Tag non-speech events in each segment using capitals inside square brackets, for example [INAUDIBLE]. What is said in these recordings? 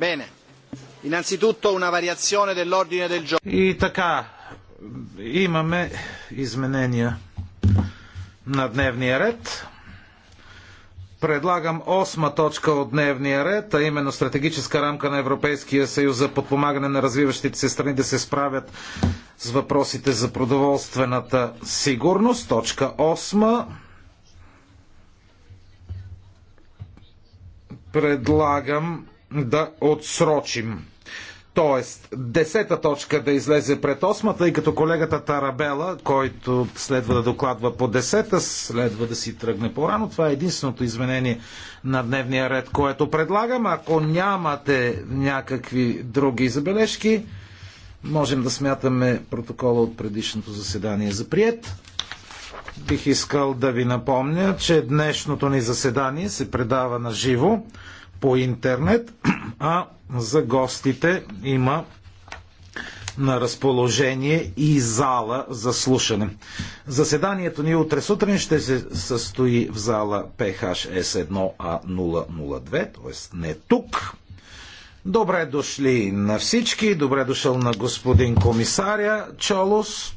Bene. Innanzitutto una variazione dell'ordine del giorno. И така, имаме изменения на дневния ред. Предлагам осма точка от дневния ред, а именно стратегическа рамка на Европейския съюз за подпомагане на развиващите се страни да се справят с въпросите за продоволствената сигурност. Точка 8. Предлагам да отсрочим. Тоест, десета точка да излезе пред осма, тъй като колегата Тарабела, който следва да докладва по десета, следва да си тръгне по-рано. Това е единственото изменение на дневния ред, което предлагам. Ако нямате някакви други забележки, можем да смятаме протокола от предишното заседание за прият. Бих искал да ви напомня, че днешното ни заседание се предава на живо по интернет, [CLEARS THROAT] а за гостите има на разположение и зала за слушане. Заседанието ни утре сутрин ще се състои в зала PHS1A002, т.е. не тук. Добре дошли на всички, добре дошъл на господин комисаря Чолос.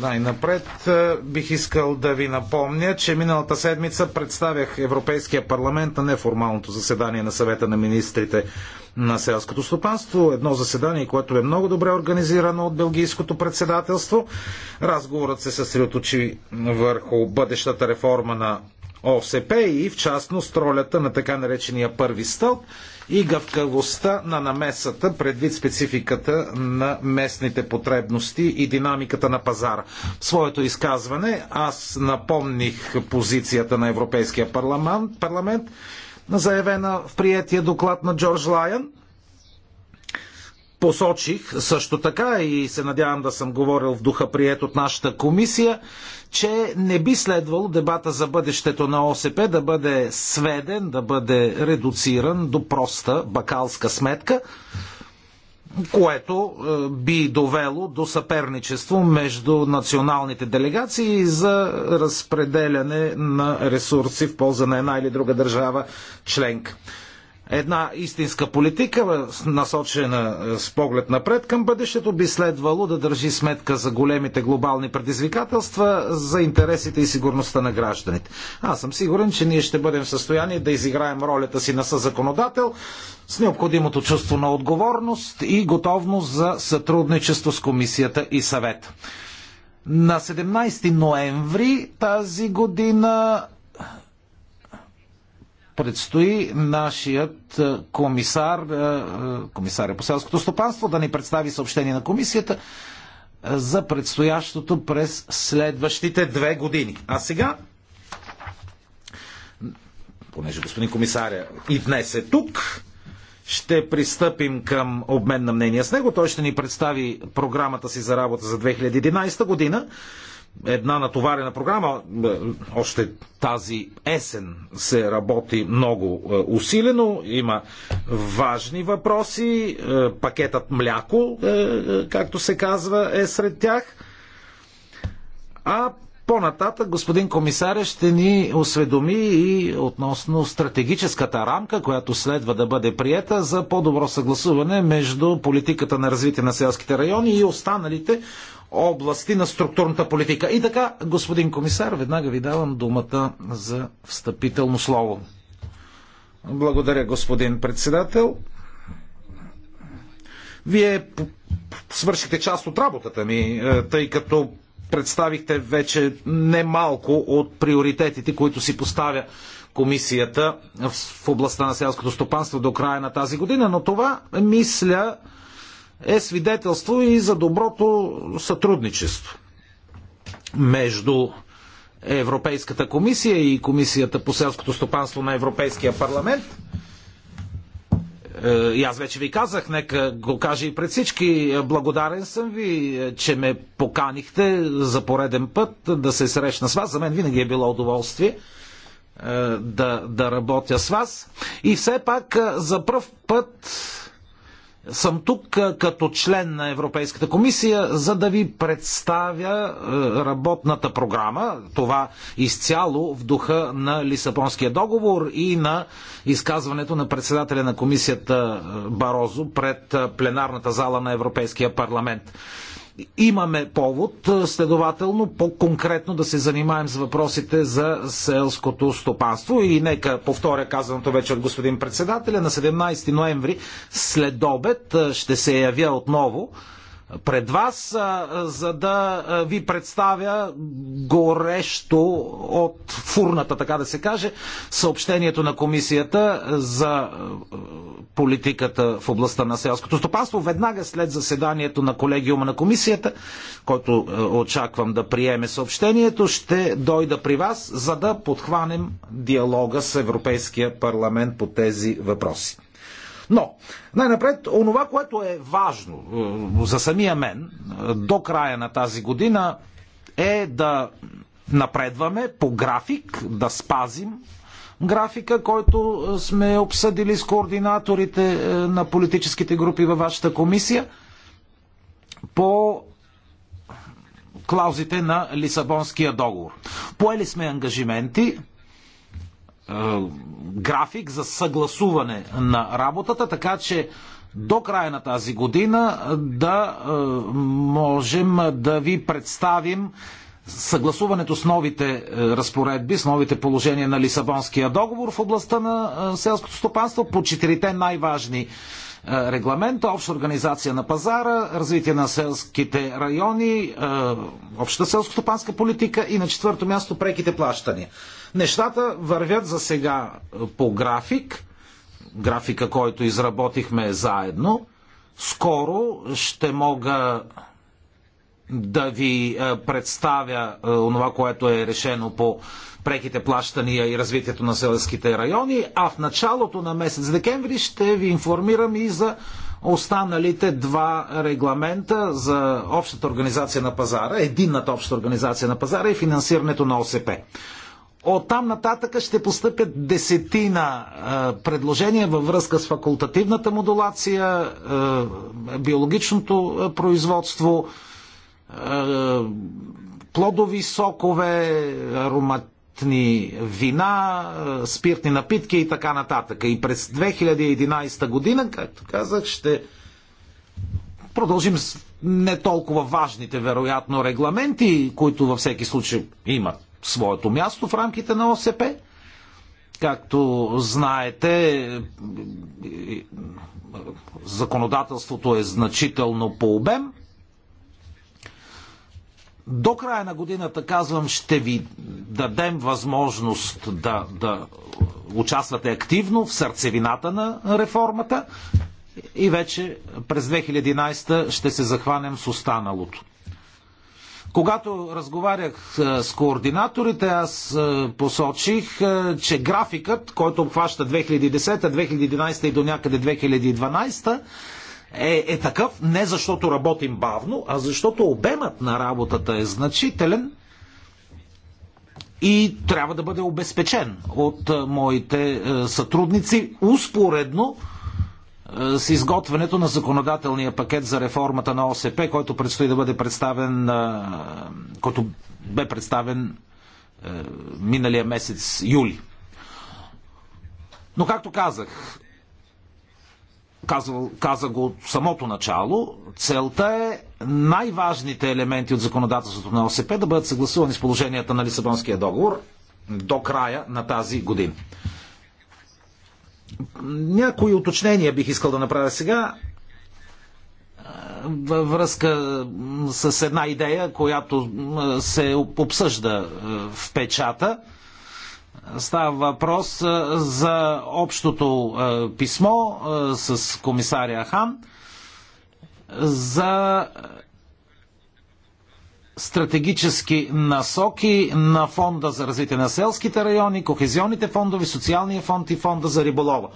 Най-напред е, бих искал да ви напомня, че миналата седмица представях Европейския парламент на неформалното заседание на съвета на министрите на селското стопанство. Едно заседание, което е много добре организирано от Белгийското председателство. Разговорът се съсредоточи върху бъдещата реформа на ОСП и в частност ролята на така наречения първи стълб – и гъвкавостта на намесата предвид спецификата на местните потребности и динамиката на пазара. В своето изказване аз напомних позицията на Европейския парламент, парламент заявена в приятия доклад на Джордж Лайън – Посочих също така и се надявам да съм говорил в духа прият от нашата комисия, че не би следвало дебата за бъдещето на ОСП да бъде сведен, да бъде редуциран до проста бакалска сметка, което е, би довело до съперничество между националните делегации за разпределяне на ресурси в полза на една или друга държава членка. Една истинска политика, насочена е, с поглед напред към бъдещето, би следвало да държи сметка за големите глобални предизвикателства, за интересите и сигурността на гражданите. Аз съм сигурен, че ние ще бъдем в състояние да изиграем ролята си на съзаконодател с необходимото чувство на отговорност и готовност за сътрудничество с комисията и съвета. На 17 ноември тази година предстои нашият е, комисар, е, е, комисаря по селското стопанство, да ни представи съобщение на комисията за предстоящото през следващите две години. А сега, понеже господин комисаря и днес е тук, ще пристъпим към обмен на мнения с него. Той ще ни представи програмата си за работа за 2011 година една натоварена програма. Е, още тази есен се работи много е, усилено. Има важни въпроси. Е, пакетът мляко, както се казва, е сред тях. А по-нататък господин комисаря ще ни осведоми и относно стратегическата рамка, която следва да бъде приета за по-добро съгласуване между политиката на развитие на селските райони и останалите области на структурната политика. И така, господин комисар, веднага ви давам думата за встъпително слово. Благодаря, господин председател. Вие свършихте част от работата ми, е, тъй като представихте вече немалко от приоритетите, които си поставя комисията в областта на селското стопанство до края на тази година, но това, мисля, е свидетелство и за доброто сътрудничество между Европейската комисия и Комисията по селското стопанство на Европейския парламент. Е, и аз вече ви казах, нека го кажа и пред всички. Е, благодарен съм ви, е, че ме поканихте за пореден път да се срещна с вас. За мен винаги е било удоволствие да, да работя с вас. И все пак за първ път съм тук като член на Европейската комисия, за да ви представя работната програма. Това изцяло в духа на Лисабонския договор и на изказването на председателя на комисията Барозо пред пленарната зала на Европейския парламент. Имаме повод, е, следователно, по-конкретно да се занимаем с въпросите за селското стопанство. И нека повторя казаното вече от господин председателя. На 17 ноември след обед е, ще се явя отново пред вас, за да ви представя горещо от фурната, така да се каже, съобщението на комисията за политиката в областта на селското стопанство. Веднага след заседанието на колегиума на комисията, който очаквам да приеме съобщението, ще дойда при вас, за да подхванем диалога с Европейския парламент по тези въпроси. Но, най-напред, онова, което е важно е, за самия мен е, до края на тази година е да напредваме по график, да спазим графика, който е, сме обсъдили с координаторите на политическите групи във вашата комисия по клаузите на Лисабонския договор. Поели сме ангажименти, график за съгласуване на работата, така че до края на тази година да можем да ви представим съгласуването с новите разпоредби, с новите положения на Лисабонския договор в областта на селското стопанство по четирите най-важни е, регламента, обща организация на пазара, развитие на селските райони, е, обща селско-стопанска политика и на четвърто място преките плащания. Нещата вървят за сега е, по график, графика, който изработихме заедно. Скоро ще мога да ви е, представя е, онова, което е решено по преките плащания и развитието на селските райони, а в началото на месец декември ще ви информирам и за останалите два регламента за общата организация на пазара, единната обща организация на пазара и финансирането на ОСП. От там нататък ще постъпят десетина е, предложения във връзка с факултативната модулация, биологичното производство, е, плодови сокове, ароматни вина, е, спиртни напитки и така нататък. И през 2011 година, както казах, ще продължим с не толкова важните, вероятно, регламенти, които във всеки случай имат своето място в рамките на ОСП. Както знаете, законодателството е значително по обем – до края на годината, казвам, ще ви дадем възможност да, да участвате активно в сърцевината на реформата и вече през 2011 ще се захванем с останалото. Когато разговарях е, с координаторите, аз е, посочих, е, че графикът, който обхваща 2010, 2011 и до някъде 2012, е, е такъв не защото работим бавно, а защото обемът на работата е значителен и трябва да бъде обезпечен от е, моите е, сътрудници успоредно е, с изготвянето на законодателния пакет за реформата на ОСП, който предстои да бъде представен, който бе представен миналия месец юли. Но както казах, каза го от самото начало, целта е най-важните елементи от законодателството на ОСП да бъдат съгласувани с положенията на Лисабонския договор до края на тази година. Някои уточнения бих искал да направя сега във връзка с една идея, която се обсъжда в печата – Става въпрос за общото писмо с комисаря Хан за стратегически насоки на фонда за развитие на селските райони, кохезионните фондове, социалния фонд и фонда за риболова.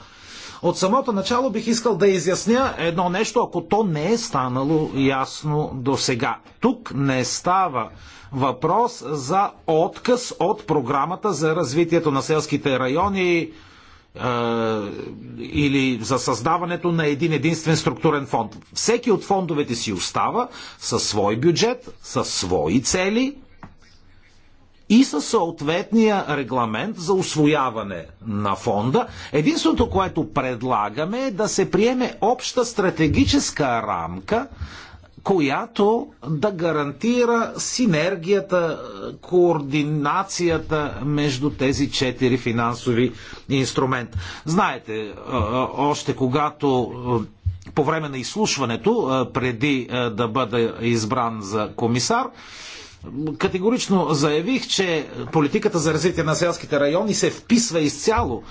От самото начало бих искал да изясня едно нещо, ако то не е станало ясно до сега. Тук не става Въпрос за отказ от програмата за развитието на селските райони е, или за създаването на един единствен структурен фонд. Всеки от фондовете си остава със свой бюджет, със свои цели и със съответния регламент за освояване на фонда. Единственото, което предлагаме е да се приеме обща стратегическа рамка която да гарантира синергията, координацията между тези четири финансови инструмента. Знаете, още когато по време на изслушването, преди да бъда избран за комисар, категорично заявих, че политиката за развитие на селските райони се вписва изцяло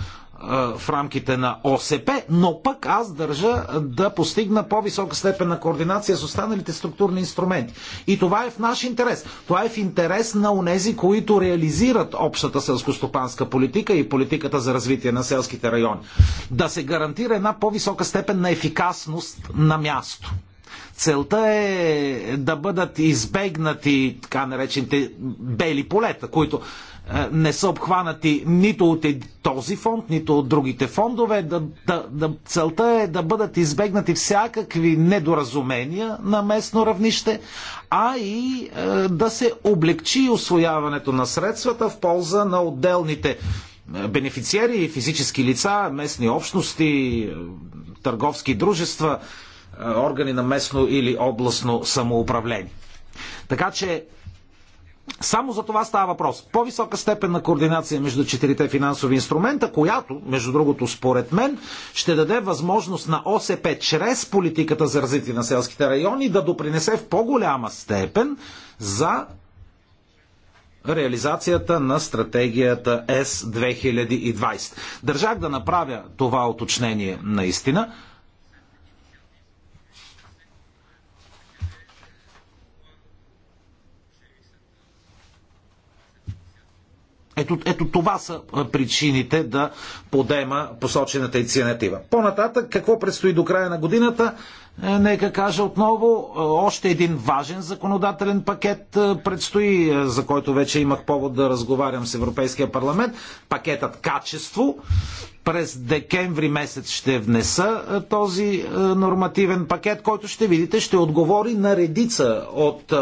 в рамките на ОСП, но пък аз държа да постигна по-висока степен на координация с останалите структурни инструменти. И това е в наш интерес. Това е в интерес на унези, които реализират общата селскостопанска политика и политиката за развитие на селските райони. Да се гарантира една по-висока степен на ефикасност на място. Целта е да бъдат избегнати така наречените бели полета, които е, не са обхванати нито от този фонд, нито от другите фондове. Да, да, да, целта е да бъдат избегнати всякакви недоразумения на местно равнище, а и е, да се облегчи освояването на средствата в полза на отделните е, бенефициери, физически лица, местни общности, е, търговски дружества, органи на местно или областно самоуправление. Така че само за това става въпрос. По-висока степен на координация между четирите финансови инструмента, която, между другото, според мен, ще даде възможност на ОСП чрез политиката за развитие на селските райони да допринесе в по-голяма степен за реализацията на стратегията С 2020. Държах да направя това уточнение наистина, Ето, ето това са причините да подема посочената инициатива. По-нататък, какво предстои до края на годината? Е, нека кажа отново, е, още един важен законодателен пакет е, предстои, за който вече имах повод да разговарям с Европейския парламент. Пакетът качество. През декември месец ще внеса този нормативен пакет, който ще видите, ще отговори на редица от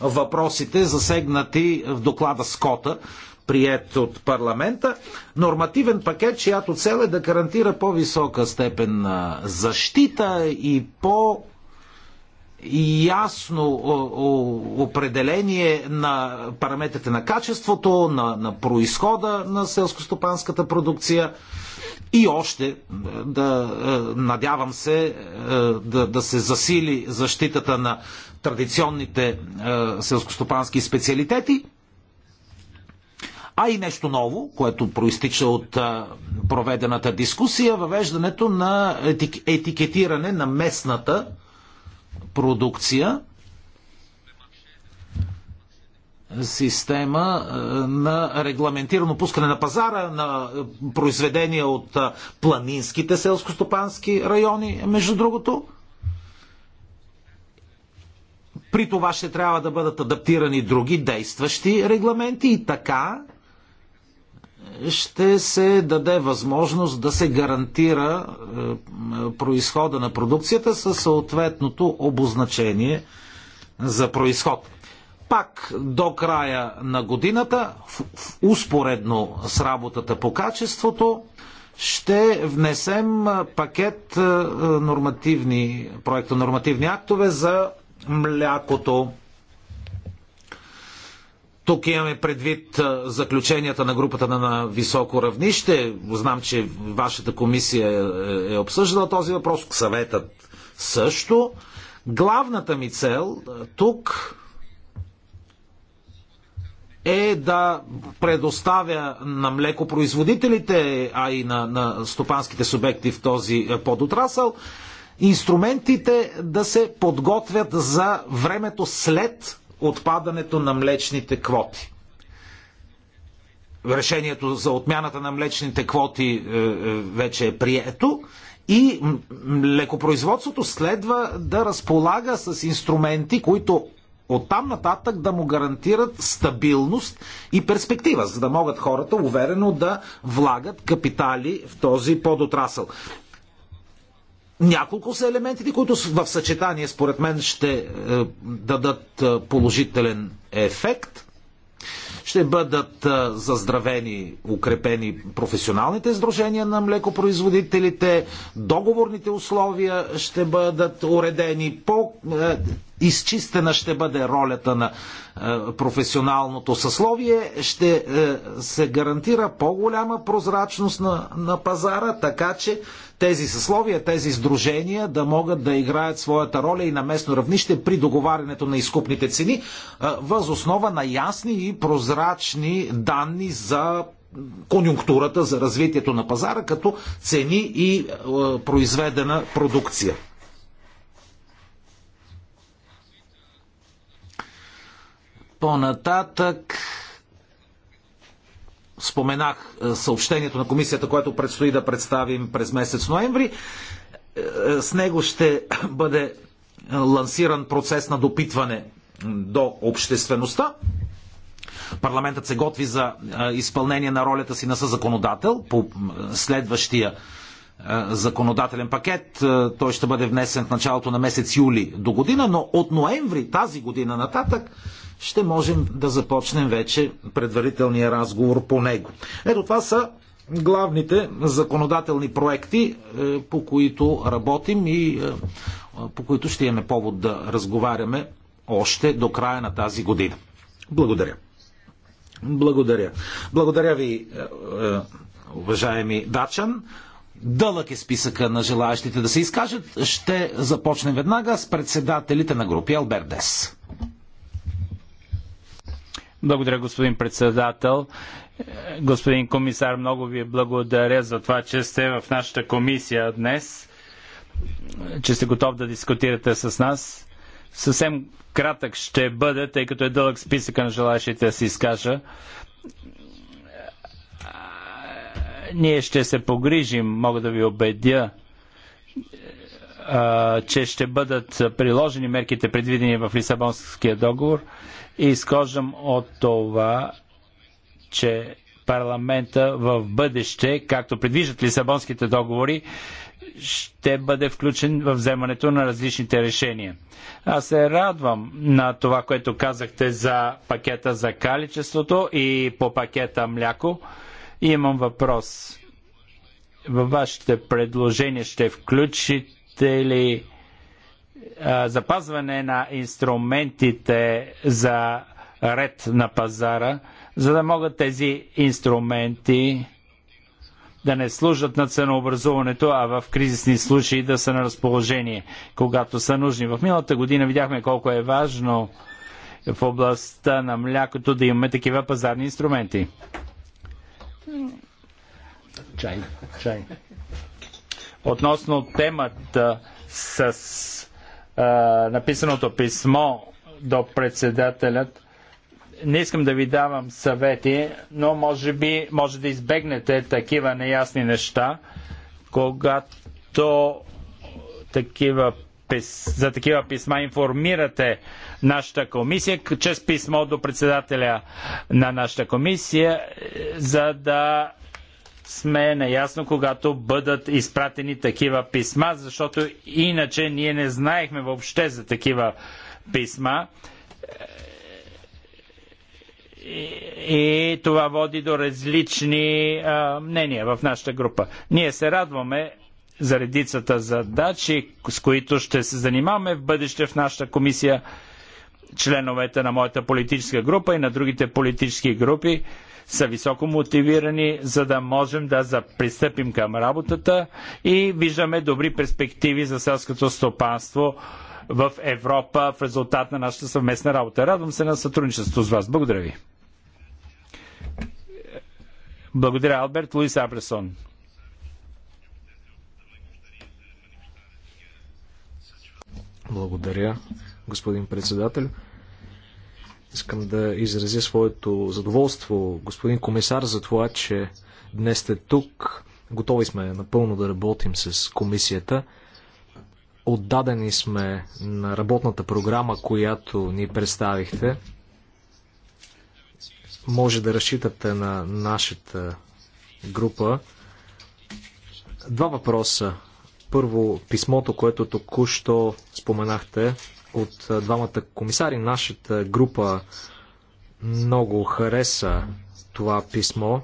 въпросите, засегнати в доклада Скота, прият от парламента, нормативен пакет, чиято цел е да гарантира по-висока степен на защита и по- ясно определение на параметрите на качеството, на, на происхода на селскостопанската продукция и още е, да е, надявам се е, да, да се засили защитата на традиционните селскостопански специалитети а и нещо ново, което проистича от проведената дискусия, въвеждането на етикетиране на местната продукция, система на регламентирано пускане на пазара на произведения от планинските селскостопански райони, между другото. При това ще трябва да бъдат адаптирани други действащи регламенти и така ще се даде възможност да се гарантира е, происхода на продукцията със съответното обозначение за происход. Пак до края на годината, успоредно с работата по качеството, ще внесем е, пакет е, нормативни, проекто нормативни актове за млякото. Тук имаме предвид заключенията на групата на високо равнище. Знам, че вашата комисия е, е обсъждала този въпрос, съветът също. Главната ми цел тук е да предоставя на млекопроизводителите, а и на, на стопанските субекти в този е, подотрасъл, инструментите да се подготвят за времето след отпадането на млечните квоти. Решението за отмяната на млечните квоти е, е, вече е прието и лекопроизводството следва да разполага с инструменти, които оттам нататък да му гарантират стабилност и перспектива, за да могат хората уверено да влагат капитали в този подотрасъл. Няколко са елементите, които в съчетание, според мен, ще е, дадат е, положителен ефект. Ще бъдат е, заздравени, укрепени професионалните сдружения на млекопроизводителите, договорните условия ще бъдат уредени, по-изчистена ще бъде ролята на професионалното съсловие, ще се гарантира по-голяма прозрачност на, на пазара, така че тези съсловия, тези сдружения да могат да играят своята роля и на местно равнище при договарянето на изкупните цени, въз основа на ясни и прозрачни данни за конюнктурата, за развитието на пазара, като цени и произведена продукция. По-нататък споменах е, съобщението на комисията, което предстои да представим през месец ноември. Е, е, с него ще [COUGHS] бъде лансиран процес на допитване до обществеността. Парламентът се готви за изпълнение на ролята си на съзаконодател по следващия е, законодателен пакет. Е, той ще бъде внесен в началото на месец юли до година, но от ноември тази година нататък ще можем да започнем вече предварителния разговор по него. Ето това са главните законодателни проекти, е, по които работим и по които ще имаме повод да разговаряме още до края на тази година. Благодаря. Благодаря. Благодаря ви, уважаеми Дачан. Дълъг е списъка на желаящите да се изкажат. Ще започнем веднага с председателите на групи Албердес. Благодаря, господин председател. Господин комисар, много ви благодаря за това, че сте в нашата комисия днес, че сте готов да дискутирате с нас. Съвсем кратък ще бъде, тъй като е дълъг списъка на желаящите да се изкажа. Ние ще се погрижим, мога да ви убедя, е, че ще бъдат приложени мерките предвидени в Лисабонския договор и изхождам от това, че парламента в бъдеще, както предвиждат Лисабонските договори, ще бъде включен в вземането на различните решения. Аз се радвам на това, което казахте за пакета за каличеството и по пакета мляко имам въпрос. Във вашите предложения ще включите ли а, запазване на инструментите за ред на пазара, за да могат тези инструменти да не служат на ценообразуването, а в кризисни случаи да са на разположение, когато са нужни. В миналата година видяхме колко е важно в областта на млякото да имаме такива пазарни инструменти. Чай, чай. Относно темата с а, написаното писмо до председателят, не искам да ви давам съвети, но може би може да избегнете такива неясни неща, когато такива за такива писма информирате нашата комисия, чрез писмо до председателя на нашата комисия, е, за да сме наясно, когато бъдат изпратени такива писма, защото иначе ние не знаехме въобще за такива писма. Е, и, и това води до различни а, мнения в нашата група. Ние се радваме за редицата задачи, с които ще се занимаваме в бъдеще в нашата комисия. Членовете на моята политическа група и на другите политически групи са високо мотивирани, за да можем да пристъпим към работата и виждаме добри перспективи за селското стопанство в Европа в резултат на нашата съвместна работа. Радвам се на сътрудничеството с вас. Благодаря ви. Благодаря, Алберт Луис Абресон. Благодаря, господин председател. Искам да изразя своето задоволство, господин комисар, за това, че днес сте тук. Готови сме напълно да работим с комисията. Отдадени сме на работната програма, която ни представихте. Може да разчитате на нашата група. Два въпроса първо, писмото, което току-що споменахте от двамата комисари, нашата група много хареса това писмо.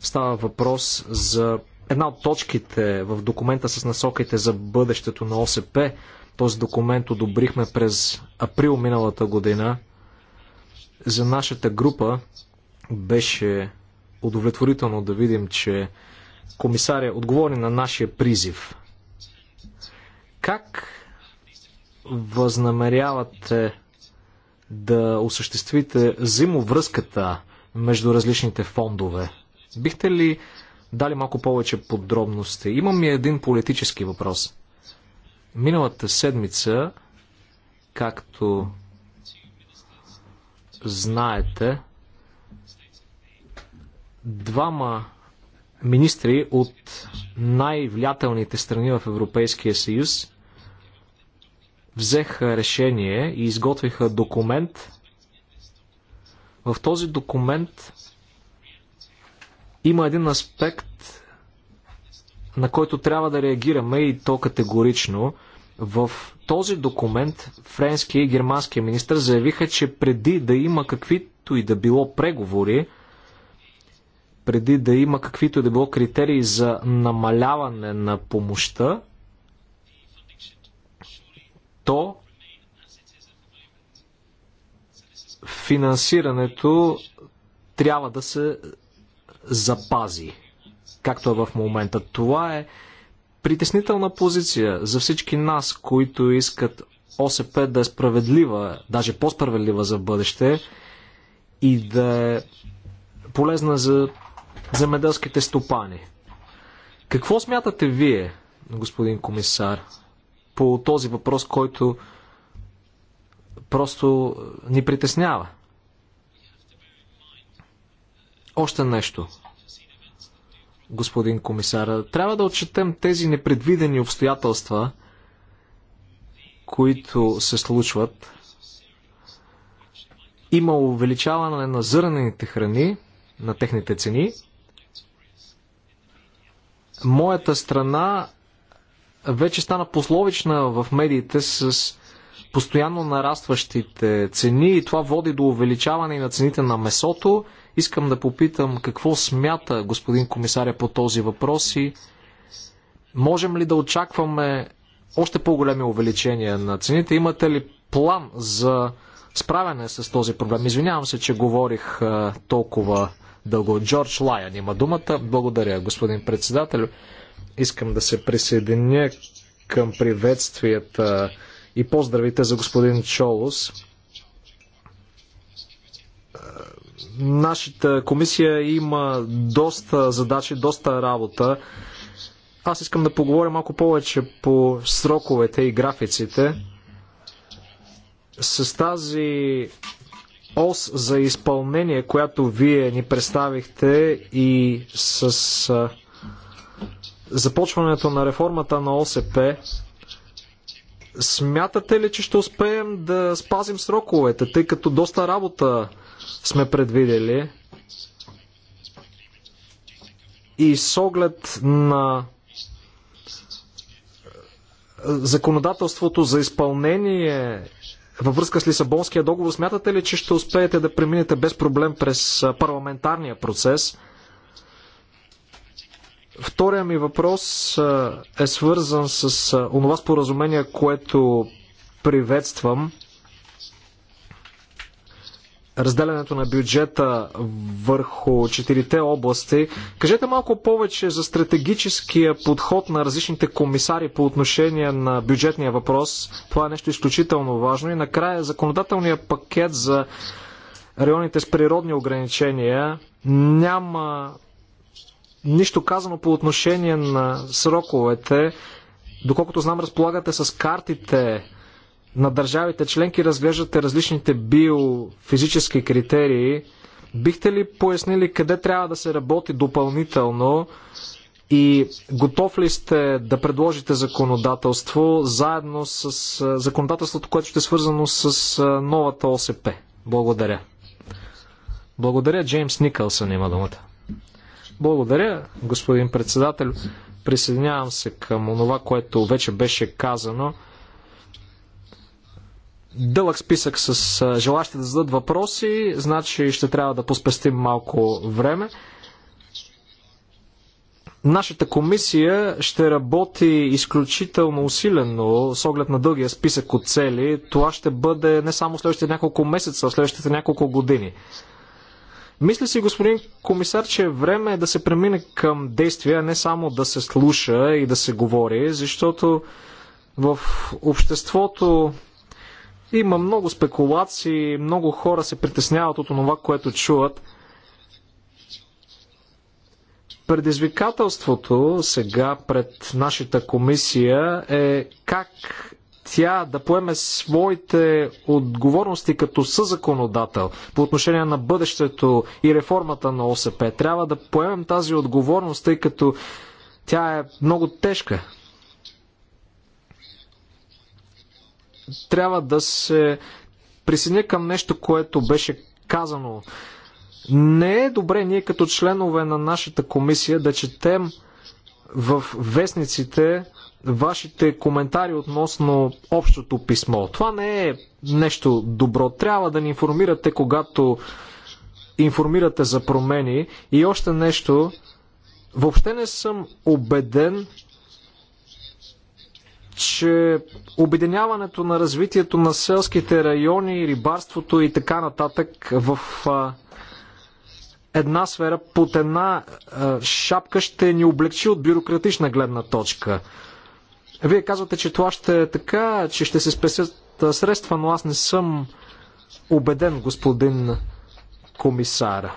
Става въпрос за една от точките в документа с насоките за бъдещето на ОСП. Този документ одобрихме през април миналата година. За нашата група беше удовлетворително да видим, че комисаря отговори на нашия призив. Как възнамерявате да осъществите взаимовръзката между различните фондове? Бихте ли дали малко повече подробности? Имам и един политически въпрос. Миналата седмица, както знаете, двама министри от най-влиятелните страни в Европейския съюз взеха решение и изготвиха документ. В този документ има един аспект, на който трябва да реагираме и то категорично. В този документ френския и германския министр заявиха, че преди да има каквито и да било преговори, преди да има каквито да било критерии за намаляване на помощта, то финансирането трябва да се запази, както е в момента. Това е притеснителна позиция за всички нас, които искат ОСП да е справедлива, даже по-справедлива за бъдеще и да е полезна за земеделските стопани. Какво смятате вие, господин комисар, по този въпрос, който просто ни притеснява? Още нещо, господин комисар. Трябва да отчетем тези непредвидени обстоятелства, които се случват. Има увеличаване на зърнените храни, на техните цени – моята страна вече стана пословична в медиите с постоянно нарастващите цени и това води до увеличаване на цените на месото. Искам да попитам какво смята господин комисаря по този въпрос и можем ли да очакваме още по-големи увеличения на цените? Имате ли план за справяне с този проблем? Извинявам се, че говорих толкова дълго. Джордж Лайан има думата. Благодаря, господин председател. Искам да се присъединя към приветствията и поздравите за господин Чолос. Нашата комисия има доста задачи, доста работа. Аз искам да поговоря малко повече по сроковете и графиците. С тази ос за изпълнение, която вие ни представихте и с започването на реформата на ОСП, смятате ли, че ще успеем да спазим сроковете, тъй като доста работа сме предвидели? И с оглед на законодателството за изпълнение във връзка с Лисабонския договор, смятате ли, че ще успеете да преминете без проблем през парламентарния процес? Втория ми въпрос е свързан с онова споразумение, което приветствам – разделянето на бюджета върху четирите области. Кажете малко повече за стратегическия подход на различните комисари по отношение на бюджетния въпрос. Това е нещо изключително важно. И накрая законодателния пакет за районите с природни ограничения няма нищо казано по отношение на сроковете. Доколкото знам, разполагате с картите на държавите членки разглеждате различните биофизически критерии. Бихте ли пояснили къде трябва да се работи допълнително и готов ли сте да предложите законодателство заедно с законодателството, което ще е свързано с новата ОСП? Благодаря. Благодаря, Джеймс Никълсън има думата. Благодаря, господин председател. Присъединявам се към онова, което вече беше казано дълъг списък с желащи да зададат въпроси, значи ще трябва да поспестим малко време. Нашата комисия ще работи изключително усилено с оглед на дългия списък от цели. Това ще бъде не само следващите няколко месеца, а следващите няколко години. Мисля си, господин комисар, че е време да се премине към действия, не само да се слуша и да се говори, защото в обществото има много спекулации, много хора се притесняват от това, което чуват. Предизвикателството сега пред нашата комисия е как тя да поеме своите отговорности като съзаконодател по отношение на бъдещето и реформата на ОСП. Трябва да поемем тази отговорност, тъй като тя е много тежка трябва да се присъединя към нещо, което беше казано. Не е добре ние като членове на нашата комисия да четем в вестниците вашите коментари относно общото писмо. Това не е нещо добро. Трябва да ни информирате, когато информирате за промени. И още нещо. Въобще не съм убеден, че обединяването на развитието на селските райони, рибарството и така нататък в една сфера под една шапка ще ни облегчи от бюрократична гледна точка. Вие казвате, че това ще е така, че ще се спесят средства, но аз не съм убеден, господин комисара.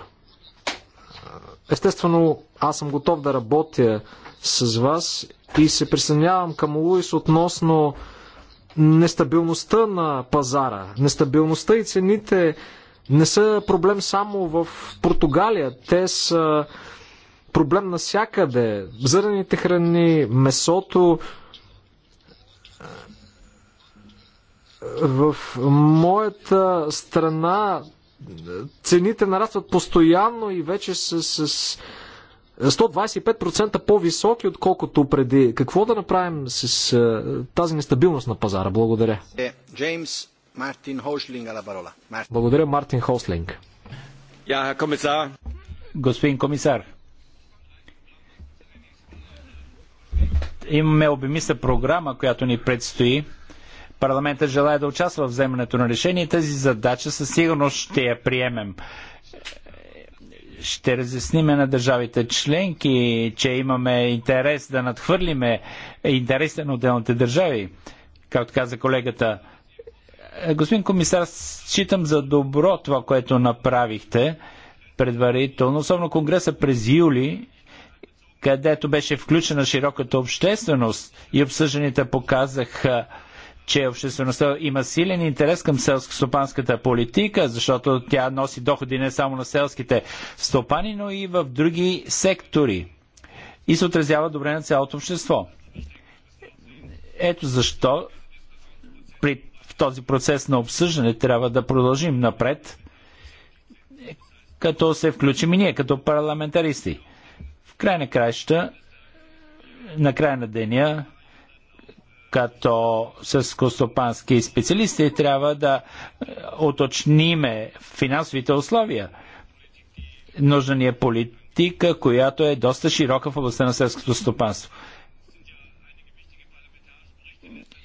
Естествено, аз съм готов да работя с вас и се присъединявам към Луис относно нестабилността на пазара. Нестабилността и цените не са проблем само в Португалия. Те са проблем навсякъде. Зърнените храни, месото. В моята страна цените нарастват постоянно и вече с, с 125% по-високи, отколкото преди. Какво да направим с тази нестабилност на пазара? Благодаря. Е, Джеймс Мартин е парола. Благодаря, Мартин Хослинг. Я, комисар. Господин комисар, имаме обемиста програма, която ни предстои – парламента желая да участва в вземането на решение. Тази задача със сигурност ще я приемем. Ще разясниме на държавите членки, че имаме интерес да надхвърлиме интересите на отделните държави. Както каза колегата, господин комисар, считам за добро това, което направихте предварително, особено Конгреса през юли, където беше включена широката общественост и обсъжданията показаха че обществеността има силен интерес към селско-стопанската политика, защото тя носи доходи не само на селските стопани, но и в други сектори и се отразява добре на цялото общество. Ето защо при в този процес на обсъждане трябва да продължим напред, като се включим и ние, като парламентаристи. В край на краища, на края на деня, като съскостопански специалисти трябва да е, уточниме финансовите условия. Нужна ни е политика, която е доста широка в областта на селското стопанство.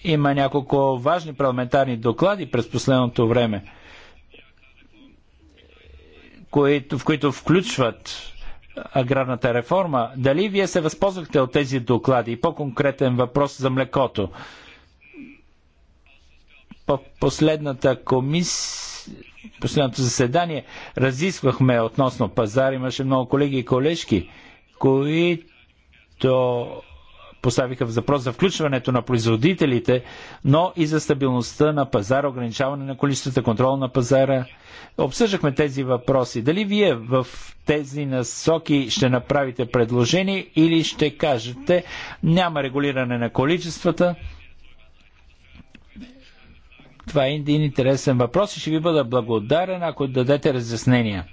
Има няколко важни парламентарни доклади през последното време, които, в които включват аграрната реформа. Дали вие се възползвахте от тези доклади? И по-конкретен въпрос за млекото. По последната комисия, последното заседание разисквахме относно пазар. Имаше много колеги и колежки, които поставиха в запрос за включването на производителите, но и за стабилността на пазара, ограничаване на количествата, контрол на пазара. Обсъждахме тези въпроси. Дали вие в тези насоки ще направите предложение или ще кажете няма регулиране на количествата? Това е един интересен въпрос и ще ви бъда благодарен, ако дадете разяснения.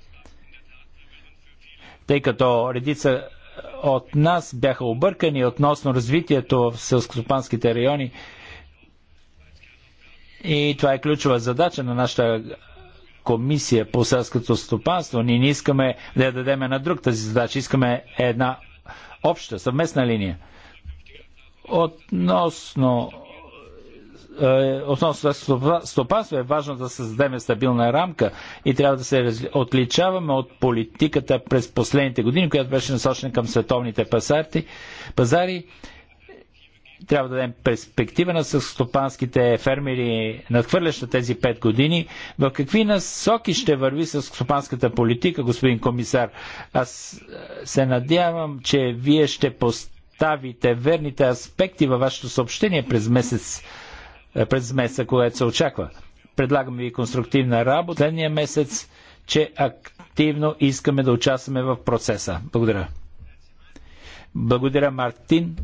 Тъй като редица от нас бяха объркани относно развитието в селскостопанските райони. И това е ключова задача на нашата комисия по селското стопанство. Ние не искаме да я дадеме на друг тази задача. Искаме една обща, съвместна линия. Относно е, относно стопанство е важно да създадем стабилна рамка и трябва да се отличаваме от политиката през последните години, която беше насочена към световните пазарти, пазари. Трябва да дадем перспектива на стопанските фермери, надхвърляща тези 5 години. В какви насоки ще върви с стопанската политика, господин комисар? Аз е, се надявам, че вие ще поставите верните аспекти във вашето съобщение през месец е, през месеца, което се очаква. Предлагаме ви конструктивна работа следния месец, че активно искаме да участваме в процеса. Благодаря. Благодаря, Мартин.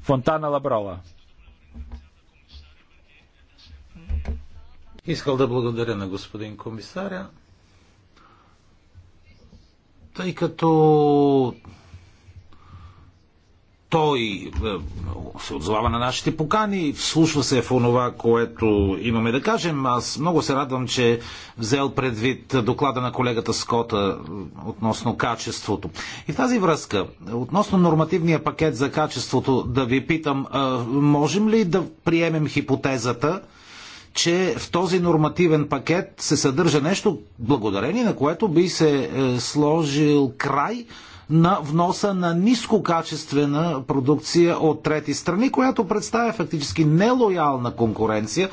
Фонтана Лаброва. Искал да благодаря на господин комисаря, тъй като той е, се отзовава на нашите покани, вслушва се в онова, което имаме да кажем. Аз много се радвам, че взел предвид доклада на колегата Скота е, относно качеството. И в тази връзка, относно нормативния пакет за качеството, да ви питам, е, можем ли да приемем хипотезата, че в този нормативен пакет се съдържа нещо, благодарение на което би се сложил край на вноса на нискокачествена продукция от трети страни, която представя фактически нелоялна конкуренция,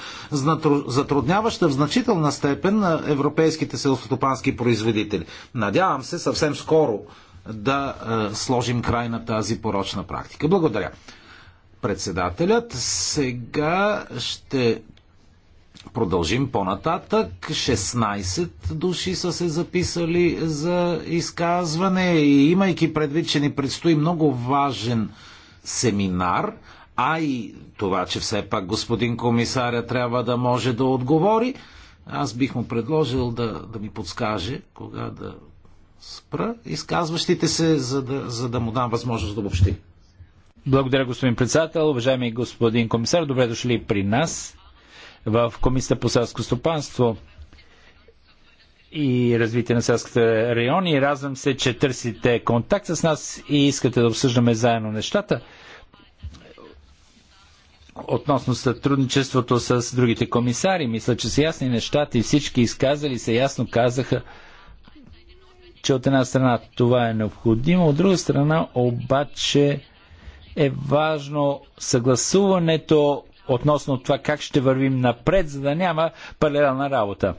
затрудняваща в значителна степен на европейските селскостопански производители. Надявам се съвсем скоро да е, сложим край на тази порочна практика. Благодаря председателят. Сега ще Продължим по-нататък. 16 души са се записали за изказване и имайки предвид, че ни предстои много важен семинар, а и това, че все пак господин комисаря трябва да може да отговори, аз бих му предложил да, да ми подскаже кога да спра изказващите се, за да, за да му дам възможност да обобщи. Благодаря, господин председател. Уважаеми господин комисар, добре дошли при нас в Комисията по селско стопанство и развитие на селските райони. Радвам се, че търсите контакт с нас и искате да обсъждаме заедно нещата относно сътрудничеството с другите комисари. Мисля, че са ясни нещата и всички изказали се ясно казаха, че от една страна това е необходимо, от друга страна обаче е важно съгласуването относно това как ще вървим напред, за да няма паралелна работа.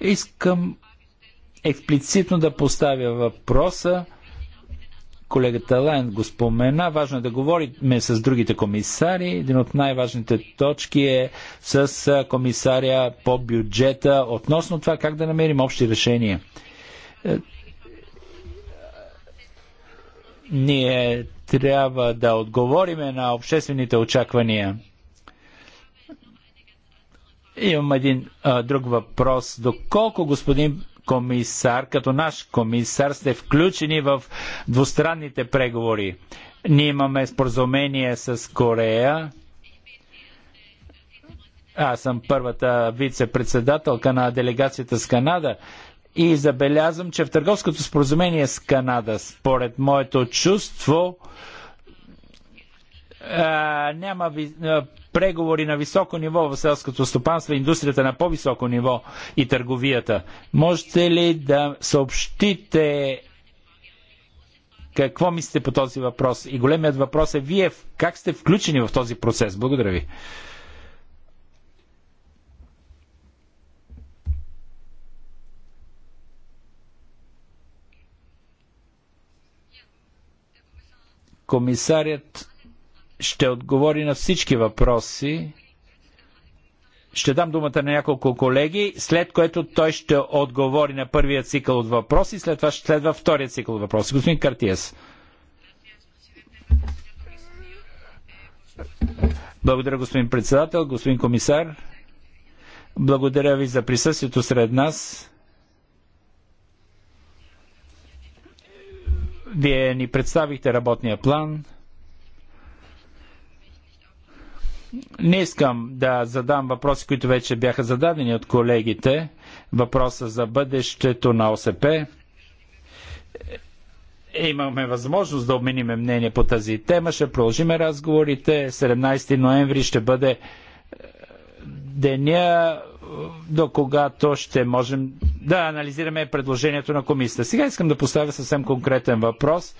Искам експлицитно да поставя въпроса, колегата Лайн го спомена, важно е да говорим с другите комисари. Един от най-важните точки е с комисаря по бюджета относно това как да намерим общи решения. Е, ние трябва да отговориме на обществените очаквания Имам един а, друг въпрос. Доколко господин комисар, като наш комисар, сте включени в двустранните преговори? Ние имаме споразумение с Корея. Аз съм първата вице-председателка на делегацията с Канада и забелязвам, че в търговското споразумение с Канада, според моето чувство, а, няма ви, а, преговори на високо ниво в селското стопанство, индустрията на по-високо ниво и търговията. Можете ли да съобщите какво мислите по този въпрос? И големият въпрос е вие как сте включени в този процес? Благодаря ви. Комисарят ще отговори на всички въпроси. Ще дам думата на няколко колеги, след което той ще отговори на първия цикъл от въпроси, след това ще следва втория цикъл от въпроси. Господин Картиес. Благодаря, господин председател, господин комисар. Благодаря ви за присъствието сред нас. Вие ни представихте работния план – Не искам да задам въпроси, които вече бяха зададени от колегите. Въпроса за бъдещето на ОСП. Е, имаме възможност да обмениме мнение по тази тема. Ще продължиме разговорите. 17 ноември ще бъде е, деня, до когато ще можем да анализираме предложението на комисията. Сега искам да поставя съвсем конкретен въпрос.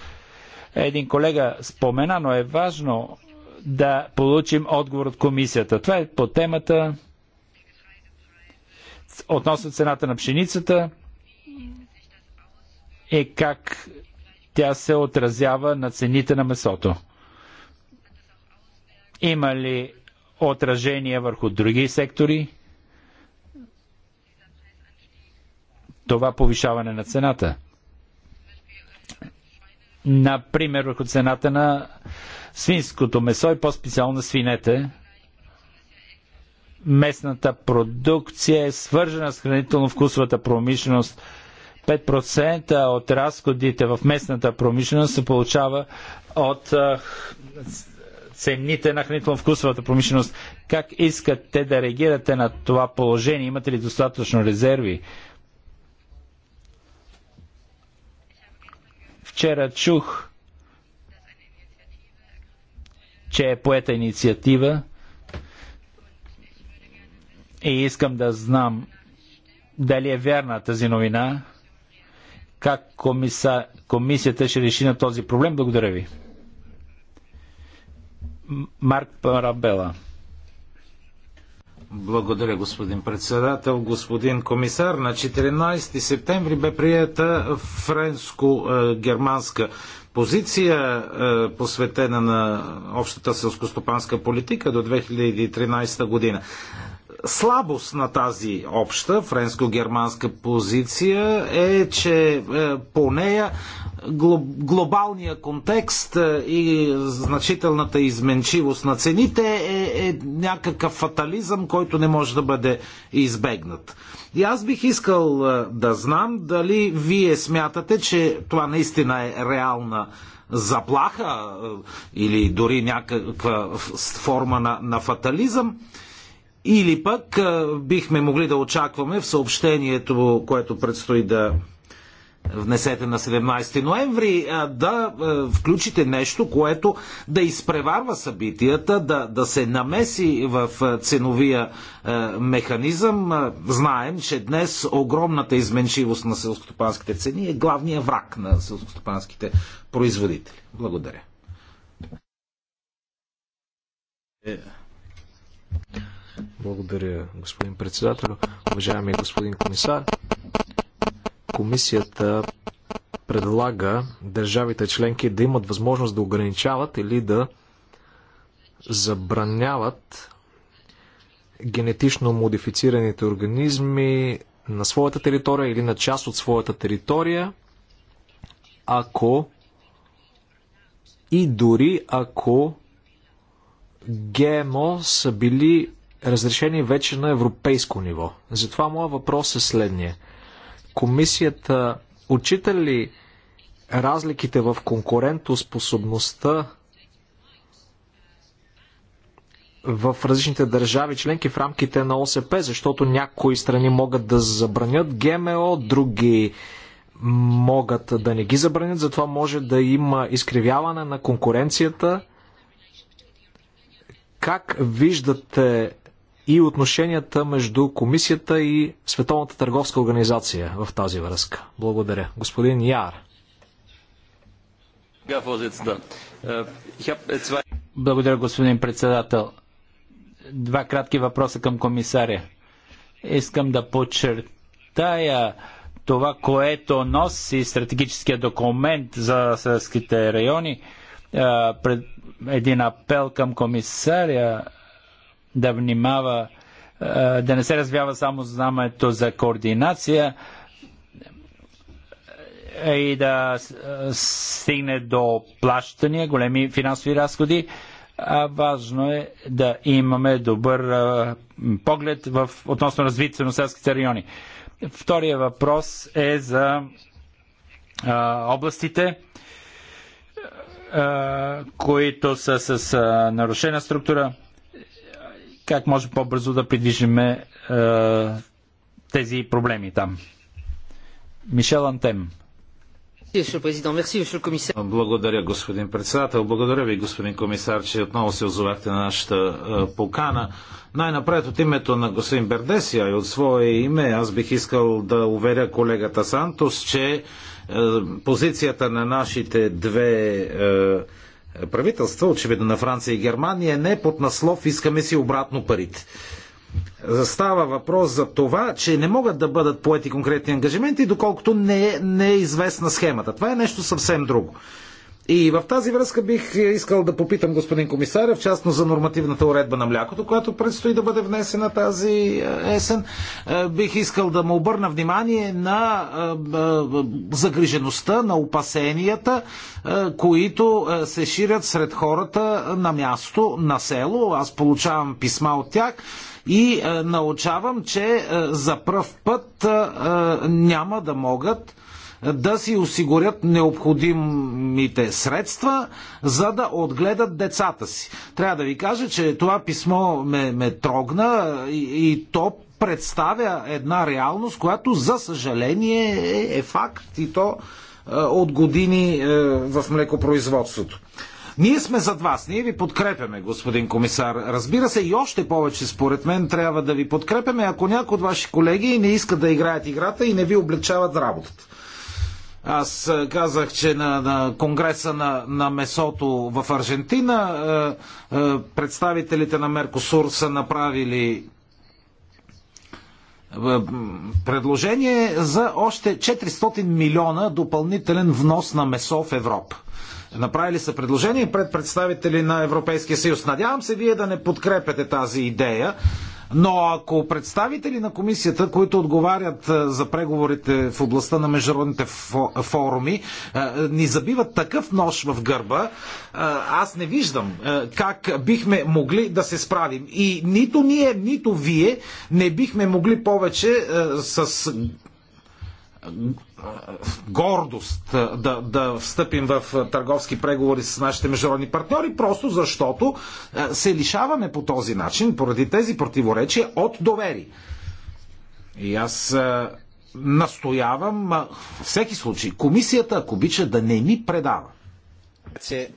Един колега спомена, но е важно да получим отговор от комисията. Това е по темата относно цената на пшеницата е как тя се отразява на цените на месото. Има ли отражение върху други сектори? Това повишаване на цената. Например, върху цената на свинското месо и по-специално свинете. Местната продукция е свържена с хранително-вкусовата промишленост. 5% от разходите в местната промишленост се получава от цените на хранително-вкусовата промишленост. Как искате да реагирате на това положение? Имате ли достатъчно резерви? Вчера чух че е поета инициатива и искам да знам дали е вярна тази новина, как комиса, комисията ще реши на този проблем. Благодаря ви. Марк Парабела. Благодаря, господин председател. Господин комисар, на 14 септември бе прията френско-германска е, позиция, е, посветена на общата селскостопанска политика до 2013 година. Слабост на тази обща френско-германска позиция е, че е, по нея глобалния контекст е, и значителната изменчивост на цените е, е някакъв фатализъм, който не може да бъде избегнат. И аз бих искал е, да знам дали вие смятате, че това наистина е реална заплаха е, или дори някаква форма на, на фатализъм. Или пък бихме могли да очакваме в съобщението, което предстои да внесете на 17 ноември, да включите нещо, което да изпреварва събитията, да, да се намеси в ценовия механизъм. Знаем, че днес огромната изменчивост на селскостопанските цени е главният враг на селскостопанските производители. Благодаря. Благодаря, господин председател. Уважаеми господин комисар, Комисията предлага държавите членки да имат възможност да ограничават или да забраняват генетично модифицираните организми на своята територия или на част от своята територия, ако и дори ако ГМО са били разрешени вече на европейско ниво. Затова моят въпрос е следния комисията отчита ли разликите в конкурентоспособността в различните държави членки в рамките на ОСП, защото някои страни могат да забранят ГМО, други могат да не ги забранят, затова може да има изкривяване на конкуренцията. Как виждате и отношенията между комисията и Световната търговска организация в тази връзка. Благодаря. Господин Яр. Благодаря, господин председател. Два кратки въпроса към комисаря. Искам да подчертая това, което носи стратегическия документ за селските райони. един апел към комисаря да внимава, да не се развява само знамето за координация и да стигне до плащания, големи финансови разходи. А важно е да имаме добър поглед в, относно развитието на селските райони. Втория въпрос е за а, областите, а, които са с а, нарушена структура как може по-бързо да придвижиме е, тези проблеми там. Мишел Антем. Благодаря, господин председател. Благодаря ви, господин комисар, че отново се озовахте на нашата е, покана. Най-напред от името на господин Бердесия и от свое име, аз бих искал да уверя колегата Сантос, че е, позицията на нашите две е, правителства, очевидно на Франция и Германия, не под наслов искаме си обратно парите. Става въпрос за това, че не могат да бъдат поети конкретни ангажименти, доколкото не е, не е известна схемата. Това е нещо съвсем друго. И в тази връзка бих искал да попитам господин комисаря, в частност за нормативната уредба на млякото, която предстои да бъде внесена тази е, есен. Е, бих искал да му обърна внимание на е, загрижеността, на опасенията, които се ширят сред хората на място, на село. Аз получавам писма от тях и научавам, че за пръв път няма да могат да си осигурят необходимите средства, за да отгледат децата си. Трябва да ви кажа, че това писмо ме, ме трогна и, и то представя една реалност, която за съжаление е, е факт и то е, от години е, в млекопроизводството. Ние сме зад вас, ние ви подкрепяме, господин комисар. Разбира се, и още повече, според мен, трябва да ви подкрепяме, ако някой от ваши колеги не иска да играят играта и не ви облегчават работата. Аз казах, че на, на Конгреса на, на месото в Аржентина е, е, представителите на Меркосур са направили предложение за още 400 милиона допълнителен внос на месо в Европа. Направили са предложение пред представители на Европейския съюз. Надявам се вие да не подкрепяте тази идея, но ако представители на комисията, които отговарят е, за преговорите в областта на международните форуми, е, ни забиват такъв нож в гърба, е, аз не виждам как бихме могли да се справим. И нито ние, нито вие не бихме могли повече с гордост да, да встъпим в търговски преговори с нашите международни партньори, просто защото се лишаваме по този начин, поради тези противоречия, от довери. И аз настоявам във всеки случай комисията, ако обича, да не ни предава.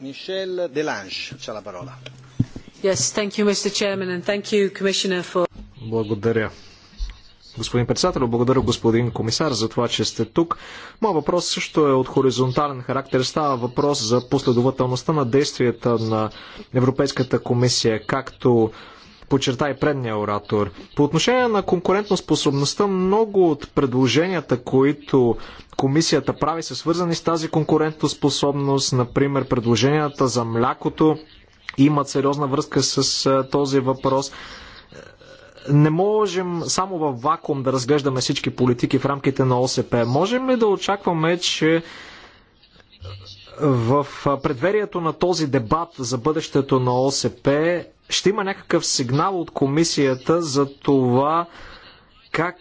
Мишел Деланж, парола. Yes, thank you, Mr. Chairman, and thank you, Commissioner, for... Благодаря, господин председател. Благодаря, господин комисар, за това, че сте тук. Моят въпрос също е от хоризонтален характер. Става въпрос за последователността на действията на Европейската комисия, както подчерта и предния оратор. По отношение на конкурентоспособността, много от предложенията, които комисията прави, са свързани с тази конкурентоспособност, например предложенията за млякото, имат сериозна връзка с този въпрос не можем само във вакуум да разглеждаме всички политики в рамките на ОСП. Можем ли да очакваме, че в предверието на този дебат за бъдещето на ОСП ще има някакъв сигнал от комисията за това как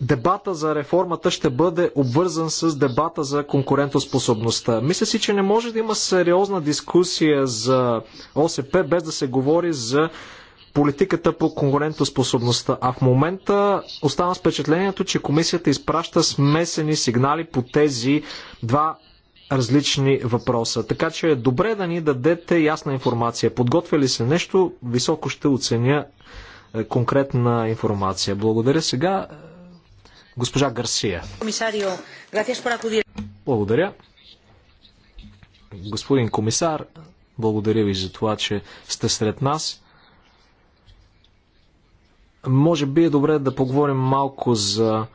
дебата за реформата ще бъде обвързан с дебата за конкурентоспособността. Мисля си, че не може да има сериозна дискусия за ОСП без да се говори за политиката по конкурентоспособността. А в момента остана впечатлението, че комисията изпраща смесени сигнали по тези два различни въпроса. Така че е добре да ни дадете ясна информация. Подготвя ли се нещо, високо ще оценя е, конкретна информация. Благодаря сега е, госпожа Гарсия. Благодаря. Господин комисар, благодаря ви за това, че сте сред нас. Може би е добре да поговорим малко за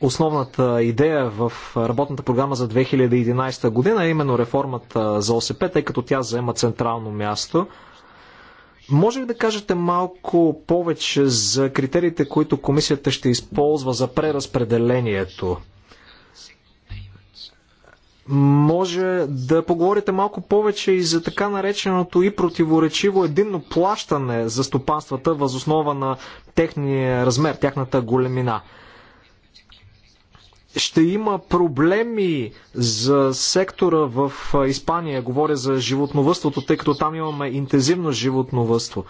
основната идея в работната програма за 2011 година, а именно реформата за ОСП, тъй като тя заема централно място. Може ли да кажете малко повече за критериите, които комисията ще използва за преразпределението може да поговорите малко повече и за така нареченото и противоречиво единно плащане за стопанствата възоснова на техния размер, тяхната големина. Ще има проблеми за сектора в Испания, говоря за животновътството, тъй като там имаме интензивно животновътство.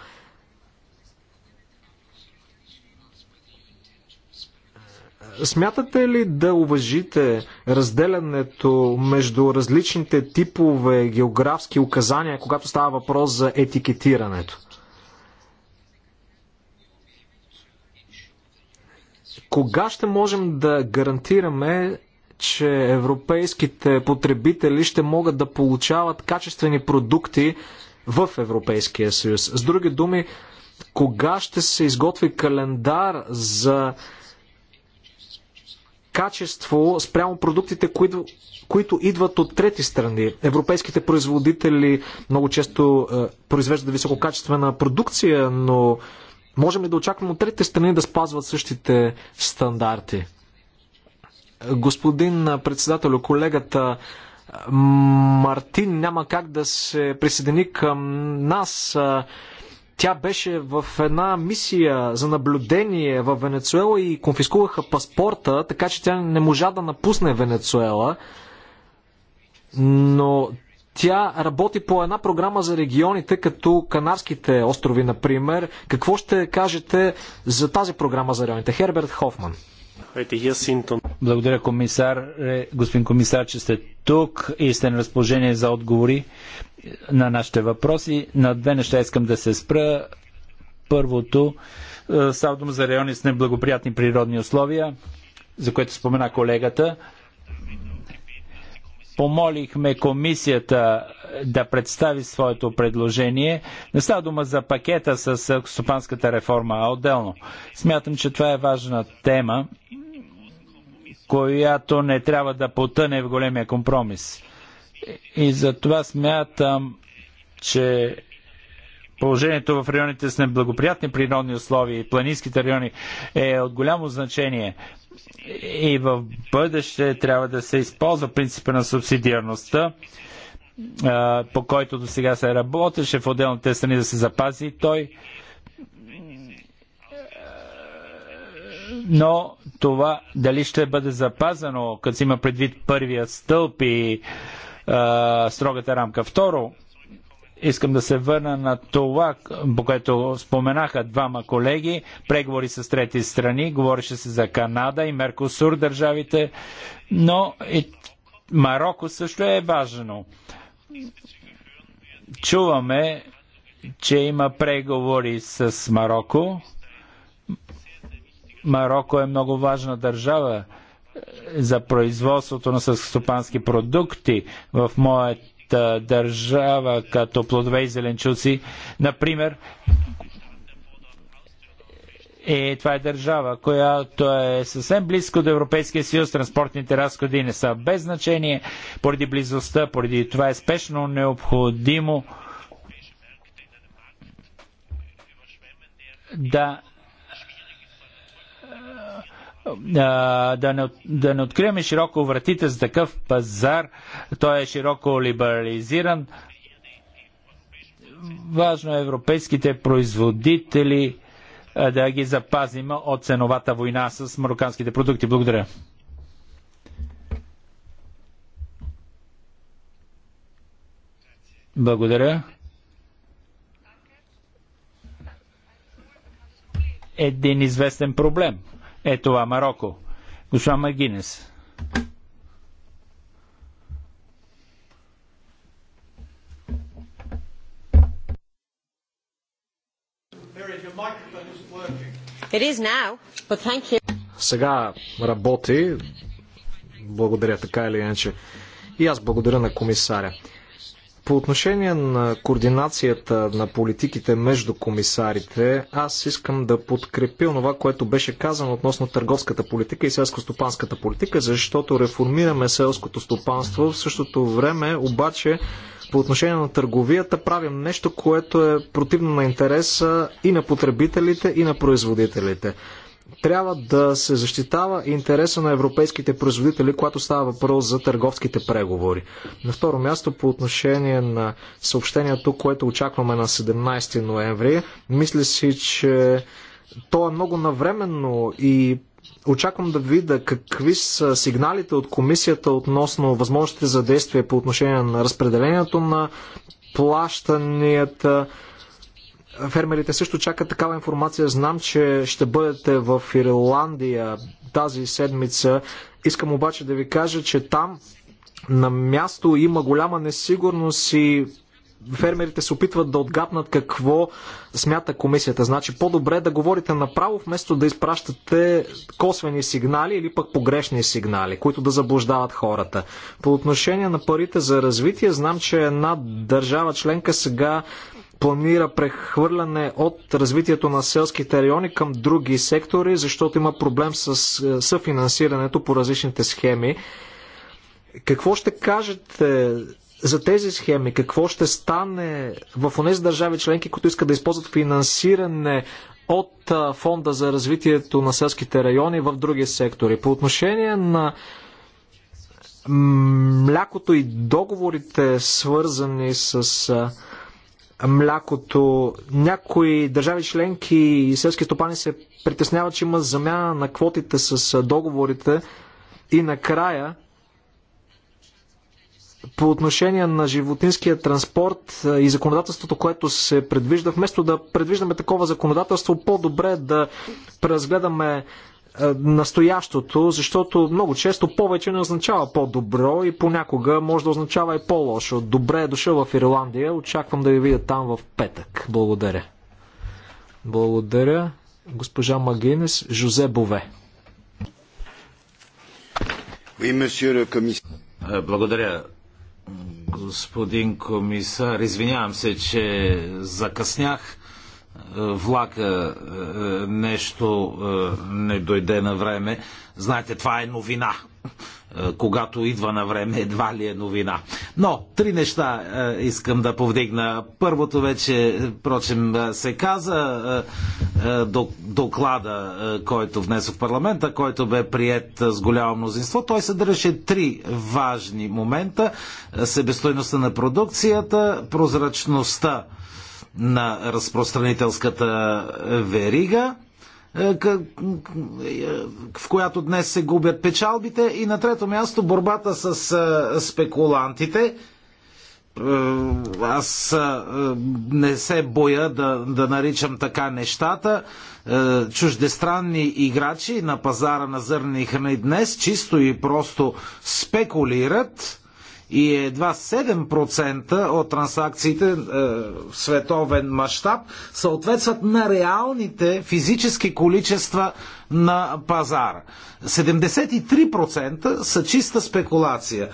Смятате ли да уважите разделянето между различните типове географски указания, когато става въпрос за етикетирането? Кога ще можем да гарантираме, че европейските потребители ще могат да получават качествени продукти в Европейския съюз? С други думи, кога ще се изготви календар за качество спрямо продуктите, които, които идват от трети страни. Европейските производители много често е, произвеждат висококачествена продукция, но можем ли да очакваме от трети страни да спазват същите стандарти? Господин председател, колегата Мартин няма как да се присъедини към нас. Е, тя беше в една мисия за наблюдение в Венецуела и конфискуваха паспорта, така че тя не можа да напусне Венецуела. Но тя работи по една програма за регионите, като Канарските острови, например. Какво ще кажете за тази програма за районите? Херберт Хофман. Благодаря, комисар. Е, господин комисар, че сте тук и сте на разположение за отговори на нашите въпроси. На две неща искам да се спра. Първото, е, става дума за райони с неблагоприятни природни условия, за което спомена колегата помолихме комисията да представи своето предложение. Не става дума за пакета с стопанската реформа, а отделно. Смятам, че това е важна тема, която не трябва да потъне в големия компромис. И за това смятам, че Положението в районите с неблагоприятни природни условия и планинските райони е от голямо значение и в бъдеще трябва да се използва принципа на субсидиарността, по който до сега се работеше в отделните страни да се запази той. Но това дали ще бъде запазено, като се има предвид първия стълб и а, строгата рамка. Второ, Искам да се върна на това, по което споменаха двама колеги. Преговори с трети страни. Говореше се за Канада и Меркосур държавите, но и Марокко също е важно. Чуваме, че има преговори с Марокко. Марокко е много важна държава за производството на съскостопански продукти в моят държава като плодове и зеленчуци, например, е, това е държава, която е съвсем близко до Европейския съюз. Транспортните разходи не са без значение поради близостта, поради това е спешно необходимо да да не, да не откриваме широко вратите за такъв пазар. Той е широко либерализиран. Важно е европейските производители да ги запазим от ценовата война с мароканските продукти. Благодаря. Благодаря. Един известен проблем – е това Марокко. Госпожа Магинес. Now, Сега работи. Благодаря така или иначе. И аз благодаря на комисаря. По отношение на координацията на политиките между комисарите, аз искам да подкрепя това, което беше казано относно търговската политика и селско-стопанската политика, защото реформираме селското стопанство. В същото време обаче по отношение на търговията правим нещо, което е противно на интереса и на потребителите, и на производителите трябва да се защитава интереса на европейските производители, когато става въпрос за търговските преговори. На второ място, по отношение на съобщението, което очакваме на 17 ноември, мисля си, че то е много навременно и очаквам да видя какви са сигналите от комисията относно възможностите за действие по отношение на разпределението на плащанията, Фермерите също чакат такава информация. Знам, че ще бъдете в Ирландия тази седмица. Искам обаче да ви кажа, че там на място има голяма несигурност и фермерите се опитват да отгапнат какво смята комисията. Значи по-добре да говорите направо, вместо да изпращате косвени сигнали или пък погрешни сигнали, които да заблуждават хората. По отношение на парите за развитие, знам, че една държава членка сега планира прехвърляне от развитието на селските райони към други сектори, защото има проблем с е, съфинансирането по различните схеми. Какво ще кажете за тези схеми? Какво ще стане в тези държави членки, които искат да използват финансиране от е, Фонда за развитието на селските райони в други сектори? По отношение на млякото и договорите, свързани с е, млякото. Някои държави членки и селски стопани се притесняват, че има замяна на квотите с договорите и накрая по отношение на животинския транспорт и законодателството, което се предвижда, вместо да предвиждаме такова законодателство, по-добре е да преразгледаме е, настоящото, защото много често повече не означава по-добро и понякога може да означава и по-лошо. Добре е дошъл в Ирландия, очаквам да ви видя там в петък. Благодаря. Благодаря. Госпожа Магинес, Жозе Бове. Е, благодаря, господин комисар. Извинявам се, че закъснях. Е, влака е, е, нещо не дойде на време. Знаете, това е новина. Когато идва на време, едва ли е новина. Но, три неща искам да повдигна. Първото вече, прочим, се каза доклада, който внесох в парламента, който бе прият с голямо мнозинство. Той съдържаше три важни момента. Себестойността на продукцията, прозрачността на разпространителската верига, е, е, в която днес се губят печалбите. И на трето място борбата с е, спекулантите. Аз не се боя да, да наричам така нещата. Чуждестранни играчи на пазара на зърни храни днес чисто и просто спекулират и едва 7% от транзакциите е, в световен мащаб съответстват на реалните физически количества на пазара. 73% са чиста спекулация.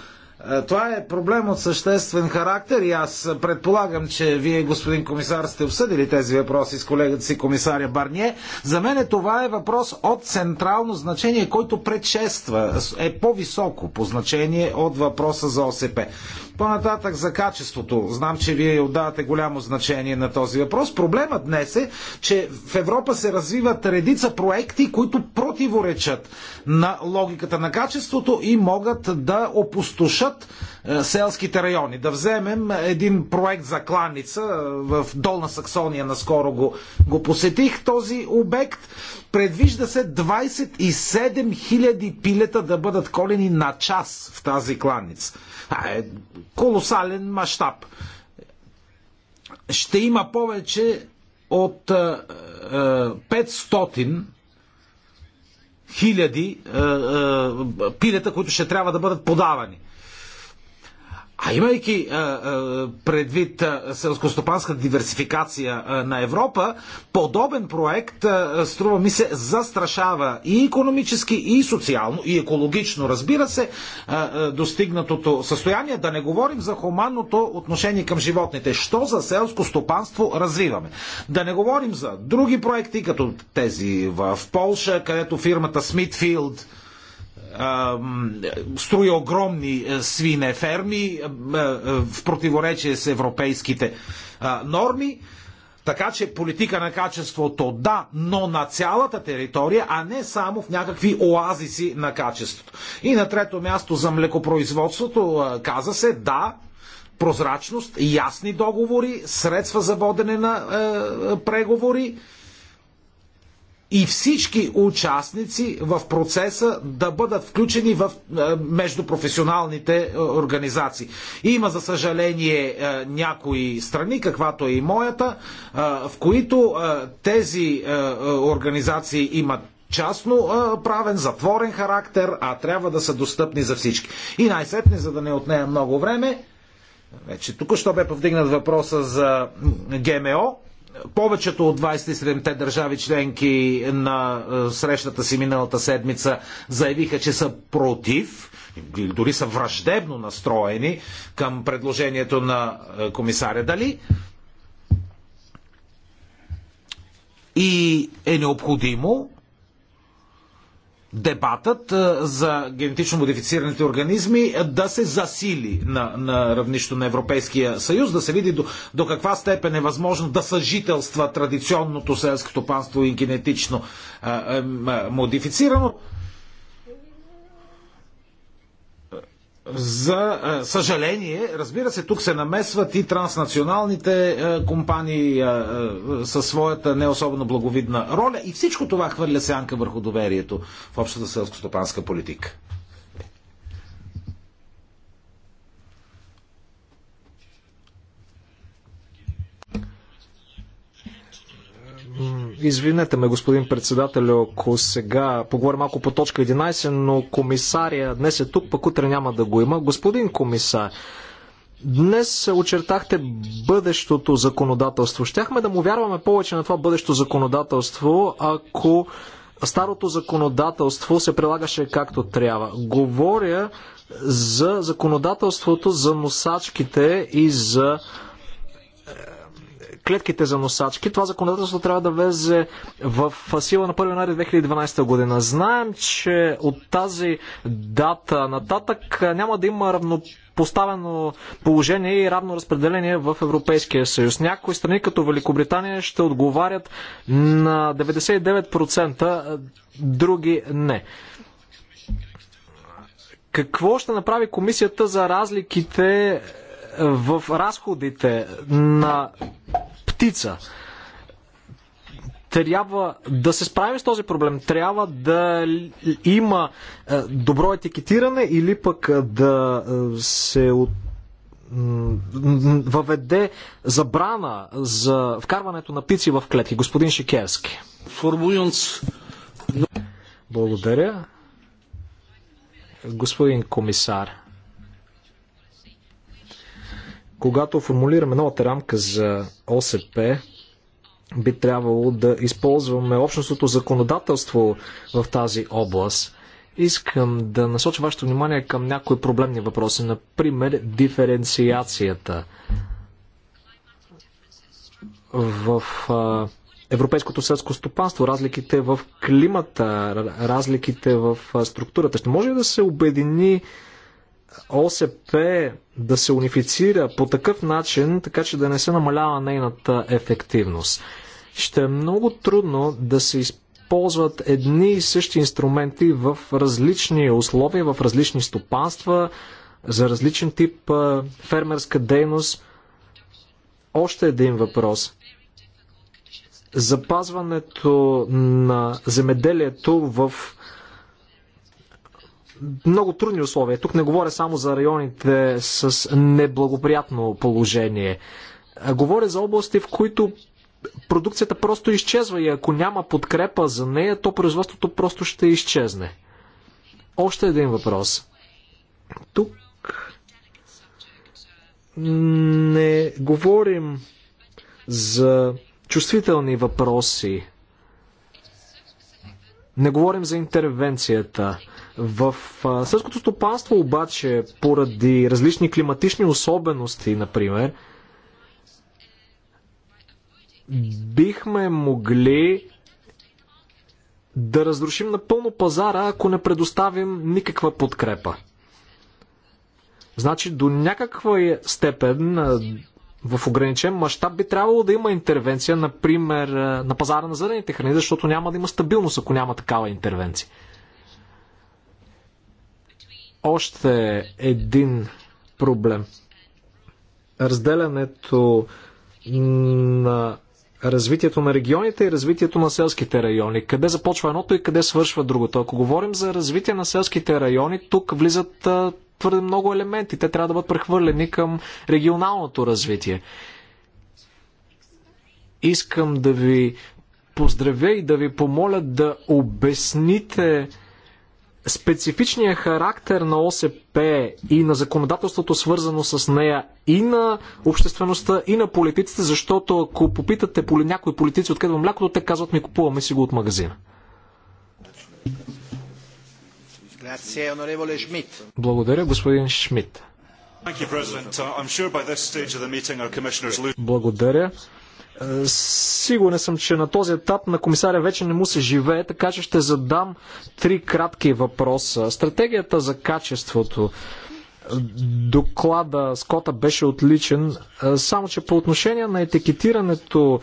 Е, това е проблем от съществен характер и аз предполагам, че вие, господин комисар, сте обсъдили тези въпроси с колегата си, комисаря Барние. За мен е това е въпрос от централно значение, който предшества, е по-високо по значение от въпроса за ОСП. По-нататък за качеството. Знам, че вие отдавате голямо значение на този въпрос. Проблемът днес е, че в Европа се развиват редица проекти, които противоречат на логиката на качеството и могат да опустошат е, селските райони. Да вземем един проект за кланица е, в Долна Саксония, наскоро го, го посетих. Този обект предвижда се 27 000 пилета да бъдат колени на час в тази кланица. Това е колосален мащаб. Ще има повече от 500 е, е, хиляди е, пилета, които ще трябва да бъдат подавани а имайки а, а, предвид селскостопанска диверсификация а, на Европа, подобен проект, а, струва ми се, застрашава и економически, и социално, и екологично, разбира се, а, а, достигнатото състояние. Да не говорим за хуманното отношение към животните. Що за селско стопанство развиваме? Да не говорим за други проекти, като тези в Полша, където фирмата Смитфилд, строи огромни е, свине ферми, е, е, в противоречие с европейските норми. Така че политика на качеството да, но на цялата територия, а не само в някакви оазиси на качеството. И на трето място за млекопроизводството каза се да, прозрачност, ясни договори, средства за водене на е, преговори и всички участници в процеса да бъдат включени в е, междупрофесионалните е, организации. Има, за съжаление, е, някои страни, каквато е и моята, в които тези организации имат частно правен, затворен характер, а трябва да са достъпни за всички. И най-сетне, за да не отнея много време, вече тук що бе повдигнат въпроса за ГМО, повечето от 27-те държави членки на е, срещата си миналата седмица заявиха, че са против или дори са враждебно настроени към предложението на е, комисаря Дали. И е необходимо дебатът за генетично модифицираните организми да се засили на, на равнището на Европейския съюз, да се види до, до каква степен е възможно да съжителства традиционното селско стопанство и генетично а, а, модифицирано. За е, съжаление, разбира се, тук се намесват и транснационалните е, компании е, със своята не особено благовидна роля и всичко това хвърля сянка върху доверието в общата селско-стопанска политика. Извинете ме, господин председател, ако сега поговорим малко по точка 11, но комисария днес е тук, пък утре няма да го има. Господин комисар, днес очертахте бъдещото законодателство. Щяхме да му вярваме повече на това бъдещо законодателство, ако старото законодателство се прилагаше както трябва. Говоря за законодателството за носачките и за клетките за носачки. Това законодателство трябва да влезе в сила на 1 януари 2012 година. Знаем, че от тази дата нататък няма да има равнопоставено положение и равно разпределение в Европейския съюз. Някои страни, като Великобритания, ще отговарят на 99%, други не. Какво ще направи комисията за разликите в разходите на птица. Трябва да се справим с този проблем. Трябва да има е, добро етикетиране или пък е, да е, се от въведе забрана за вкарването на птици в клетки. Господин Шикерски. Благодаря. Господин комисар. Когато формулираме новата рамка за ОСП, би трябвало да използваме общностното законодателство в тази област. Искам да насоча вашето внимание към някои проблемни въпроси, например диференциацията. В а, европейското селско стопанство, разликите в климата, разликите в структурата. Ще може ли да се обедини ОСП да се унифицира по такъв начин, така че да не се намалява нейната ефективност. Ще е много трудно да се използват едни и същи инструменти в различни условия, в различни стопанства, за различен тип фермерска дейност. Още един въпрос. Запазването на земеделието в много трудни условия. Тук не говоря само за районите с неблагоприятно положение. Говоря за области, в които продукцията просто изчезва и ако няма подкрепа за нея, то производството просто ще изчезне. Още един въпрос. Тук не говорим за чувствителни въпроси. Не говорим за интервенцията. В сърското стопанство обаче, поради различни климатични особености, например, бихме могли да разрушим напълно пазара, ако не предоставим никаква подкрепа. Значи до някаква степен в ограничен мащаб би трябвало да има интервенция, например, е, на пазара на зърнените храни, защото няма да има стабилност, ако няма такава интервенция. Още един проблем. Разделянето на развитието на регионите и развитието на селските райони. Къде започва едното и къде свършва другото. Ако говорим за развитие на селските райони, тук влизат а, твърде много елементи. Те трябва да бъдат прехвърлени към регионалното развитие. Искам да ви поздравя и да ви помоля да обясните специфичния характер на ОСП и на законодателството свързано с нея и на обществеността и на политиците, защото ако попитате по някои политици откъде млякото, те казват ми купуваме си го от магазина. Благодаря, господин Шмидт. Благодаря. Е, сигурен съм, че на този етап на комисаря вече не му се живее, така че ще задам три кратки въпроса. Стратегията за качеството. Доклада Скота беше отличен, е, само че по отношение на етикетирането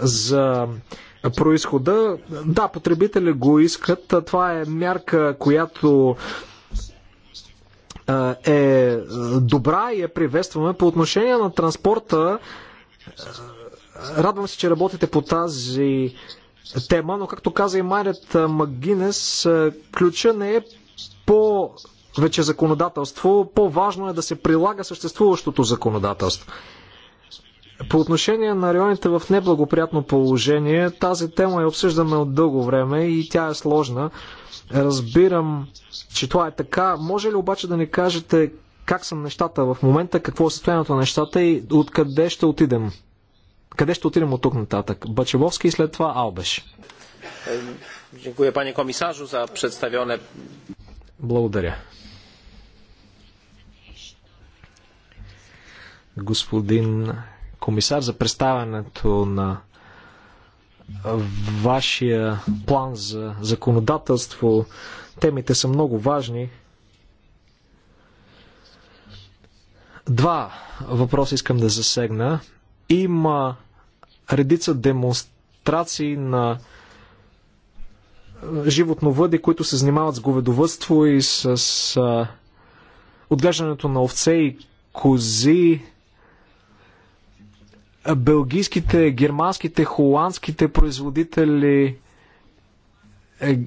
за происхода, да, потребители го искат. Това е мярка, която е, е добра и я приветстваме. По отношение на транспорта, Радвам се, че работите по тази тема, но както каза и Майрет Магинес, ключа не е по вече законодателство, по-важно е да се прилага съществуващото законодателство. По отношение на районите в неблагоприятно положение, тази тема я обсъждаме от дълго време и тя е сложна. Разбирам, че това е така. Може ли обаче да ни кажете как са нещата в момента, какво е състоянието на нещата и откъде ще отидем къде ще отидем от тук нататък? Бачеловски и след това Албеш. Дякую, пане комисажу, за представяне. Благодаря. Господин комисар, за представянето на вашия план за законодателство. Темите са много важни. Два въпроса искам да засегна. Има редица демонстрации на е, животновъди, които се занимават с говедовътство и с а, е, е, отглеждането на овце и кози. Белгийските, германските, холандските производители е,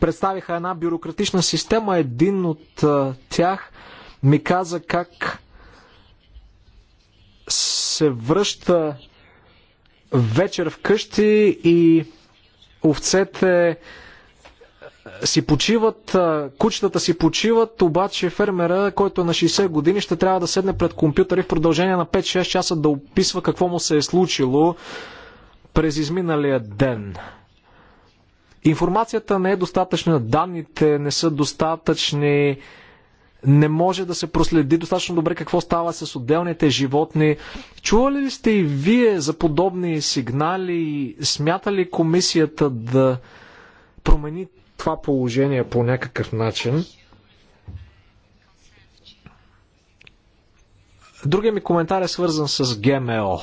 представиха една бюрократична система. Един от а, тях ми каза как се връща вечер вкъщи и овцете си почиват, кучетата си почиват, обаче фермера, който е на 60 години, ще трябва да седне пред компютъри в продължение на 5-6 часа да описва какво му се е случило през изминалия ден. Информацията не е достатъчна, данните не са достатъчни, не може да се проследи достатъчно добре какво става с отделните животни. Чували ли сте и вие за подобни сигнали? Смята ли комисията да промени това положение по някакъв начин? Другия ми коментар е свързан с ГМО.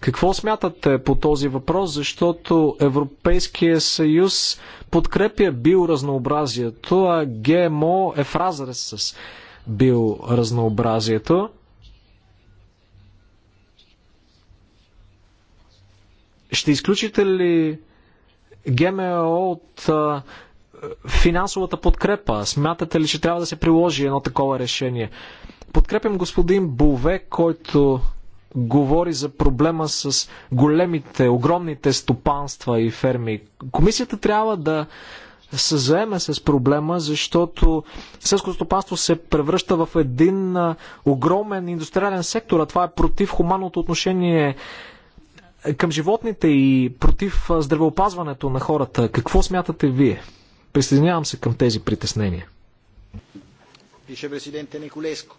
Какво смятате по този въпрос, защото Европейския съюз подкрепя биоразнообразието, а ГМО е в разрез с биоразнообразието? Ще изключите ли ГМО от а, финансовата подкрепа? Смятате ли, че трябва да се приложи едно такова решение? Подкрепям господин Бове, който говори за проблема с големите, огромните стопанства и ферми. Комисията трябва да се заеме с проблема, защото селското стопанство се превръща в един огромен индустриален сектор, а това е против хуманното отношение към животните и против здравеопазването на хората. Какво смятате вие? Присъединявам се към тези притеснения. Вице-президенте Николеско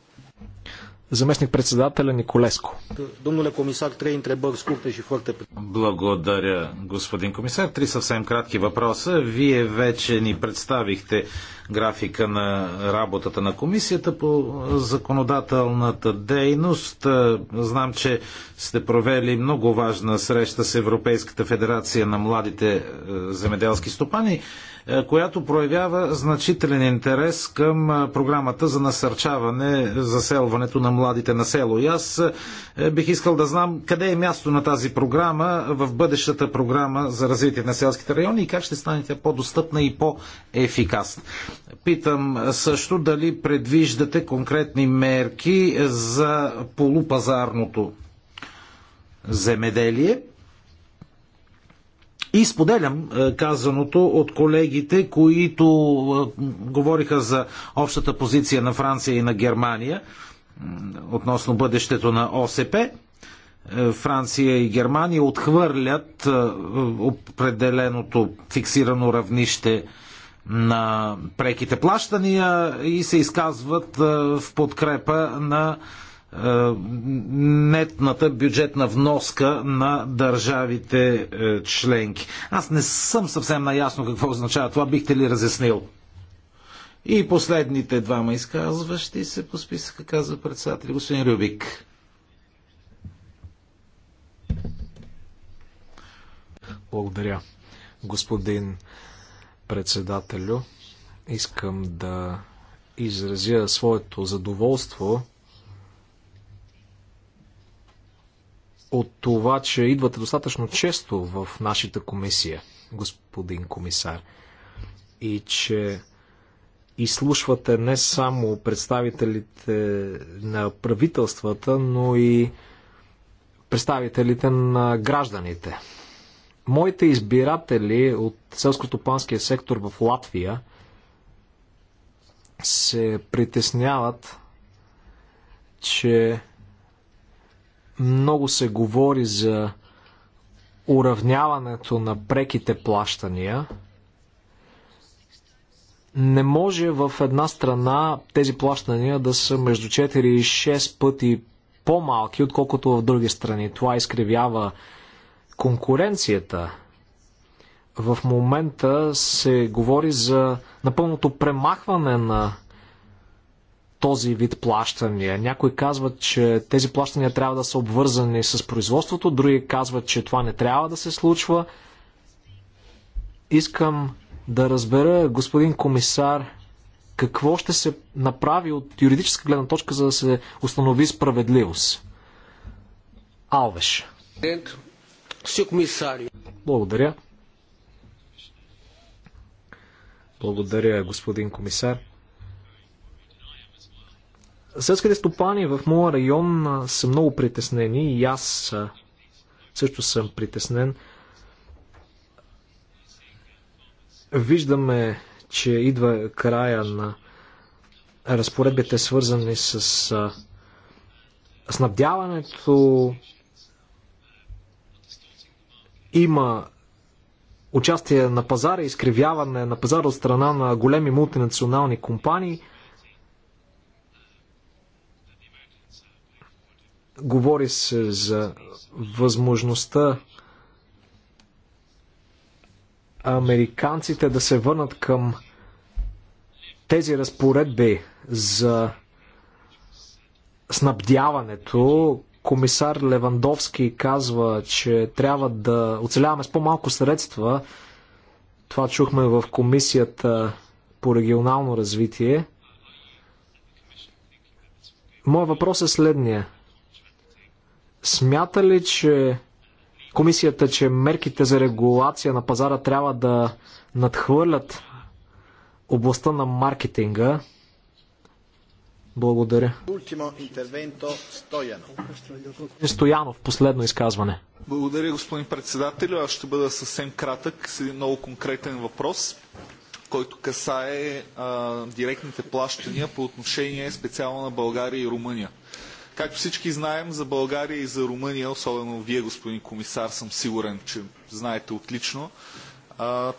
заместник председателя Николеско. Домнуле комисар, три întrebări scurte și foarte... Благодаря, господин комисар. Три съвсем кратки въпроса. Вие вече ни представихте графика на работата на комисията по законодателната дейност. Знам, че сте провели много важна среща с Европейската федерация на младите е, земеделски стопани. Е, която проявява значителен интерес към е, програмата за насърчаване заселването на младите на село. И аз е, бих искал да знам къде е място на тази програма в бъдещата програма за развитие на селските райони и как ще стане тя по-достъпна и по-ефикасна. Питам също дали предвиждате конкретни мерки за полупазарното земеделие и споделям е, казаното от колегите, които е, говориха за общата позиция на Франция и на Германия относно бъдещето на ОСП. Е, Франция и Германия отхвърлят определеното фиксирано равнище на преките плащания и се изказват в подкрепа на е, нетната бюджетна вноска на държавите е, членки. Аз не съм съвсем наясно какво означава това. Бихте ли разяснил? И последните двама изказващи се по списъка, казва председател господин Рюбик. Благодаря, господин председателю. Искам да изразя своето задоволство от това, че идвате достатъчно често в нашата комисия, господин комисар, и че изслушвате не само представителите на правителствата, но и представителите на гражданите. Моите избиратели от селско-стопанския сектор в Латвия се притесняват, че много се говори за уравняването на преките плащания. Не може в една страна тези плащания да са между 4 и 6 пъти по-малки, отколкото в други страни. Това изкривява конкуренцията. В момента се говори за напълното премахване на този вид плащания. Някои казват, че тези плащания трябва да са обвързани с производството, други казват, че това не трябва да се случва. Искам да разбера, господин комисар, какво ще се направи от юридическа гледна точка, за да се установи справедливост. Алвеш. Благодаря. Благодаря, господин комисар. Селските стопани в моя район са много притеснени и аз също съм притеснен. Виждаме, че идва края на разпоредбите, свързани с снабдяването. Има участие на пазара, изкривяване на пазара от страна на големи мултинационални компании – Говори се за възможността американците да се върнат към тези разпоредби за снабдяването, комисар Левандовски казва, че трябва да оцеляваме с по-малко средства. Това чухме в комисията по регионално развитие. Моят въпрос е следния. Смята ли, че комисията, че мерките за регулация на пазара трябва да надхвърлят областта на маркетинга? Благодаря. Стоянов, последно изказване. Благодаря, господин председател. Аз ще бъда съвсем кратък с един много конкретен въпрос, който касае а, директните плащания по отношение специално на България и Румъния. Както всички знаем, за България и за Румъния, особено вие, господин комисар, съм сигурен, че знаете отлично,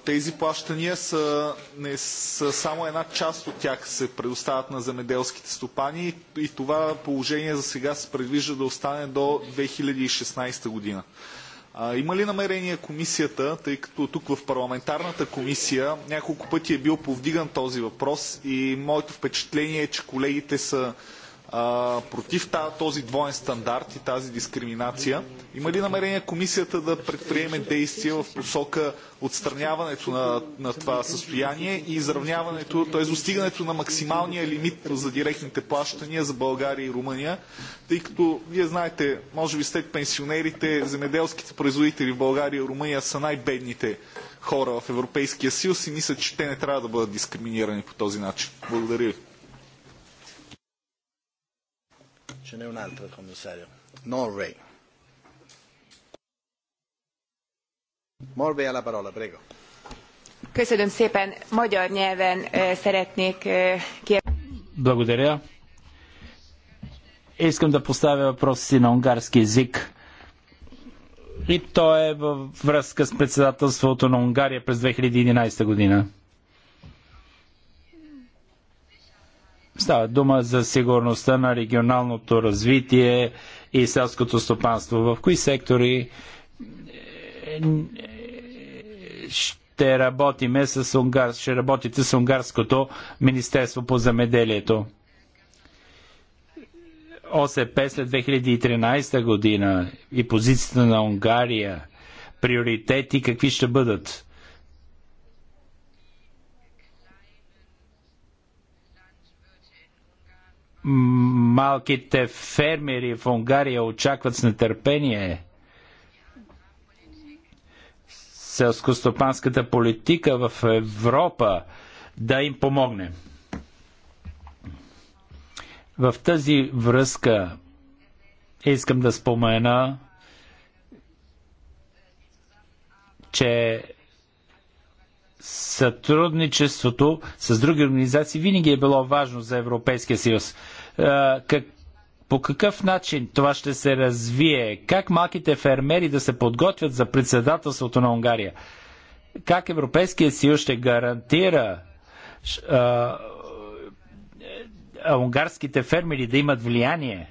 тези плащания са, не са само една част от тях се предоставят на земеделските стопани и това положение за сега се предвижда да остане до 2016 година. А, има ли намерение комисията, тъй като тук в парламентарната комисия няколко пъти е бил повдиган този въпрос и моето впечатление е, че колегите са а, против този двоен стандарт и тази дискриминация. Има ли намерение комисията да предприеме действия в посока отстраняването на, на това състояние и изравняването, т.е. достигането на максималния лимит за директните плащания за България и Румъния, тъй като вие знаете, може би след пенсионерите, земеделските производители в България и Румъния са най-бедните хора в Европейския съюз и мисля, че те не трябва да бъдат дискриминирани по този начин. Благодаря ви. Ce n'è un'altra, commissario. Norway. parola, prego. Köszönöm szépen. Magyar nyelven szeretnék Благодаря. Искам да поставя въпроса си на унгарски язик. И то е във връзка с председателството на Унгария през 2011 година. Става дума за сигурността на регионалното развитие и селското стопанство. В кои сектори е, ще работиме с унгар... ще работите с Унгарското Министерство по замеделието? ОСП след 2013 година и позицията на Унгария, приоритети какви ще бъдат? малките фермери в Унгария очакват с нетърпение селскостопанската политика в Европа да им помогне. В тази връзка искам да спомена, че сътрудничеството с други организации винаги е било важно за Европейския съюз. Е, как, по какъв начин това ще се развие? Как малките фермери да се подготвят за председателството на Унгария? Как Европейския съюз ще гарантира а, а, унгарските фермери да имат влияние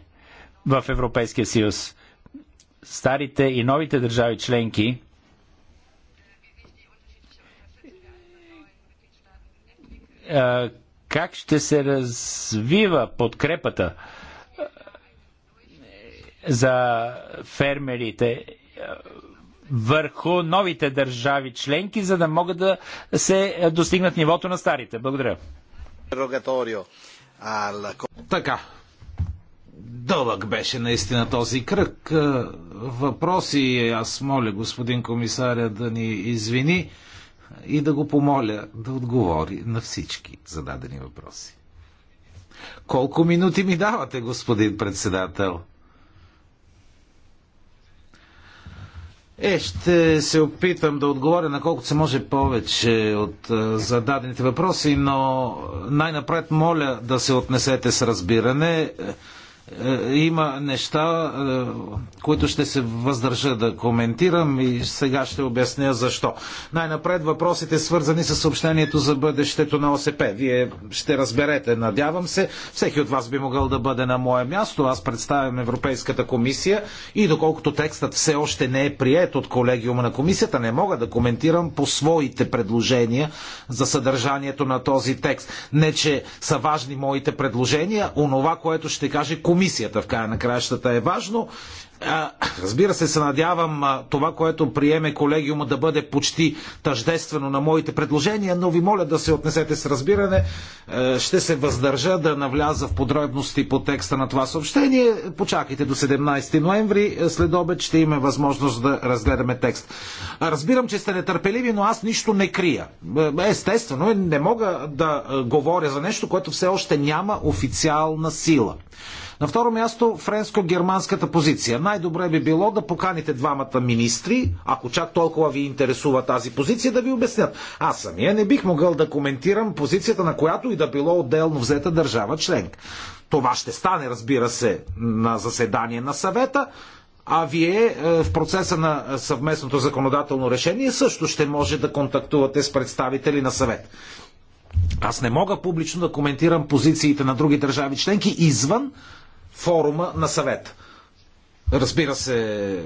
в Европейския съюз? Старите и новите държави членки Е, как ще се развива подкрепата е, за фермерите е, върху новите държави членки, за да могат да се достигнат нивото на старите. Благодаря. Така. Дълъг беше наистина този кръг въпроси. Аз моля господин комисаря да ни извини и да го помоля да отговори на всички зададени въпроси. Колко минути ми давате, господин председател? Е, ще се опитам да отговоря на колкото се може повече от зададените въпроси, но най-напред моля да се отнесете с разбиране. Е, има неща, е, които ще се въздържа да коментирам и сега ще обясня защо. Най-напред въпросите свързани с съобщението за бъдещето на ОСП. Вие ще разберете, надявам се. Всеки от вас би могъл да бъде на мое място. Аз представям Европейската комисия и доколкото текстът все още не е прият от колегиума на комисията, не мога да коментирам по своите предложения за съдържанието на този текст. Не, че са важни моите предложения, онова, което ще каже комисията комисията в края на краищата е важно. Разбира се, се надявам това, което приеме колегиума да бъде почти тъждествено на моите предложения, но ви моля да се отнесете с разбиране. Е, ще се въздържа да навляза в подробности по текста на това съобщение. Почакайте до 17 ноември. Е, след обед ще имаме възможност да разгледаме текст. Разбирам, че сте нетърпеливи, но аз нищо не крия. Е, естествено, не мога да говоря за нещо, което все още няма официална сила. На второ място, френско-германската позиция. Най-добре би било да поканите двамата министри, ако чак толкова ви интересува тази позиция, да ви обяснят. Аз самия не бих могъл да коментирам позицията на която и да било отделно взета държава членка. Това ще стане, разбира се, на заседание на съвета, а вие е, в процеса на съвместното законодателно решение също ще може да контактувате с представители на съвет. Аз не мога публично да коментирам позициите на други държави членки извън форума на съвет. Разбира се,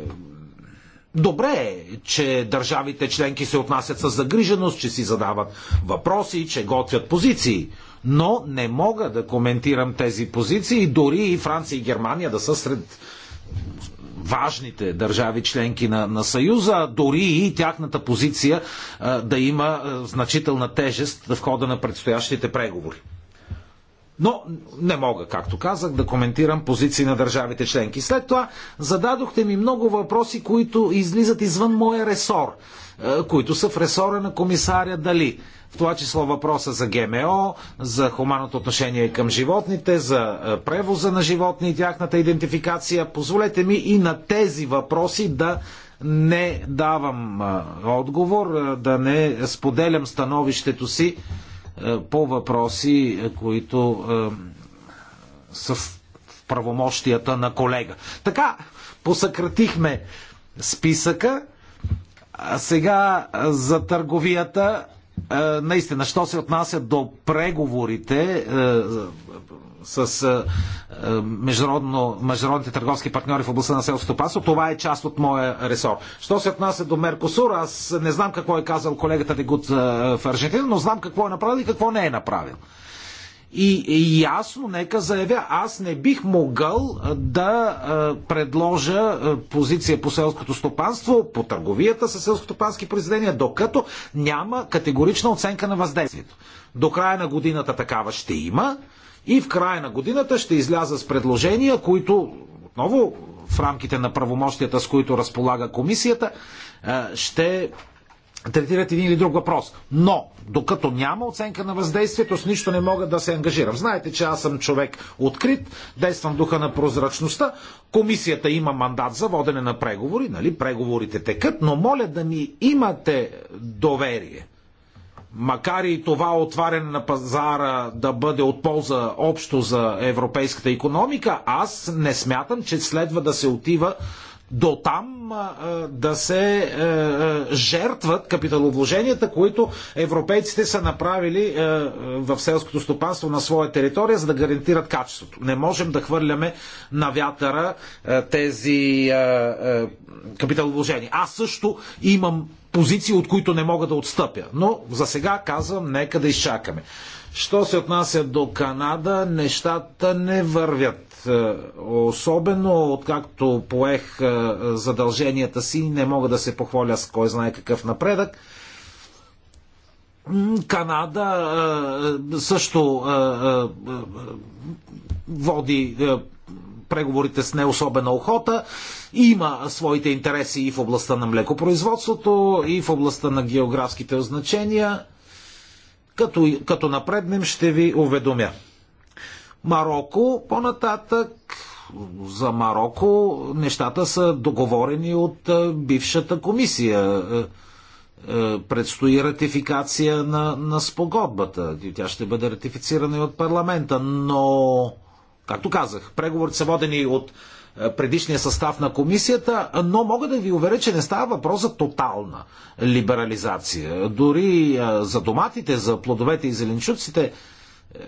добре е, че държавите членки се отнасят с загриженост, че си задават въпроси, че готвят позиции. Но не мога да коментирам тези позиции, дори и Франция и Германия да са сред важните държави членки на, на Съюза, дори и тяхната позиция а, да има а, значителна тежест в хода на предстоящите преговори. Но не мога, както казах, да коментирам позиции на държавите членки. След това зададохте ми много въпроси, които излизат извън моя ресор, е, които са в ресора на комисаря Дали. В това число въпроса за ГМО, за хуманното отношение към животните, за е, превоза на животни и тяхната идентификация. Позволете ми и на тези въпроси да не давам е, отговор, да не споделям становището си е, по въпроси, е, които е, са в правомощията на колега. Така, посъкратихме списъка. А сега за търговията е, наистина, що се отнася до преговорите е, с е, международните търговски партньори в областта на селското пасо, това е част от моя ресор. Що се отнася до Меркосур, аз не знам какво е казал колегата Дегут в Аржентина, но знам какво е направил и какво не е направил. И, ясно, нека заявя, аз не бих могъл да предложа позиция по селското стопанство, по търговията с селскостопански произведения, докато няма категорична оценка на въздействието. До края на годината такава ще има и в края на годината ще изляза с предложения, които отново в рамките на правомощията, с които разполага комисията, ще третират един или друг въпрос. Но, докато няма оценка на въздействието, с нищо не мога да се ангажирам. Знаете, че аз съм човек открит, действам духа на прозрачността. Комисията има мандат за водене на преговори, нали? Преговорите текат, но моля да ми имате доверие. Макар и това отваряне на пазара да бъде от полза общо за европейската економика, аз не смятам, че следва да се отива до там да се е, е, жертват капиталовложенията, които европейците са направили е, в селското стопанство на своя територия, за да гарантират качеството. Не можем да хвърляме на вятъра тези капиталовложения. Аз също имам позиции, от които не мога да отстъпя. Но за сега казвам, нека да изчакаме. Що се отнася до Канада, нещата не вървят е, особено откакто поех е, задълженията си, не мога да се похваля с кой знае какъв напредък. Канада е, също води преговорите с не особена охота. Има своите интереси и в областта на млекопроизводството, и в областта на географските означения. Като, като напреднем ще ви уведомя. Марокко, по-нататък за Марокко нещата са договорени от е, бившата комисия. Е, е, предстои ратификация на, на спогодбата. Тя ще бъде ратифицирана и от парламента, но, както казах, преговорите са водени от предишния състав на комисията, но мога да ви уверя, че не става въпрос за тотална либерализация. Дори за доматите, за плодовете и зеленчуците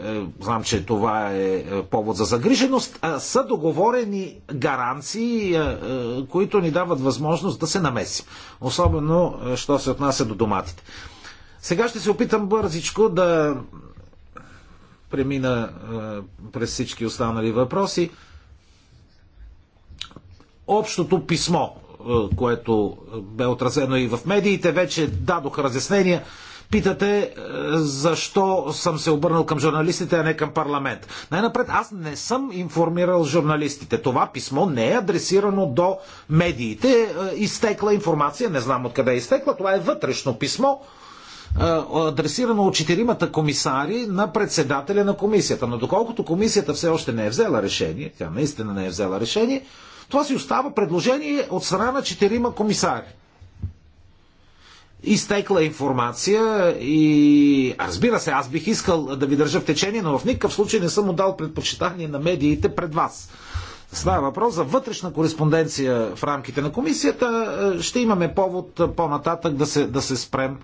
е, знам, че това е, е повод за загриженост, са договорени гаранции, е, които ни дават възможност да се намесим. Особено, що се отнася до доматите. Сега ще се опитам бързичко да премина през всички останали въпроси. Общото писмо, което бе отразено и в медиите, вече дадох разяснения Питате е, защо съм се обърнал към журналистите, а не към парламент. Най-напред, аз не съм информирал журналистите. Това писмо не е адресирано до медиите. Е, изтекла информация, не знам откъде е изтекла. Това е вътрешно писмо е, адресирано от четиримата комисари на председателя на комисията. Но доколкото комисията все още не е взела решение, тя наистина не е взела решение, това си остава предложение от страна на четирима комисари изтекла информация и разбира се, аз бих искал да ви държа в течение, но в никакъв случай не съм отдал предпочитание на медиите пред вас. Става въпрос за вътрешна кореспонденция в рамките на комисията. Е, ще имаме повод по-нататък да се, да се спрем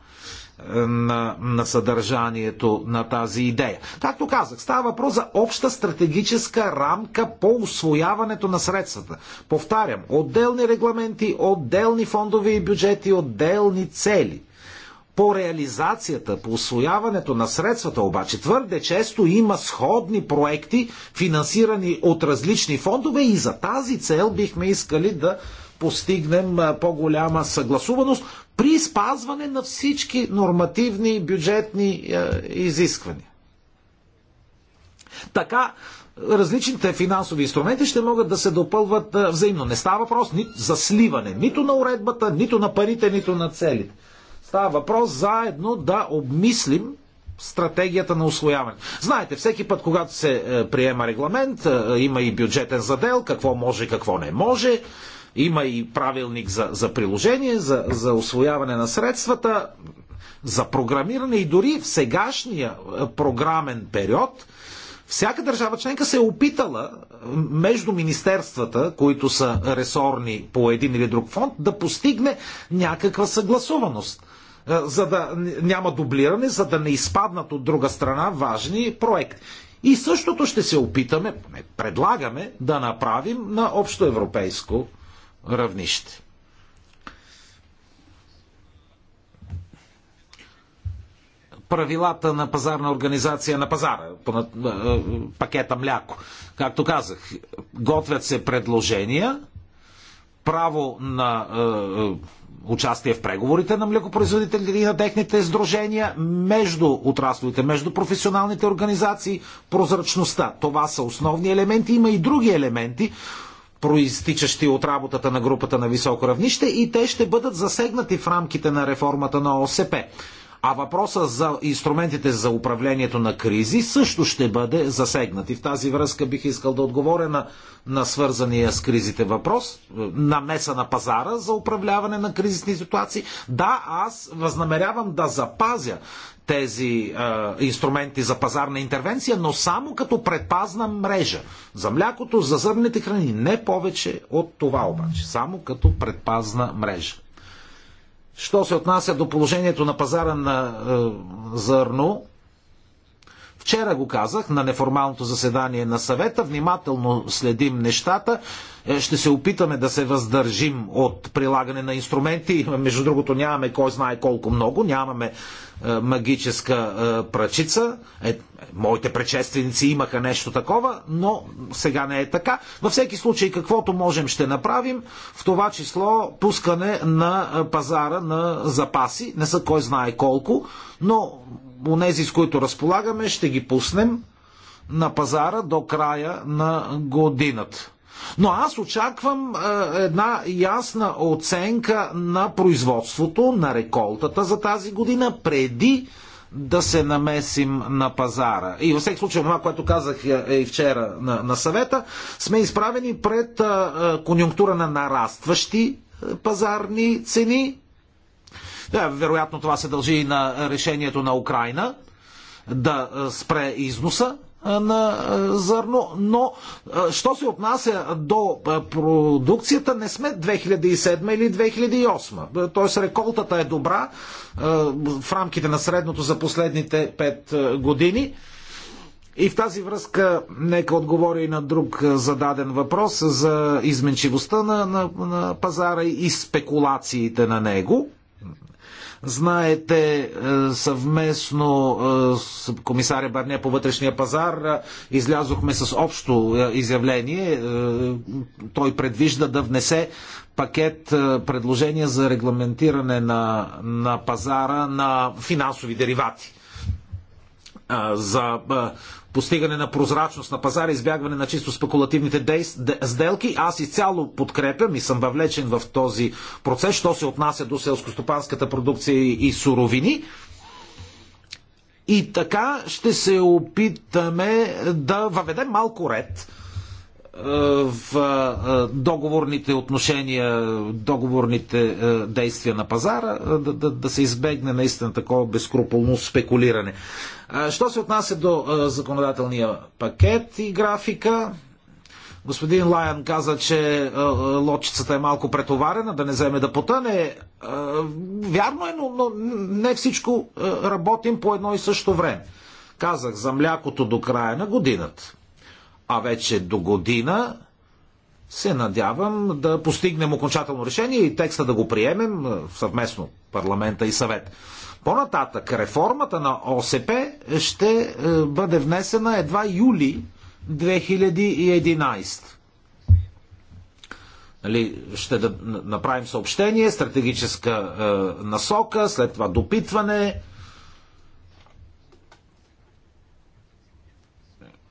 на, на съдържанието на тази идея. Както казах, става въпрос за обща стратегическа рамка по освояването на средствата. Повтарям, отделни регламенти, отделни фондови бюджети, отделни цели. По реализацията, по освояването на средствата обаче твърде често има сходни проекти, финансирани от различни фондове и за тази цел бихме искали да постигнем по-голяма съгласуваност при спазване на всички нормативни бюджетни е, изисквания. Така, различните финансови инструменти ще могат да се допълват е, взаимно. Не става въпрос ни за сливане нито на уредбата, нито на парите, нито на целите. Става въпрос заедно да обмислим стратегията на освояване. Знаете, всеки път, когато се е, приема регламент, има и бюджетен задел, какво може, какво не може. Има и правилник за, за приложение, за, за освояване на средствата, за програмиране и дори в сегашния е, програмен период всяка държава членка се е опитала между министерствата, които са ресорни по един или друг фонд, да постигне някаква съгласуваност е, за да няма дублиране, за да не изпаднат от друга страна важни проекти. И същото ще се опитаме, предлагаме да направим на общо европейско равнище. правилата на пазарна организация на пазара, пакета мляко. Както казах, готвят се предложения, право на участие в преговорите на млекопроизводителите и на техните сдружения между отраслите, между професионалните организации, прозрачността. Това са основни елементи. Има и други елементи, проистичащи от работата на групата на високо равнище и те ще бъдат засегнати в рамките на реформата на ОСП. А въпроса за инструментите за управлението на кризи също ще бъде засегнат. И в тази връзка бих искал да отговоря на, на свързания с кризите въпрос, намеса на пазара за управляване на кризисни ситуации. Да, аз възнамерявам да запазя тези е, инструменти за пазарна интервенция, но само като предпазна мрежа. За млякото, за зърнените храни, не повече от това обаче. Само като предпазна мрежа. Що се отнася до положението на пазара на е, зърно, Вчера го казах на неформалното заседание на съвета. Внимателно следим нещата. Е, ще се опитаме да се въздържим от прилагане на инструменти. Между другото нямаме кой знае колко много. Нямаме е, магическа е, прачица. Е, моите предшественици имаха нещо такова, но сега не е така. Във всеки случай, каквото можем ще направим, в това число пускане на пазара на запаси. Не са кой знае колко, но онези, с които разполагаме, ще ги пуснем на пазара до края на годината. Но аз очаквам е, една ясна оценка на производството, на реколтата за тази година, преди да се намесим на пазара. И във всеки случай, това, което казах е, е и вчера на, на съвета, сме изправени пред а, е, конюнктура на нарастващи пазарни цени, да, вероятно това се дължи и на решението на Украина да спре износа на зърно, но що се отнася до продукцията, не сме 2007 или 2008. Тоест реколтата е добра в рамките на средното за последните 5 години. И в тази връзка нека отговоря и на друг зададен въпрос за изменчивостта на, на, на пазара и спекулациите на него. Знаете, е, съвместно е, с комисаря Барне по вътрешния пазар е, излязохме с общо изявление. Той предвижда да внесе пакет предложения за регламентиране на, на пазара на финансови деривати за постигане на прозрачност на пазара, избягване на чисто спекулативните сделки. Аз изцяло подкрепям и съм въвлечен в този процес, що се отнася до селскостопанската продукция и суровини. И така ще се опитаме да въведем малко ред в договорните отношения, договорните действия на пазара, да, да, да се избегне наистина такова безкруполно спекулиране. Що се отнася до законодателния пакет и графика, господин Лайан каза, че лодчицата е малко претоварена, да не вземе да потъне. Вярно е, но, но не всичко работим по едно и също време. Казах за млякото до края на годината а вече до година се надявам да постигнем окончателно решение и текста да го приемем съвместно парламента и съвет. По-нататък реформата на ОСП ще е, бъде внесена едва юли 2011. Нали, ще да направим съобщение, стратегическа е, насока, след това допитване,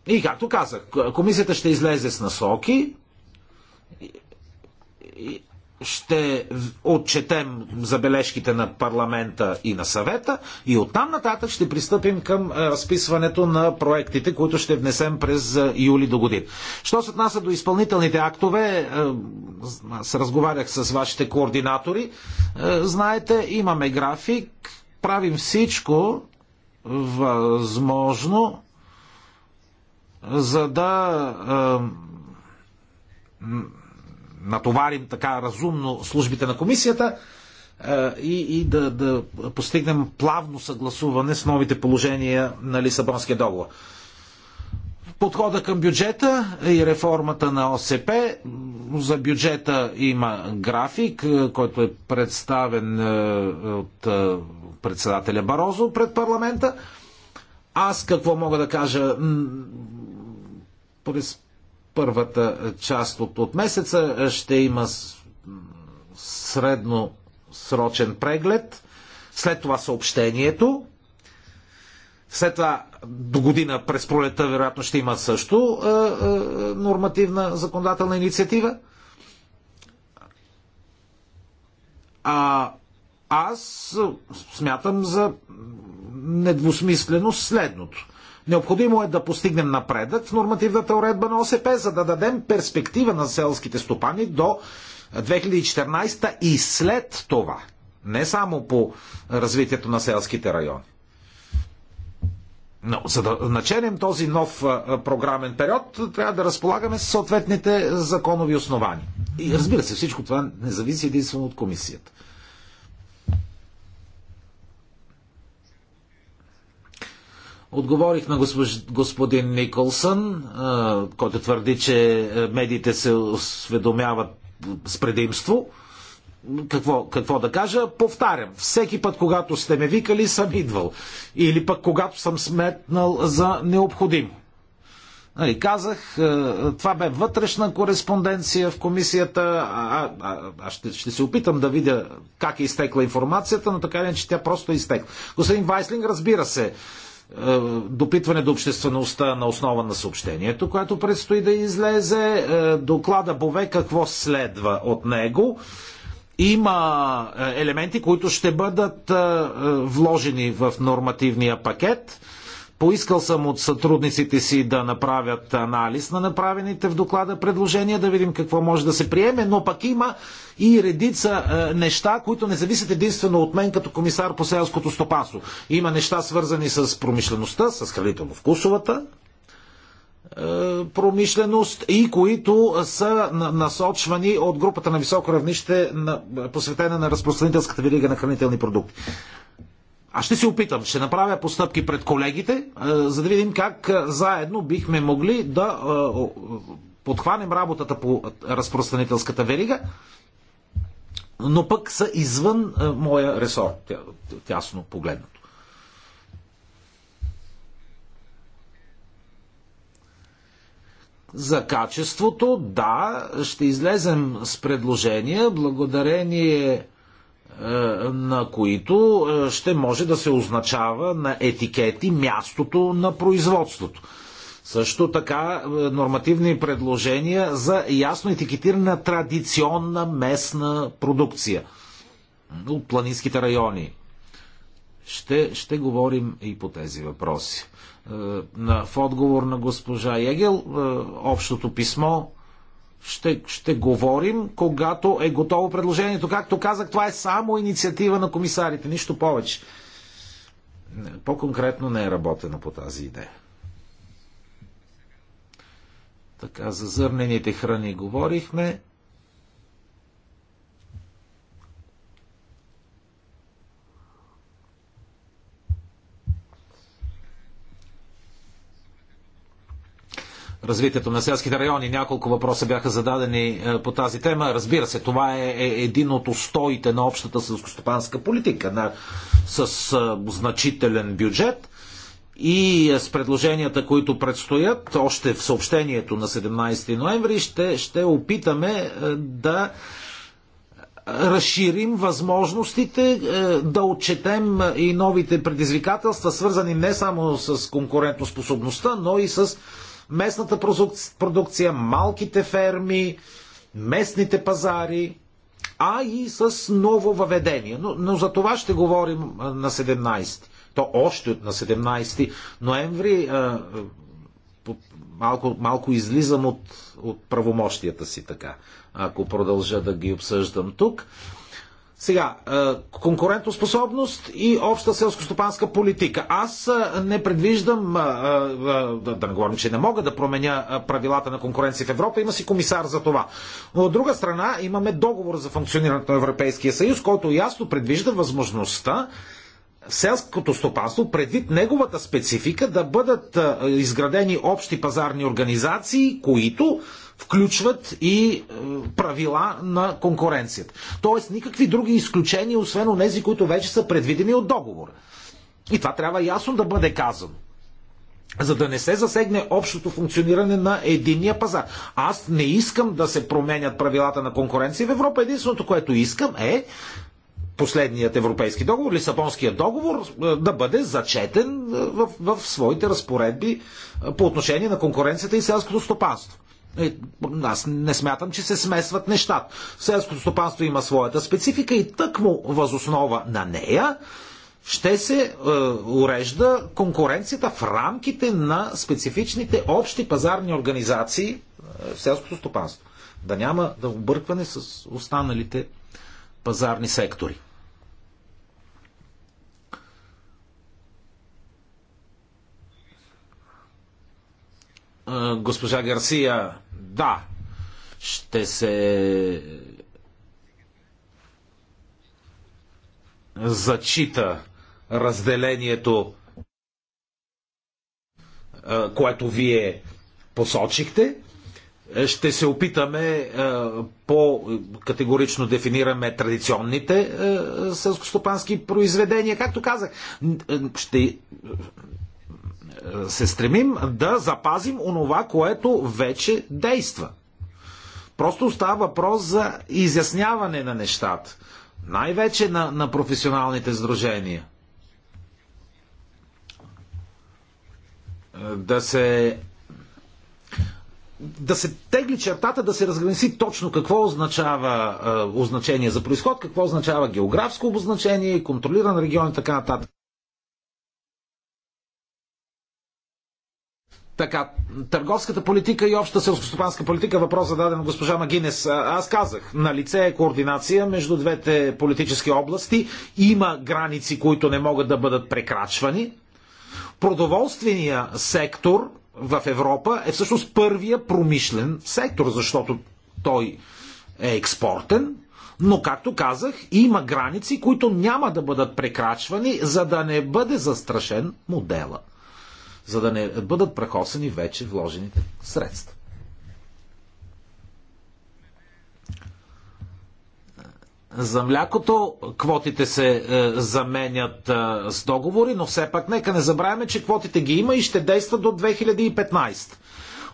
И както казах, комисията ще излезе с насоки, ще отчетем забележките на парламента и на съвета и оттам нататък ще пристъпим към разписването на проектите, които ще внесем през юли до година. Що се отнася до изпълнителните актове, аз разговарях с вашите координатори, знаете, имаме график, правим всичко възможно за да е, натоварим така разумно службите на комисията е, и, и да, да постигнем плавно съгласуване с новите положения на Лисабонския договор. Подхода към бюджета и реформата на ОСП. За бюджета има график, който е представен от председателя Барозо пред парламента. Аз какво мога да кажа? през първата част от, от месеца ще има средно срочен преглед, след това съобщението, след това до година през пролета вероятно ще има също е, е, нормативна законодателна инициатива. А аз смятам за недвусмислено следното. Необходимо е да постигнем напредък в нормативната уредба на ОСП, за да дадем перспектива на селските стопани до 2014 и след това. Не само по развитието на селските райони. Но за да начерем този нов програмен период, трябва да разполагаме с съответните законови основания. И разбира се, всичко това не зависи единствено от комисията. Отговорих на господин Николсън, който твърди, че медиите се осведомяват с предимство. Какво, какво да кажа? Повтарям. Всеки път, когато сте ме викали, съм идвал. Или пък, когато съм сметнал за необходимо. И казах, това бе вътрешна кореспонденция в комисията. А, а, а ще, ще се опитам да видя как е изтекла информацията, но така или че тя просто е изтекла. Господин Вайслинг, разбира се, е, допитване до обществеността на основа на съобщението, което предстои да излезе, е, доклада Бове какво следва от него. Има е, елементи, които ще бъдат вложени в нормативния пакет Поискал съм от сътрудниците си да направят анализ на направените в доклада предложения, да видим какво може да се приеме, но пък има и редица е, неща, които не зависят единствено от мен като комисар по селското стопанство. Има неща свързани с промишлеността, с хранително-вкусовата е, промишленост и които са насочвани от групата на високо равнище, на, посветена на разпространителската верига на хранителни продукти. Аз ще се опитам, ще направя постъпки пред колегите, е, за да видим как е, заедно бихме могли да е, подхванем работата по разпространителската верига, но пък са извън моя ресор, тясно погледнато. За качеството, да, ще излезем с предложения, благодарение е, на които е, ще може да се означава на етикети мястото на производството. Също така е, нормативни предложения за ясно етикетиране на традиционна местна продукция от планинските райони. Ще, ще говорим и по тези въпроси. В отговор на госпожа Егел, общото писмо ще, ще говорим, когато е готово предложението. Както казах, това е само инициатива на комисарите, нищо повече. По-конкретно не е работено по тази идея. Така, за зърнените храни говорихме. развитието на селските райони. Няколко въпроса бяха зададени е, по тази тема. Разбира се, това е, е един от устоите на общата селскостопанска политика на, с е, значителен бюджет. И с предложенията, които предстоят, още в съобщението на 17 ноември, ще, ще опитаме да разширим възможностите, да отчетем и новите предизвикателства, свързани не само с конкурентоспособността, но и с местната продукция, малките ферми, местните пазари, а и с ново въведение. Но, но за това ще говорим на 17. То още на 17 ноември а, малко, малко излизам от, от правомощията си така, ако продължа да ги обсъждам тук. Сега, конкурентоспособност и обща селскостопанска политика. Аз не предвиждам, да не говорим, че не мога да променя правилата на конкуренция в Европа, има си комисар за това. Но от друга страна имаме договор за функционирането на Европейския съюз, който ясно предвижда възможността селското стопанство, предвид неговата специфика, да бъдат изградени общи пазарни организации, които включват и е, правила на конкуренцията. Тоест никакви други изключения, освен онези, които вече са предвидени от договора. И това трябва ясно да бъде казано за да не се засегне общото функциониране на единния пазар. Аз не искам да се променят правилата на конкуренция в Европа. Единственото, което искам е последният европейски договор, Лисабонския договор, е, да бъде зачетен е, в, в своите разпоредби по отношение на конкуренцията и селското стопанство. Е, аз не смятам, че се смесват нещата. Селското стопанство има своята специфика и тъкмо възоснова на нея ще се е, урежда конкуренцията в рамките на специфичните общи пазарни организации в е, селското стопанство. Да няма да объркване с останалите пазарни сектори. Е, госпожа Гарсия да, ще се зачита разделението, което вие посочихте. Ще се опитаме по-категорично дефинираме традиционните селскостопански произведения. Както казах, ще се стремим да запазим онова, което вече действа. Просто става въпрос за изясняване на нещата. Най-вече на, на професионалните сдружения. Да се. Да се тегли чертата, да се разграниси точно какво означава е, означение за происход, какво означава географско обозначение, контролиран регион и така нататък. Така, търговската политика и обща селскостопанска политика, въпрос зададен от госпожа Магинес. Аз казах, на лице е координация между двете политически области. Има граници, които не могат да бъдат прекрачвани. Продоволствения сектор в Европа е всъщност първия промишлен сектор, защото той е експортен, но, както казах, има граници, които няма да бъдат прекрачвани, за да не бъде застрашен модела за да не бъдат прахосани вече вложените средства. За млякото квотите се е, заменят е, с договори, но все пак нека не забравяме, че квотите ги има и ще действат до 2015.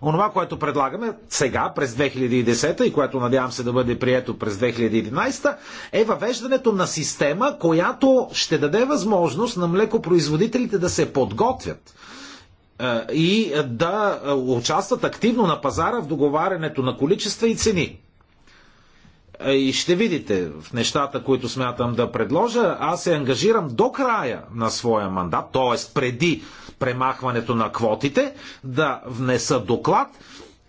Онова, което предлагаме сега, през 2010 и което надявам се да бъде прието през 2011, е въвеждането на система, която ще даде възможност на млекопроизводителите да се подготвят е, и е, да е, участват активно на пазара в договарянето на количества и цени. И ще видите в нещата, които смятам да предложа, аз се ангажирам до края на своя мандат, т.е. преди премахването на квотите, да внеса доклад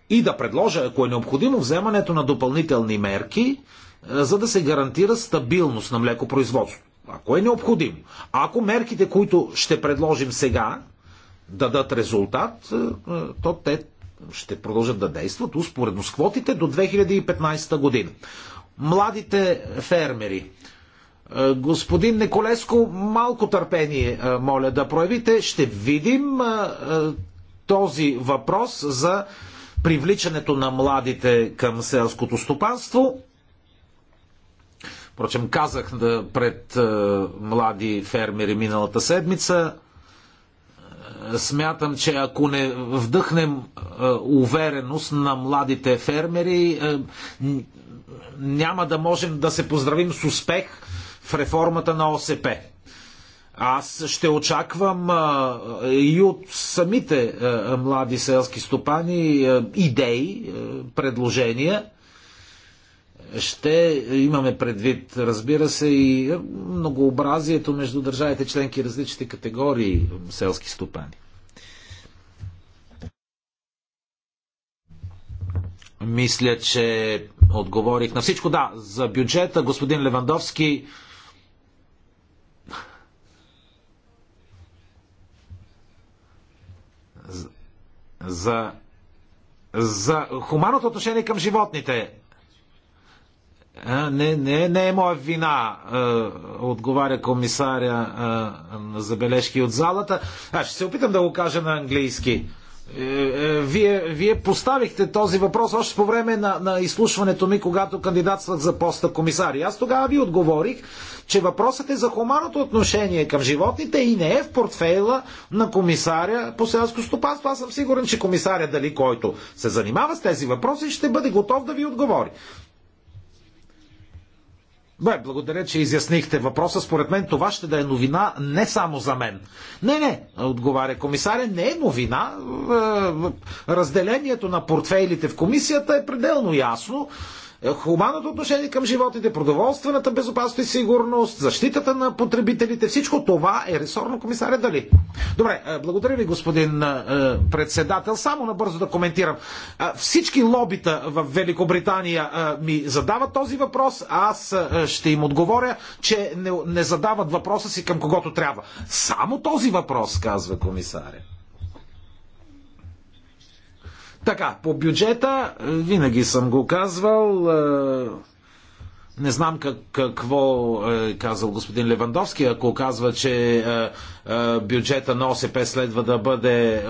и да предложа, ако е необходимо, вземането на допълнителни мерки, за да се гарантира стабилност на млекопроизводството. Ако е необходимо. Ако мерките, които ще предложим сега, дадат резултат, е, то те ще продължат да действат успоредно с квотите до 2015 година. Младите фермери. Е, господин Николеско, малко търпение е, моля да проявите. Ще видим този въпрос за привличането на младите към селското стопанство. Впрочем, казах да пред млади фермери миналата седмица, смятам, че ако не вдъхнем увереност на младите фермери, няма да можем да се поздравим с успех в реформата на ОСП. Аз ще очаквам а, и от самите а, млади селски стопани а, идеи, а, предложения ще имаме предвид, разбира се, и многообразието между държавите членки и различните категории селски стопани. Мисля, че отговорих на всичко. Да, за бюджета господин Левандовски. За, за хуманното отношение към животните. А, не, не, не е моя вина, а, отговаря комисаря а, на забележки от залата. Аз ще се опитам да го кажа на английски. Е, е, вие, вие поставихте този въпрос още по време на, на изслушването ми, когато кандидатствах за поста комисар. И аз тогава ви отговорих, че въпросът е за хуманното отношение към животните и не е в портфейла на комисаря по селско стопанство. Аз съм сигурен, че комисаря, дали който се занимава с тези въпроси, ще бъде готов да ви отговори. Бе, благодаря, че изяснихте въпроса. Според мен това ще да е новина не само за мен. Не, не, отговаря комисаря, не е новина. Е, е, разделението на портфейлите в комисията е пределно ясно. Е, хуманното отношение към животите, продоволствената безопасност и сигурност, защитата на потребителите, всичко това е ресорно комисаря Дали. Добре, е, благодаря ви, господин е, председател. Само набързо да коментирам. Всички лобита в Великобритания ми задават този въпрос, аз ще им отговоря, че не, не задават въпроса си към когото трябва. Само този въпрос, казва комисаря. Така, по бюджета, винаги съм го казвал, е, не знам как, какво е казал господин Левандовски, ако казва, че е, е, бюджета на ОСП следва да бъде е, е,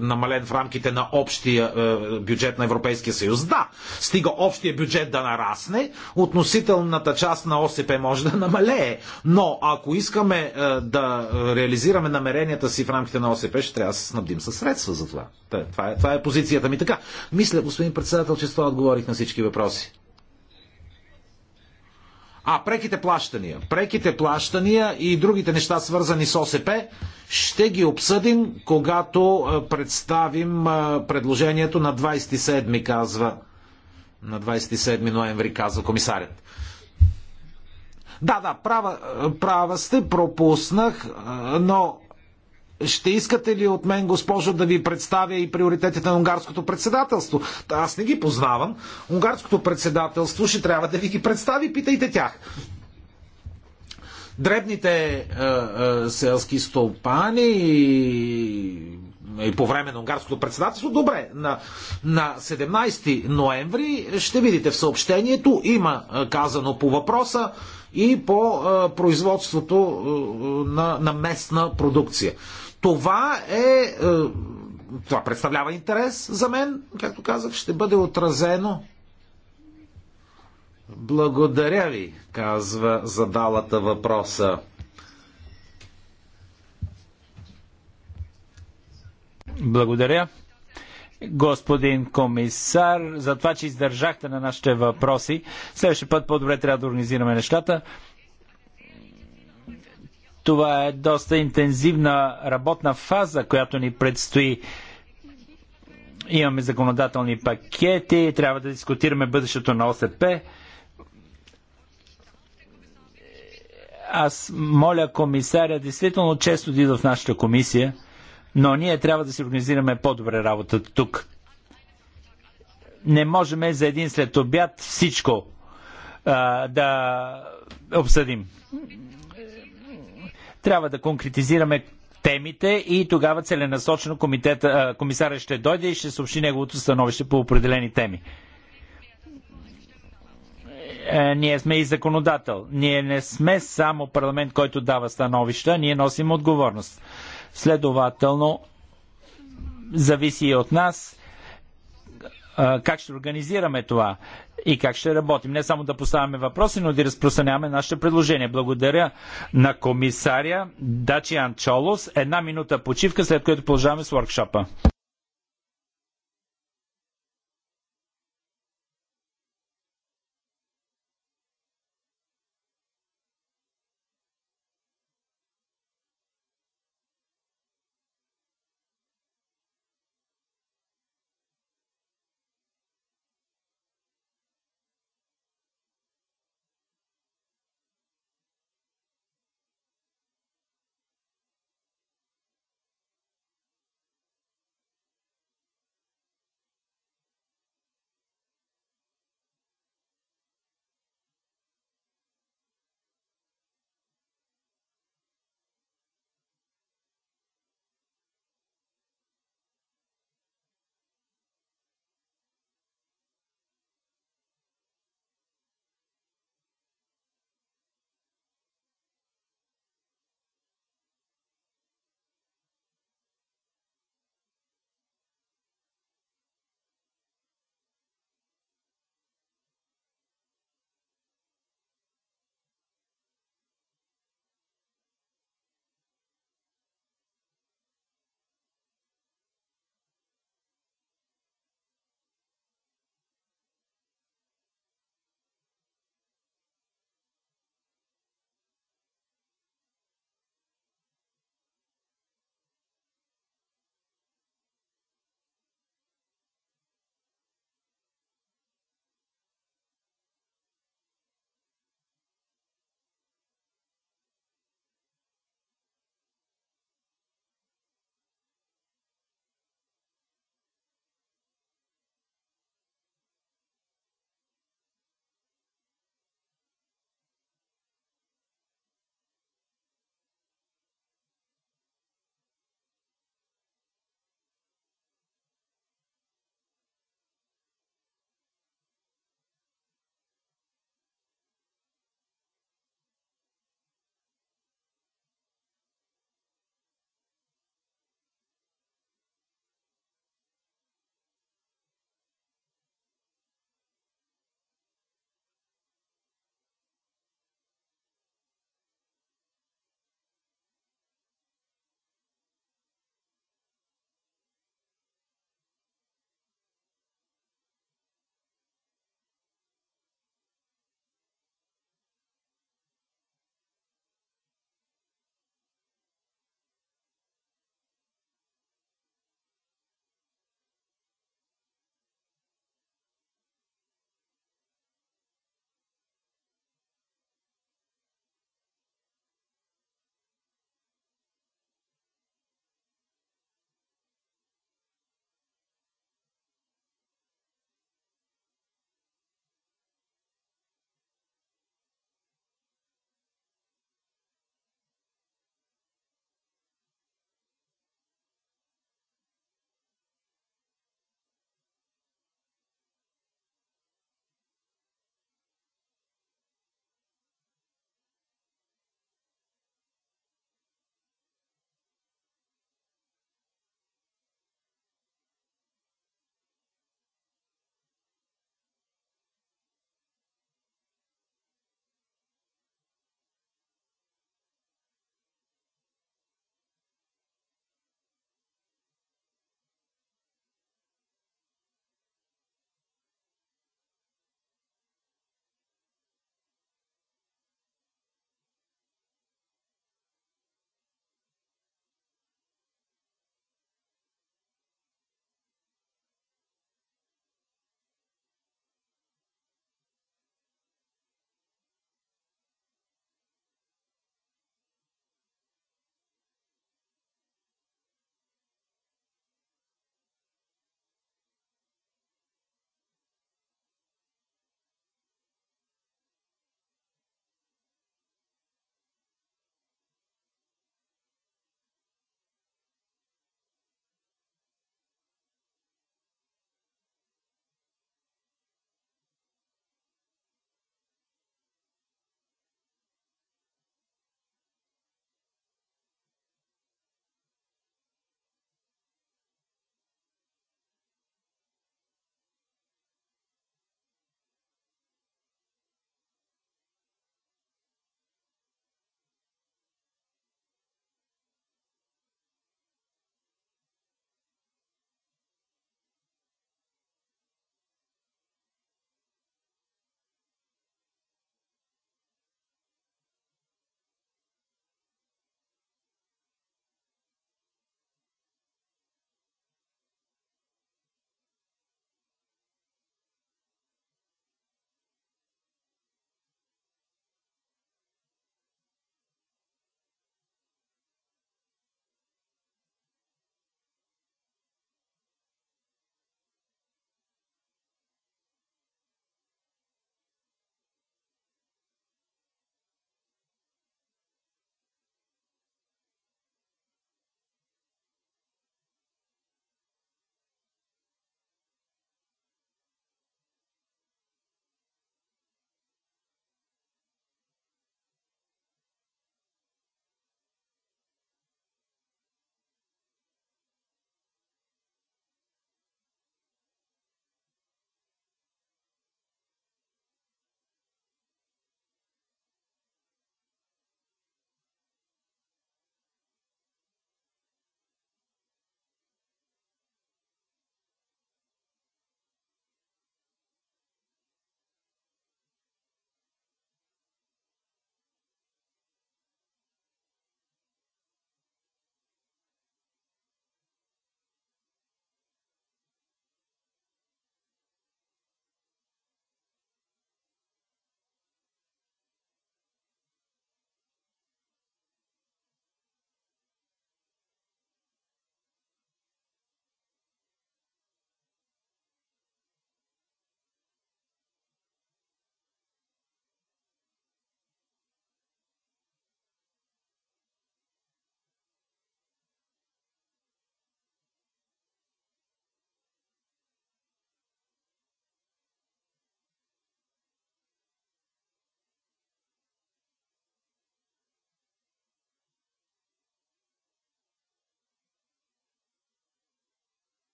намален в рамките на общия е, бюджет на Европейския съюз. Да, стига общия бюджет да нарасне, относителната част на ОСП може да намалее. Но ако искаме е, да реализираме намеренията си в рамките на ОСП, ще трябва да се снабдим със средства за това. Това е, това е позицията ми така. Мисля, господин председател, че с това отговорих на всички въпроси. А, преките плащания. Преките плащания и другите неща, свързани с ОСП, ще ги обсъдим, когато е, представим е, предложението на 27, казва, на 27 ноември, казва комисарят. Да, да, права, е, права сте, пропуснах, но ще искате ли от мен, госпожо, да ви представя и приоритетите на унгарското председателство? Аз не ги познавам. Унгарското председателство ще трябва да ви ги представи, питайте тях. Дребните е, е, селски стопани и е, и по време на унгарското председателство. Добре, на, на 17 ноември ще видите в съобщението, има е, казано по въпроса и по е, производството на, на местна продукция. Това е, е. Това представлява интерес за мен, както казах, ще бъде отразено. Благодаря ви, казва задалата въпроса. Благодаря. Господин комисар, за това, че издържахте на нашите въпроси. Следващия път по-добре трябва да организираме нещата. Това е доста интензивна работна фаза, която ни предстои. Имаме законодателни пакети, трябва да дискутираме бъдещето на ОСП. Аз моля комисаря, действително често да идва в нашата комисия, но ние трябва да си организираме по-добре работата тук. Не можем за един след обяд всичко а, да обсъдим. Трябва да конкретизираме темите и тогава целенасочено комитета, комисаря ще дойде и ще съобщи неговото становище по определени теми. Е, ние сме и законодател. Ние не сме само парламент, който дава становища, ние носим отговорност. Следователно, зависи и от нас как ще организираме това и как ще работим. Не само да поставяме въпроси, но да разпространяваме нашите предложения. Благодаря на комисаря Дачиан Чолос. Една минута почивка, след което продължаваме с воркшопа.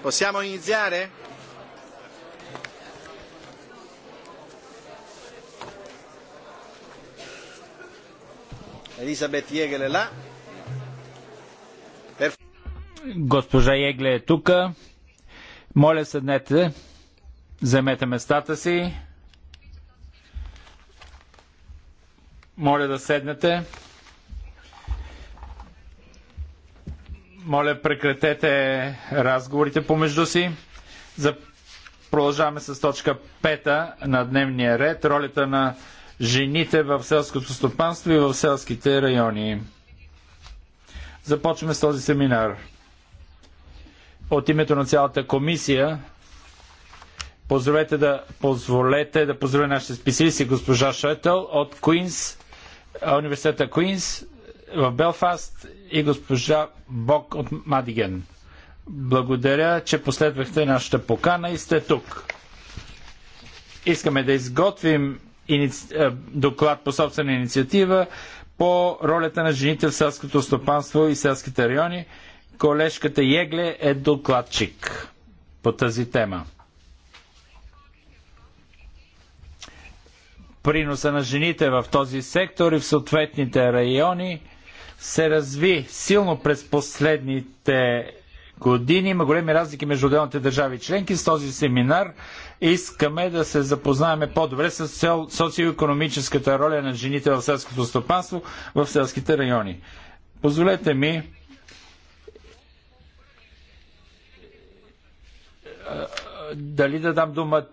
Possiamo iniziare? Elisabeth Елизабет è là. Госпожа Егле е тук. Моля, седнете. Вземете местата си. Моля да седнете. Моля, прекратете разговорите помежду си. За... Продължаваме с точка 5 на дневния ред. Ролята на жените в селското стопанство и в селските райони. Започваме с този семинар. От името на цялата комисия позволете да, позволете да поздравя нашите специалисти госпожа Шетел от Куинс, университета Куинс, в Белфаст и госпожа Бок от Мадиген. Благодаря, че последвахте нашата покана и сте тук. Искаме да изготвим иници... Е, доклад по собствена инициатива по ролята на жените в селското стопанство и селските райони. Колежката Егле е докладчик по тази тема. Приноса на жените в този сектор и в съответните райони се разви силно през последните години. Има големи разлики между отделните държави членки. С този семинар искаме да се запознаеме по-добре с социо-економическата роля на жените в селското стопанство в селските райони. Позволете ми дали да дам думата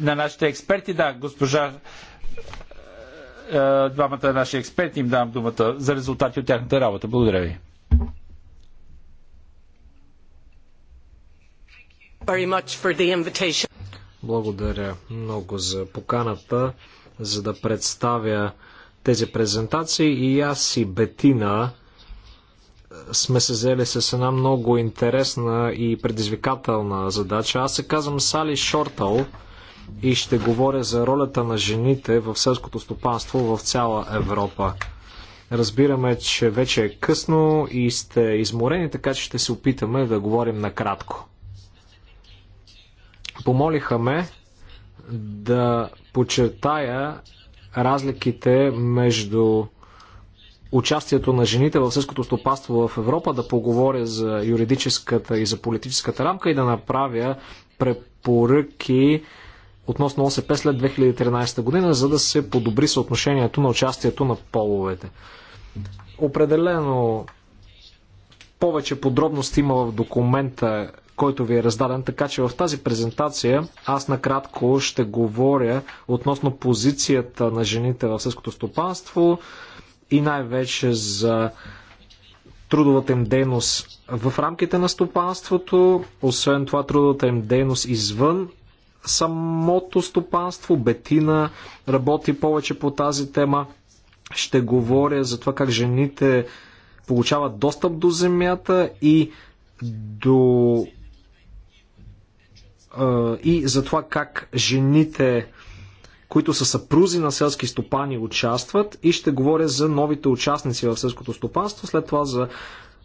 на нашите експерти? Да, госпожа е, двамата наши експерти им давам думата за резултати от тяхната работа. Благодаря ви. Благодаря много за поканата, за да представя тези презентации. И аз и Бетина е, сме се взели с една много интересна и предизвикателна задача. Аз се казвам Сали Шортъл и ще говоря за ролята на жените в селското стопанство в цяла Европа. Разбираме, че вече е късно и сте изморени, така че ще се опитаме да говорим накратко. Помолиха ме да почертая разликите между участието на жените в сельското стопанство в Европа, да поговоря за юридическата и за политическата рамка и да направя препоръки относно ОСП след 2013 година, за да се подобри съотношението на участието на половете. Определено повече подробности има в документа, който ви е раздаден, така че в тази презентация аз накратко ще говоря относно позицията на жените в сельското стопанство и най-вече за трудовата им дейност в рамките на стопанството, освен това трудовата им дейност извън самото стопанство. Бетина работи повече по тази тема. Ще говоря за това как жените получават достъп до земята и до и за това как жените, които са съпрузи на селски стопани, участват и ще говоря за новите участници в селското стопанство, след това за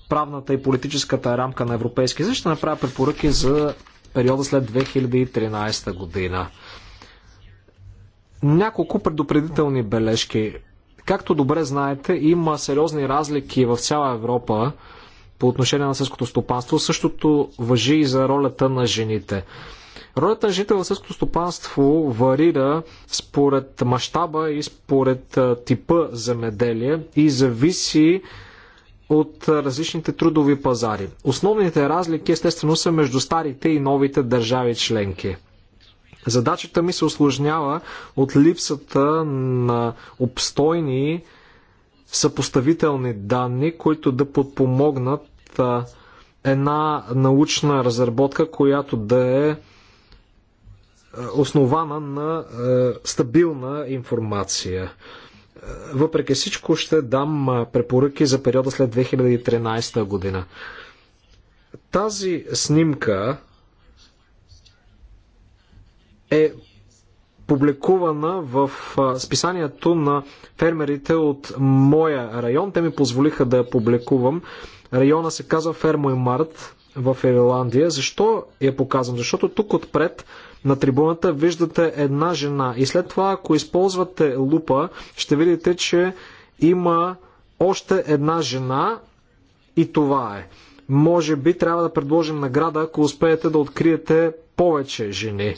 правната и политическата рамка на Европейския съюз. Ще направя препоръки за периода след 2013 година. Няколко предупредителни бележки. Както добре знаете, има сериозни разлики в цяла Европа по отношение на сельското стопанство. Същото въжи и за ролята на жените. Ролята на жените в сельското стопанство варира според мащаба и според типа земеделие и зависи от различните трудови пазари. Основните разлики естествено са между старите и новите държави членки. Задачата ми се осложнява от липсата на обстойни съпоставителни данни, които да подпомогнат една научна разработка, която да е основана на стабилна информация. Въпреки всичко ще дам препоръки за периода след 2013 година. Тази снимка е публикувана в списанието на фермерите от моя район. Те ми позволиха да я публикувам. Района се казва Фермо и Март в Ирландия. Защо я показвам? Защото тук отпред на трибуната виждате една жена и след това, ако използвате лупа, ще видите, че има още една жена и това е. Може би трябва да предложим награда, ако успеете да откриете повече жени.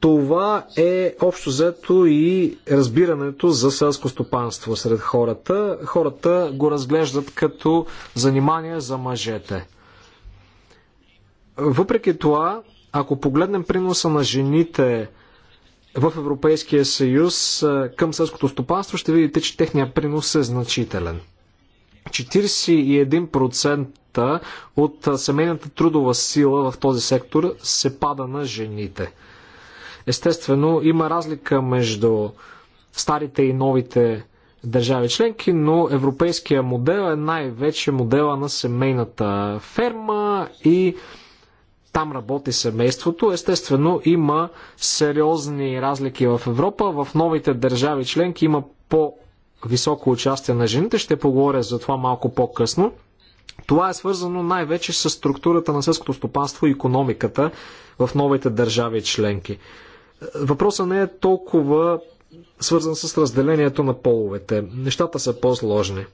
Това е общо взето и разбирането за селско стопанство сред хората. Хората го разглеждат като занимание за мъжете. Въпреки това, ако погледнем приноса на жените в Европейския съюз към сълското стопанство, ще видите, че техният принос е значителен. 41% от семейната трудова сила в този сектор се пада на жените. Естествено, има разлика между старите и новите държави членки, но европейския модел е най-вече модела на семейната ферма и там работи семейството. Естествено, има сериозни разлики в Европа. В новите държави членки има по-високо участие на жените. Ще поговоря за това малко по-късно. Това е свързано най-вече с структурата на сълското стопанство и економиката в новите държави членки. Въпросът не е толкова свързан с разделението на половете. Нещата са по-сложни.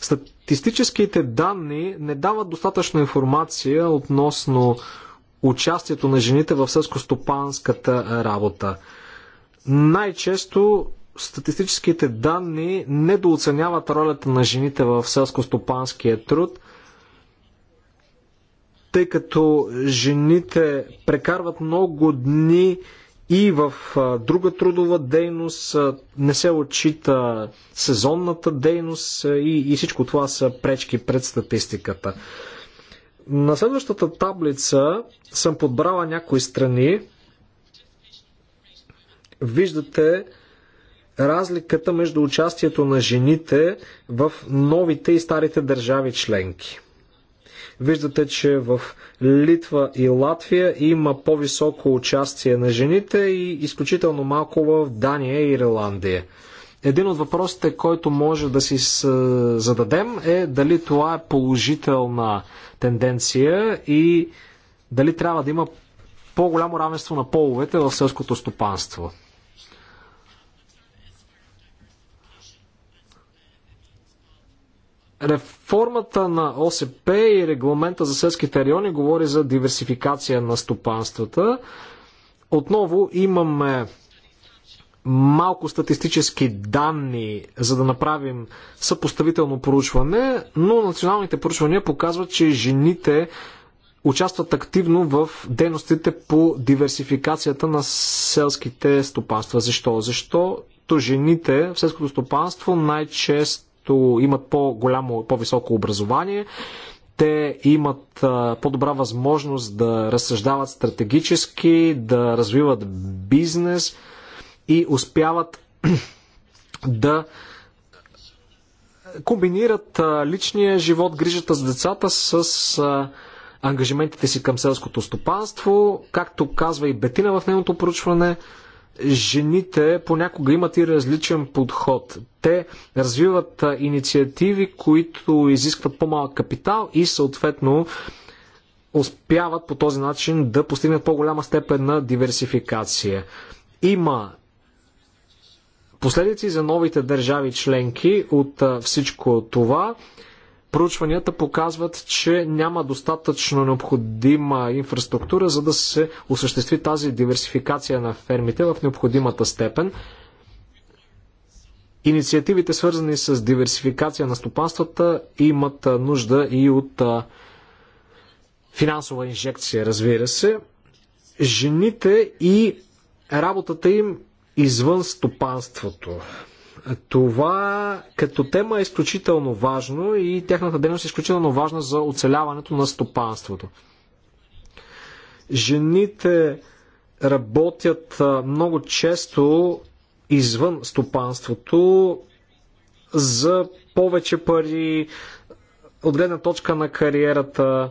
Статистическите данни не дават достатъчно информация относно участието на жените в сълскостопанската работа. Най-често статистическите данни недооценяват ролята на жените в селскостопанския труд, тъй като жените прекарват много дни и в друга трудова дейност, не се отчита сезонната дейност и, и всичко това са пречки пред статистиката. На следващата таблица съм подбрала някои страни. Виждате разликата между участието на жените в новите и старите държави членки. Виждате, че в Литва и Латвия има по-високо участие на жените и изключително малко в Дания и Ирландия. Един от въпросите, който може да си зададем е дали това е положителна тенденция и дали трябва да има по-голямо равенство на половете в селското стопанство. Реформата на ОСП и регламента за селските райони говори за диверсификация на стопанствата. Отново имаме малко статистически данни, за да направим съпоставително проучване, но националните проучвания показват, че жените участват активно в дейностите по диверсификацията на селските стопанства. Защо? Защото жените в селското стопанство най-често които имат по-голямо, по-високо образование. Те имат по-добра възможност да разсъждават стратегически, да развиват бизнес и успяват [CLEARS THROAT] да комбинират личния живот, грижата за децата с ангажиментите си към селското стопанство. Както казва и Бетина в нейното проучване, жените понякога имат и различен подход. Те развиват инициативи, които изискват по-малък капитал и съответно успяват по този начин да постигнат по-голяма степен на диверсификация. Има последици за новите държави членки от всичко това. Проучванията показват, че няма достатъчно необходима инфраструктура, за да се осъществи тази диверсификация на фермите в необходимата степен. Инициативите, свързани с диверсификация на стопанствата, имат нужда и от финансова инжекция, разбира се. Жените и работата им извън стопанството. Това като тема е изключително важно и тяхната дейност е изключително важна за оцеляването на стопанството. Жените работят много често извън стопанството за повече пари от гледна точка на кариерата.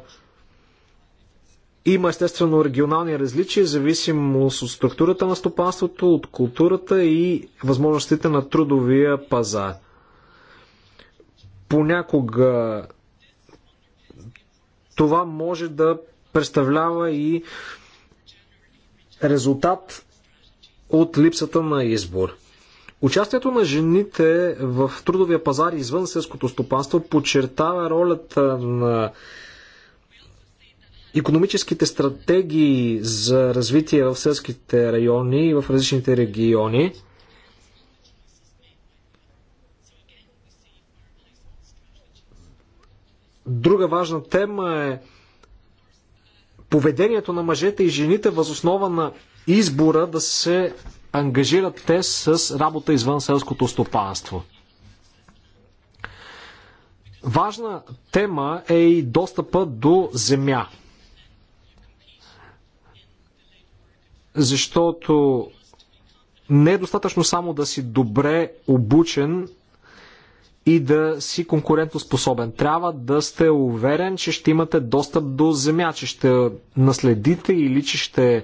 Има естествено регионални различия, зависимост от структурата на стопанството, от културата и възможностите на трудовия пазар. Понякога това може да представлява и резултат от липсата на избор. Участието на жените в трудовия пазар извън селското стопанство подчертава ролята на економическите стратегии за развитие в селските райони и в различните региони. Друга важна тема е поведението на мъжете и жените възоснова на избора да се ангажират те с работа извън селското стопанство. Важна тема е и достъпа до земя защото не е достатъчно само да си добре обучен и да си конкурентоспособен. Трябва да сте уверен, че ще имате достъп до земя, че ще наследите или че ще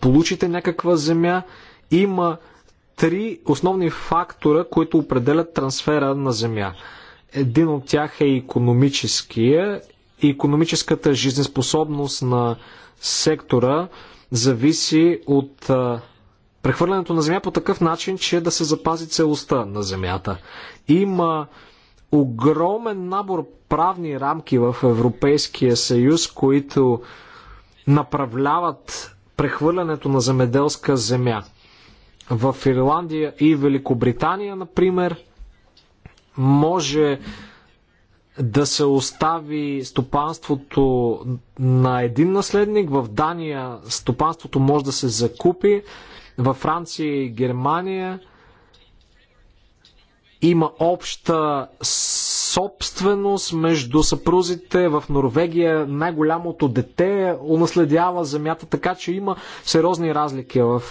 получите някаква земя. Има три основни фактора, които определят трансфера на земя. Един от тях е економическия и економическата жизнеспособност на сектора зависи от прехвърлянето на земя по такъв начин, че да се запази целостта на земята. Има огромен набор правни рамки в Европейския съюз, които направляват прехвърлянето на земеделска земя. В Ирландия и Великобритания, например, може да се остави стопанството на един наследник. В Дания стопанството може да се закупи. Във Франция и Германия има обща собственост между съпрузите. В Норвегия най-голямото дете унаследява земята, така че има сериозни разлики в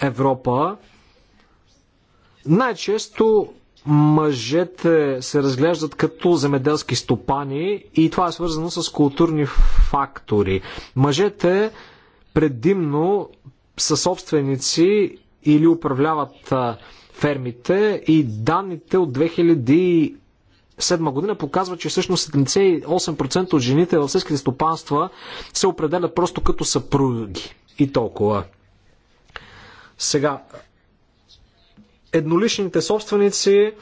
Европа. Най-често мъжете се разглеждат като земеделски стопани и това е свързано с културни фактори. Мъжете предимно са собственици или управляват фермите и данните от 2007 година показват, че всъщност 78% от жените в сельските стопанства се определят просто като съпруги и толкова. Сега, едноличните собственици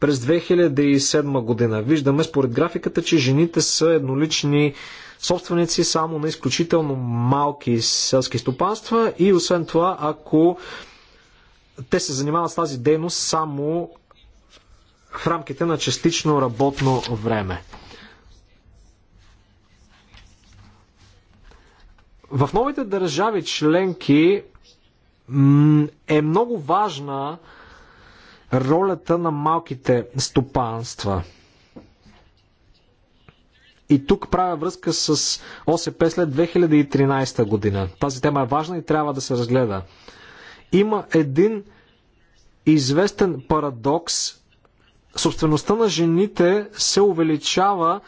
през 2007 година. Виждаме според графиката, че жените са еднолични собственици само на изключително малки селски стопанства и освен това, ако те се занимават с тази дейност само в рамките на частично работно време. В новите държави членки е много важна ролята на малките стопанства. И тук правя връзка с ОСП след 2013 година. Тази тема е важна и трябва да се разгледа. Има един известен парадокс. Собствеността на жените се увеличава,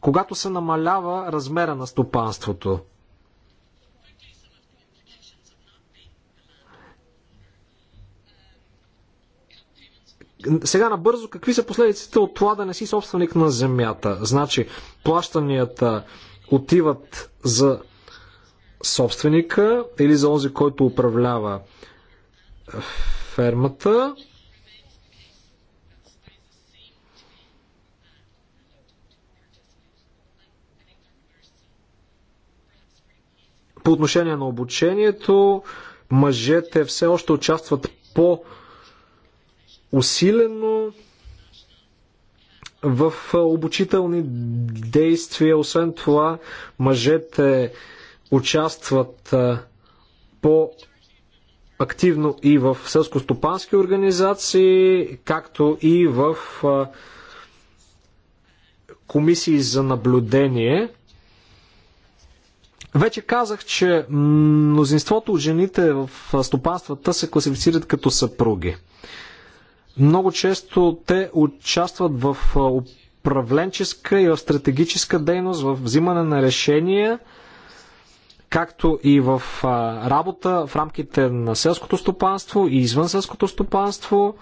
когато се намалява размера на стопанството. Сега набързо, какви са последиците от това да не си собственик на земята? Значи, плащанията отиват за собственика или за онзи, който управлява е, фермата. По отношение на обучението, мъжете все още участват по- усилено в обучителни действия. Освен това, мъжете участват по активно и в селско-стопански организации, както и в комисии за наблюдение. Вече казах, че мнозинството от жените в стопанствата се класифицират като съпруги. Много често те участват в управленческа и в стратегическа дейност, в взимане на решения, както и в работа в рамките на селското стопанство и извън селското стопанство.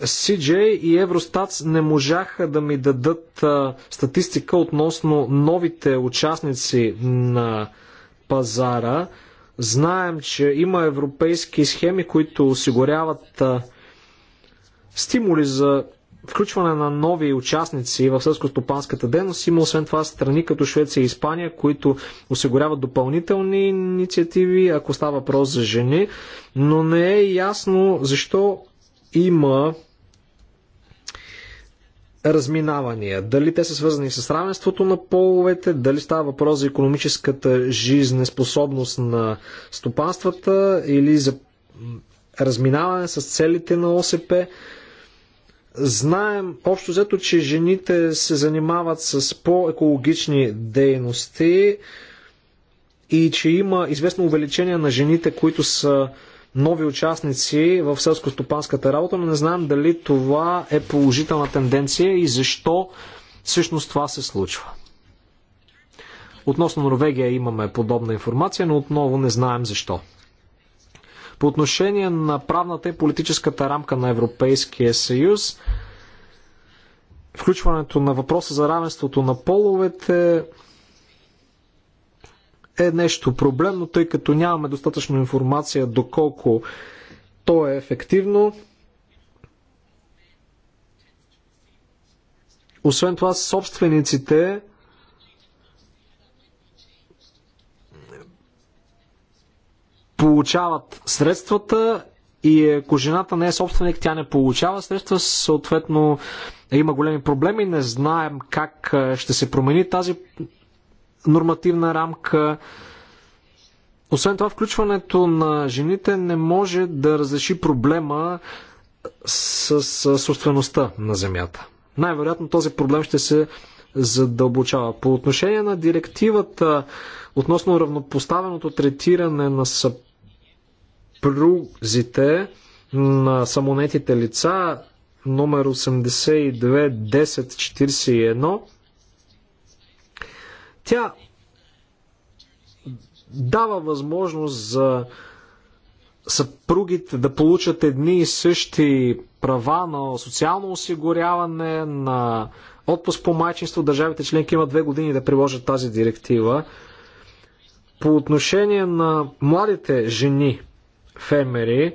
CJ и Евростатс не можаха да ми дадат а, статистика относно новите участници на пазара. Знаем, че има европейски схеми, които осигуряват стимули за включване на нови участници в сълскостопанската дейност. Има освен това страни като Швеция и Испания, които осигуряват допълнителни инициативи, ако става въпрос за жени, но не е ясно защо има разминавания. Дали те са свързани с равенството на половете, дали става въпрос за економическата жизнеспособност на стопанствата или за разминаване с целите на ОСП. Знаем общо взето, че жените се занимават с по-екологични дейности и че има известно увеличение на жените, които са нови участници в селско-стопанската работа, но не знаем дали това е положителна тенденция и защо всъщност това се случва. Относно Норвегия имаме подобна информация, но отново не знаем защо. По отношение на правната и политическата рамка на Европейския съюз, включването на въпроса за равенството на половете, е нещо проблемно, тъй като нямаме достатъчно информация доколко то е ефективно. Освен това, собствениците получават средствата и ако жената не е собственик, тя не получава средства, съответно има големи проблеми, не знаем как е, ще се промени тази нормативна рамка. Освен това, включването на жените не може да разреши проблема с, с собствеността на земята. Най-вероятно този проблем ще се задълбочава. По отношение на директивата относно равнопоставеното третиране на съпрузите на самонетите лица, номер 82 1041, тя дава възможност за съпругите да получат едни и същи права на социално осигуряване, на отпуск по майчинство. Държавите членки имат две години да приложат тази директива. По отношение на младите жени фермери,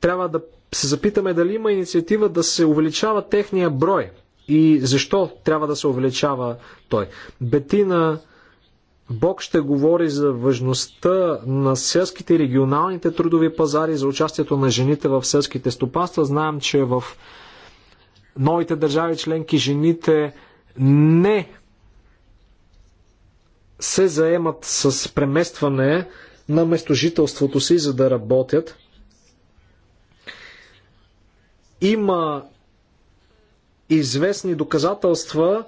трябва да се запитаме дали има инициатива да се увеличава техния брой и защо трябва да се увеличава той. Бетина Бог ще говори за важността на селските и регионалните трудови пазари, за участието на жените в селските стопанства. Знаем, че в новите държави членки жените не се заемат с преместване на местожителството си, за да работят. Има известни доказателства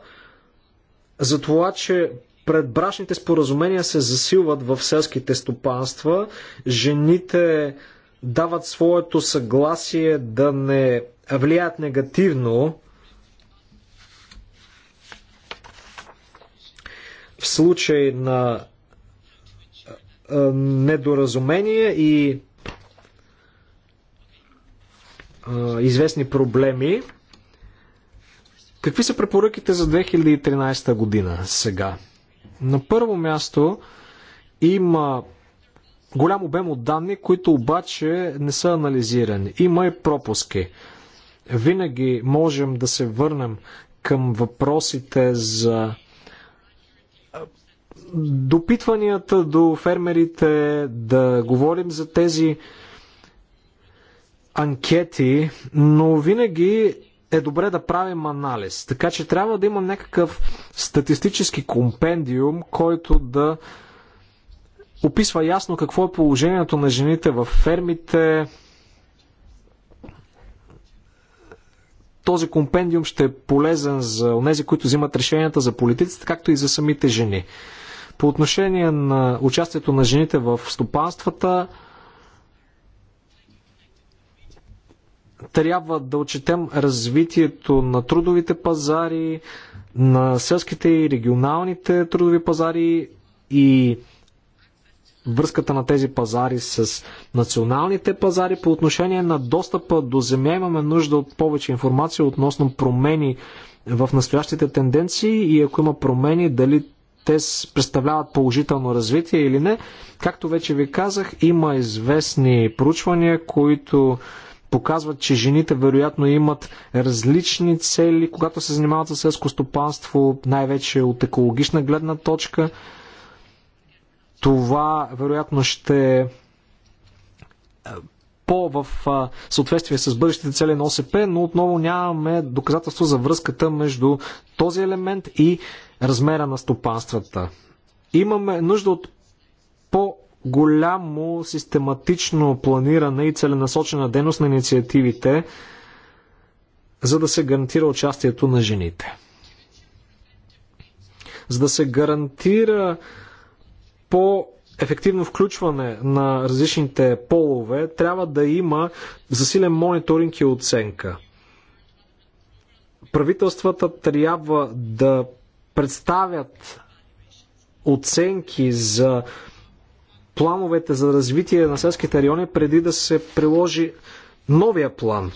за това, че предбрачните споразумения се засилват в селските стопанства. Жените дават своето съгласие да не влияят негативно в случай на недоразумение и известни проблеми. Какви са препоръките за 2013 година сега? На първо място има голям обем от данни, които обаче не са анализирани. Има и пропуски. Винаги можем да се върнем към въпросите за допитванията до фермерите, да говорим за тези анкети, но винаги е добре да правим анализ. Така че трябва да има някакъв статистически компендиум, който да описва ясно какво е положението на жените в фермите. Този компендиум ще е полезен за онези, които взимат решенията за политиците, както и за самите жени. По отношение на участието на жените в стопанствата, трябва да отчетем развитието на трудовите пазари, на селските и регионалните трудови пазари и връзката на тези пазари с националните пазари. По отношение на достъпа до земя имаме нужда от повече информация относно промени в настоящите тенденции и ако има промени, дали те представляват положително развитие или не. Както вече ви казах, има известни проучвания, които показват, че жените вероятно имат различни цели, когато се занимават с селско стопанство, най-вече от екологична гледна точка. Това вероятно ще е, по в съответствие с бъдещите цели на ОСП, но отново нямаме доказателство за връзката между този елемент и размера на стопанствата. Имаме нужда от по голямо систематично планиране и целенасочена дейност на инициативите, за да се гарантира участието на жените. За да се гарантира по ефективно включване на различните полове, трябва да има засилен мониторинг и оценка. Правителствата трябва да представят оценки за плановете за развитие на селските райони преди да се приложи новия план.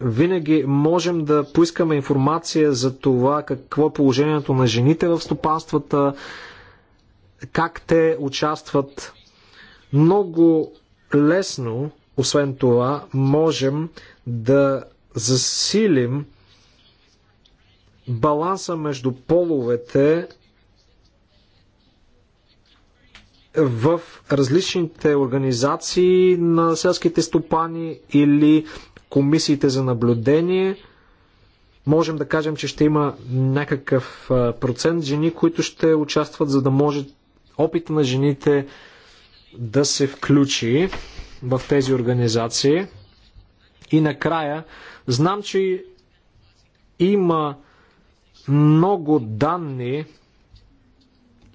Винаги можем да поискаме информация за това какво е положението на жените в стопанствата, как те участват. Много лесно, освен това, можем да засилим баланса между половете в различните организации на селските стопани или комисиите за наблюдение. Можем да кажем, че ще има някакъв процент жени, които ще участват, за да може опита на жените да се включи в тези организации. И накрая, знам, че има много данни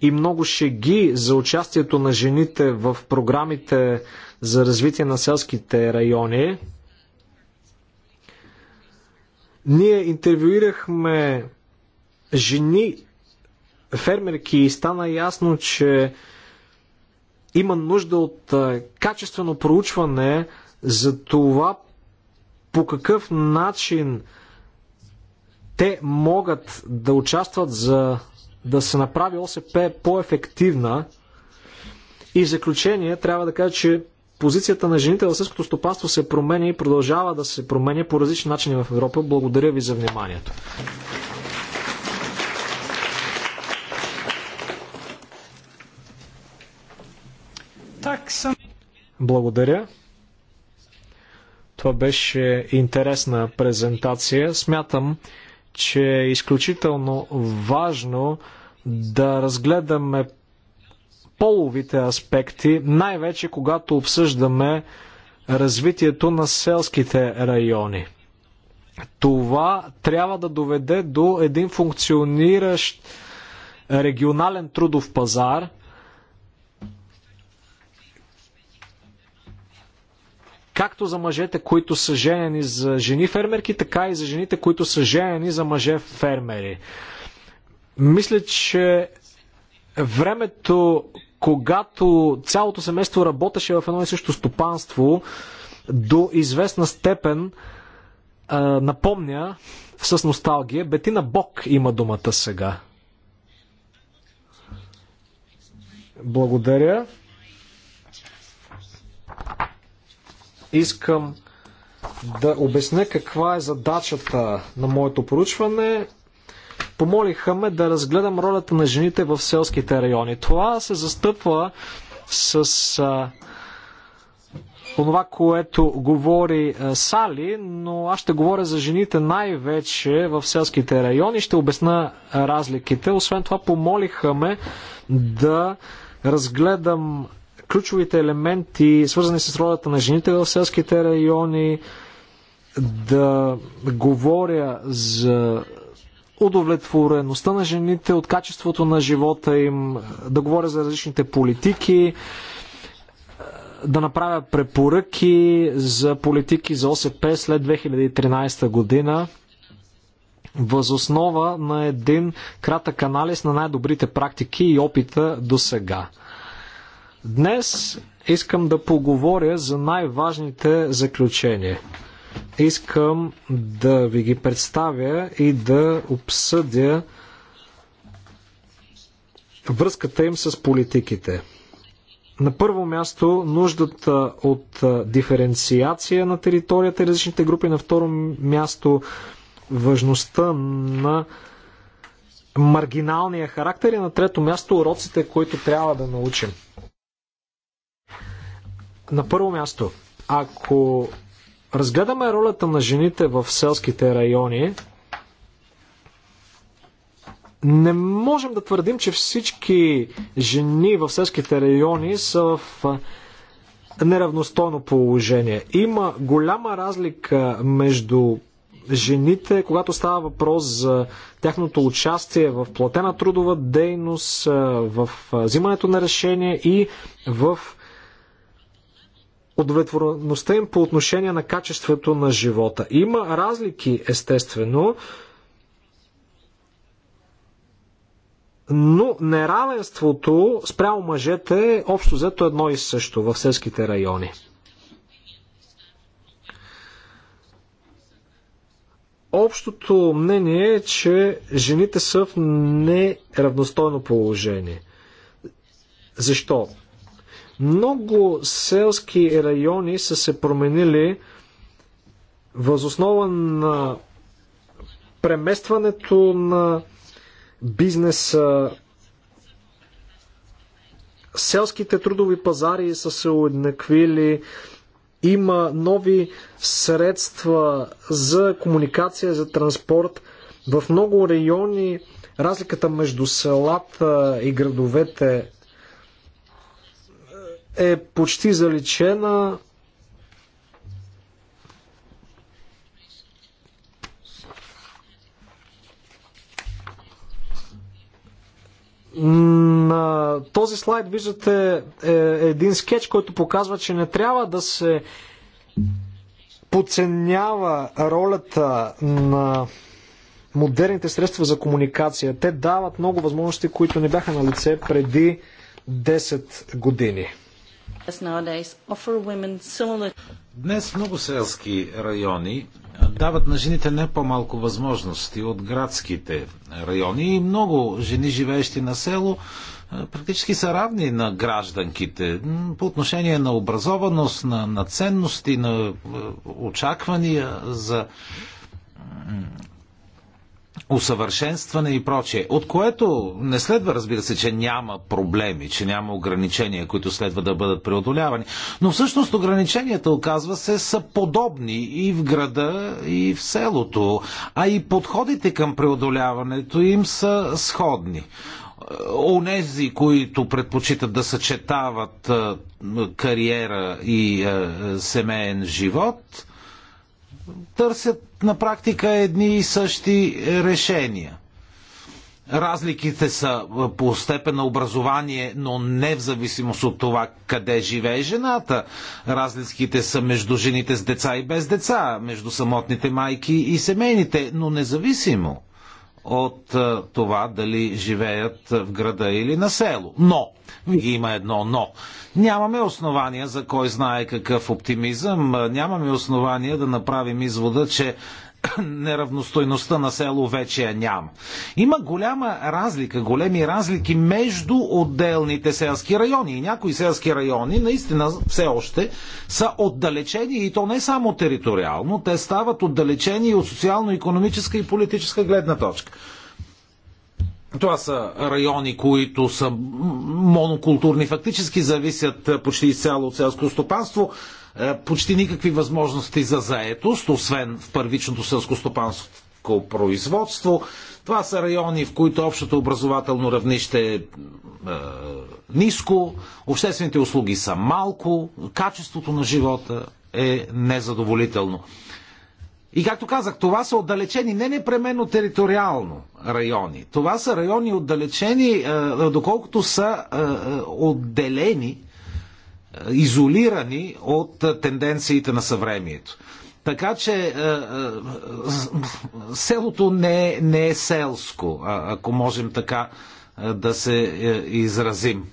и много шеги за участието на жените в програмите за развитие на селските райони. Ние интервюирахме жени фермерки и стана ясно, че има нужда от качествено проучване за това по какъв начин те могат да участват за да се направи ОСП по-ефективна. И в заключение трябва да кажа, че позицията на жените в сельското стопанство се променя и продължава да се променя по различни начини в Европа. Благодаря ви за вниманието. Благодаря. Това беше интересна презентация. Смятам, че е изключително важно да разгледаме половите аспекти, най-вече когато обсъждаме развитието на селските райони. Това трябва да доведе до един функциониращ регионален трудов пазар – както за мъжете, които са женени за жени фермерки, така и за жените, които са женени за мъже фермери. Мисля, че времето, когато цялото семейство работеше в едно и също стопанство, до известна степен а, напомня с носталгия. Бетина Бог има думата сега. Благодаря. Искам да обясня каква е задачата на моето поручване. Помолиха ме да разгледам ролята на жените в селските райони. Това се застъпва с а, това, което говори а, Сали, но аз ще говоря за жените най-вече в селските райони. Ще обясна разликите. Освен това, помолиха ме да разгледам ключовите елементи, свързани с ролята на жените в селските райони, да говоря за удовлетвореността на жените от качеството на живота им, да говоря за различните политики, да направя препоръки за политики за ОСП след 2013 година възоснова на един кратък анализ на най-добрите практики и опита до сега. Днес искам да поговоря за най-важните заключения. Искам да ви ги представя и да обсъдя връзката им с политиките. На първо място нуждата от диференциация на територията и различните групи. На второ място важността на маргиналния характер и на трето място уроците, които трябва да научим. На първо място, ако разгледаме ролята на жените в селските райони, не можем да твърдим, че всички жени в селските райони са в неравностойно положение. Има голяма разлика между жените, когато става въпрос за тяхното участие в платена трудова дейност, в взимането на решение и в удовлетвореността им по отношение на качеството на живота. Има разлики, естествено, но неравенството спрямо мъжете е общо взето едно и също в селските райони. Общото мнение е, че жените са в неравностойно положение. Защо? Много селски райони са се променили възоснова на преместването на бизнеса. Селските трудови пазари са се уеднаквили. Има нови средства за комуникация, за транспорт. В много райони разликата между селата и градовете е почти заличена. На този слайд виждате е един скетч, който показва, че не трябва да се подценява ролята на модерните средства за комуникация. Те дават много възможности, които не бяха на лице преди 10 години. Днес много селски райони дават на жените не по-малко възможности от градските райони и много жени, живеещи на село, е, практически са равни на гражданките по отношение на образованост, на, на ценности, на е, очаквания за усъвършенстване и прочее. От което не следва, разбира се, че няма проблеми, че няма ограничения, които следва да бъдат преодолявани. Но всъщност ограниченията, оказва се, са подобни и в града, и в селото. А и подходите към преодоляването им са сходни. Онези, които предпочитат да съчетават кариера и семейен живот – търсят на практика едни и същи решения. Разликите са по степен на образование, но не в зависимост от това къде живее жената. Разликите са между жените с деца и без деца, между самотните майки и семейните, но независимо от е, това дали живеят в града или на село. Но, има едно но. Нямаме основания за кой знае какъв оптимизъм, е, нямаме основания да направим извода, че [COUGHS] неравностойността на село вече я няма. Има голяма разлика, големи разлики между отделните селски райони. И някои селски райони наистина все още са отдалечени и то не само териториално, те стават отдалечени от социално-економическа и политическа гледна точка. Това са райони, които са монокултурни, фактически зависят почти изцяло от селско стопанство. Е, почти никакви възможности за заетост, освен в първичното селскостопанско производство. Това са райони, в които общото образователно равнище е ниско, обществените услуги са малко, качеството на живота е незадоволително. И както казах, това са отдалечени не непременно териториално райони. Това са райони отдалечени, е, доколкото са е, отделени изолирани от тенденциите на съвремието. Така че селото не, не е селско, ако можем така да се е, изразим.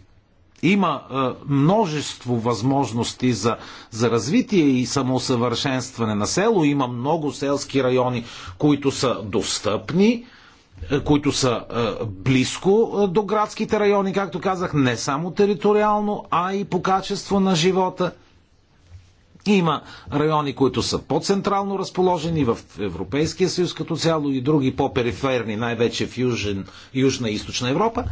Има множество възможности за, за развитие и самоусъвършенстване на село. Има много селски райони, които са достъпни, е, които са е, близко е, до градските райони, както казах, не само териториално, а и по качество на живота. Има райони, които са по-централно разположени в Европейския съюз като цяло и други по-периферни, най-вече в Южен, Южна и Източна Европа.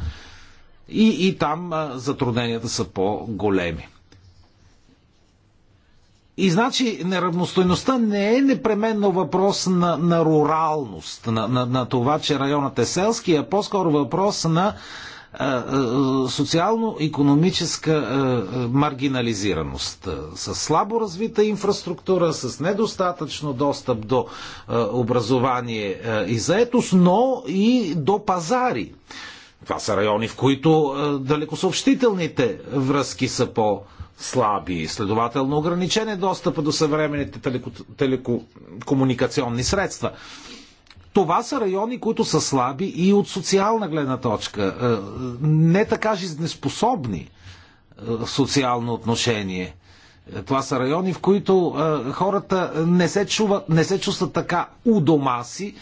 И, и там затрудненията са по-големи. И значи неравностойността не е непременно въпрос на, на руралност, на, на, на това, че районът е селски, а по-скоро въпрос на е, е, социално-економическа е, маргинализираност. С слабо развита инфраструктура, с недостатъчно достъп до образование и заетост, но и до пазари. Това са райони, в които далекосъобщителните връзки са по- слаби. Следователно, ограничен е достъпа до съвременните телеко, телекомуникационни средства. Това са райони, които са слаби и от социална гледна точка. Е, не така жизнеспособни в е, социално отношение. Е, това са райони, в които хората не се, чува, не се чувстват така у дома си,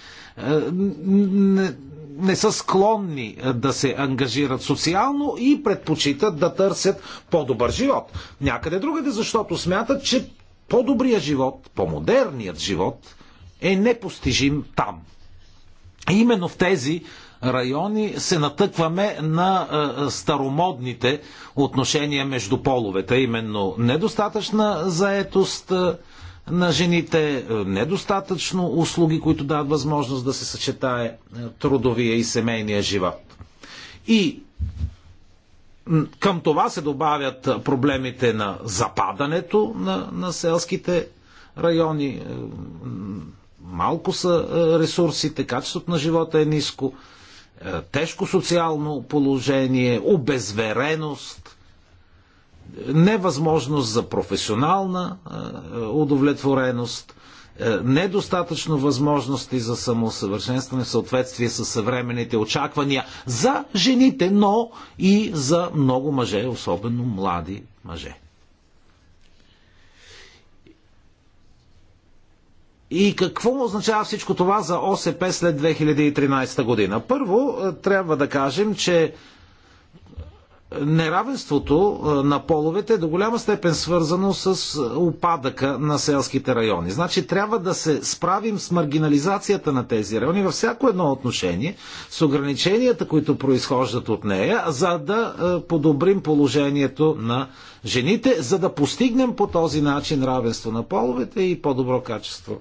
не са склонни е, да се ангажират социално и предпочитат да търсят по-добър живот. Някъде другаде, защото смятат, че по-добрият живот, по-модерният живот е непостижим там. Именно в тези райони се натъкваме на е, е, старомодните отношения между половете, именно недостатъчна заетост, на жените, е, недостатъчно услуги, които дават възможност да се съчетае е, трудовия и семейния живот. И към това се добавят проблемите на западането на, на селските райони. Е, малко са ресурсите, качеството на живота е ниско, тежко социално положение, обезвереност – невъзможност за професионална е, удовлетвореност, е, недостатъчно възможности за самосъвършенстване в съответствие с съвременните очаквания за жените, но и за много мъже, особено млади мъже. И какво означава всичко това за ОСП след 2013 година? Първо, е, трябва да кажем, че неравенството на половете е до голяма степен свързано с опадъка на селските райони. Значи трябва да се справим с маргинализацията на тези райони във всяко едно отношение, с ограниченията, които произхождат от нея, за да подобрим положението на жените, за да постигнем по този начин равенство на половете и по-добро качество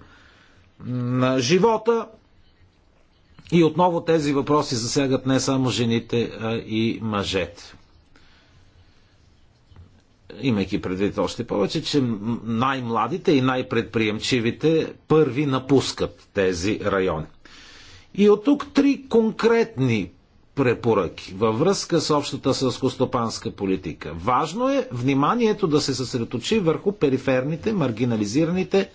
на живота. И отново тези въпроси засягат не само жените, а и мъжете имайки предвид още повече, че най-младите и най-предприемчивите първи напускат тези райони. И от тук три конкретни препоръки във връзка с общата сълскостопанска политика. Важно е вниманието да се съсредоточи върху периферните, маргинализираните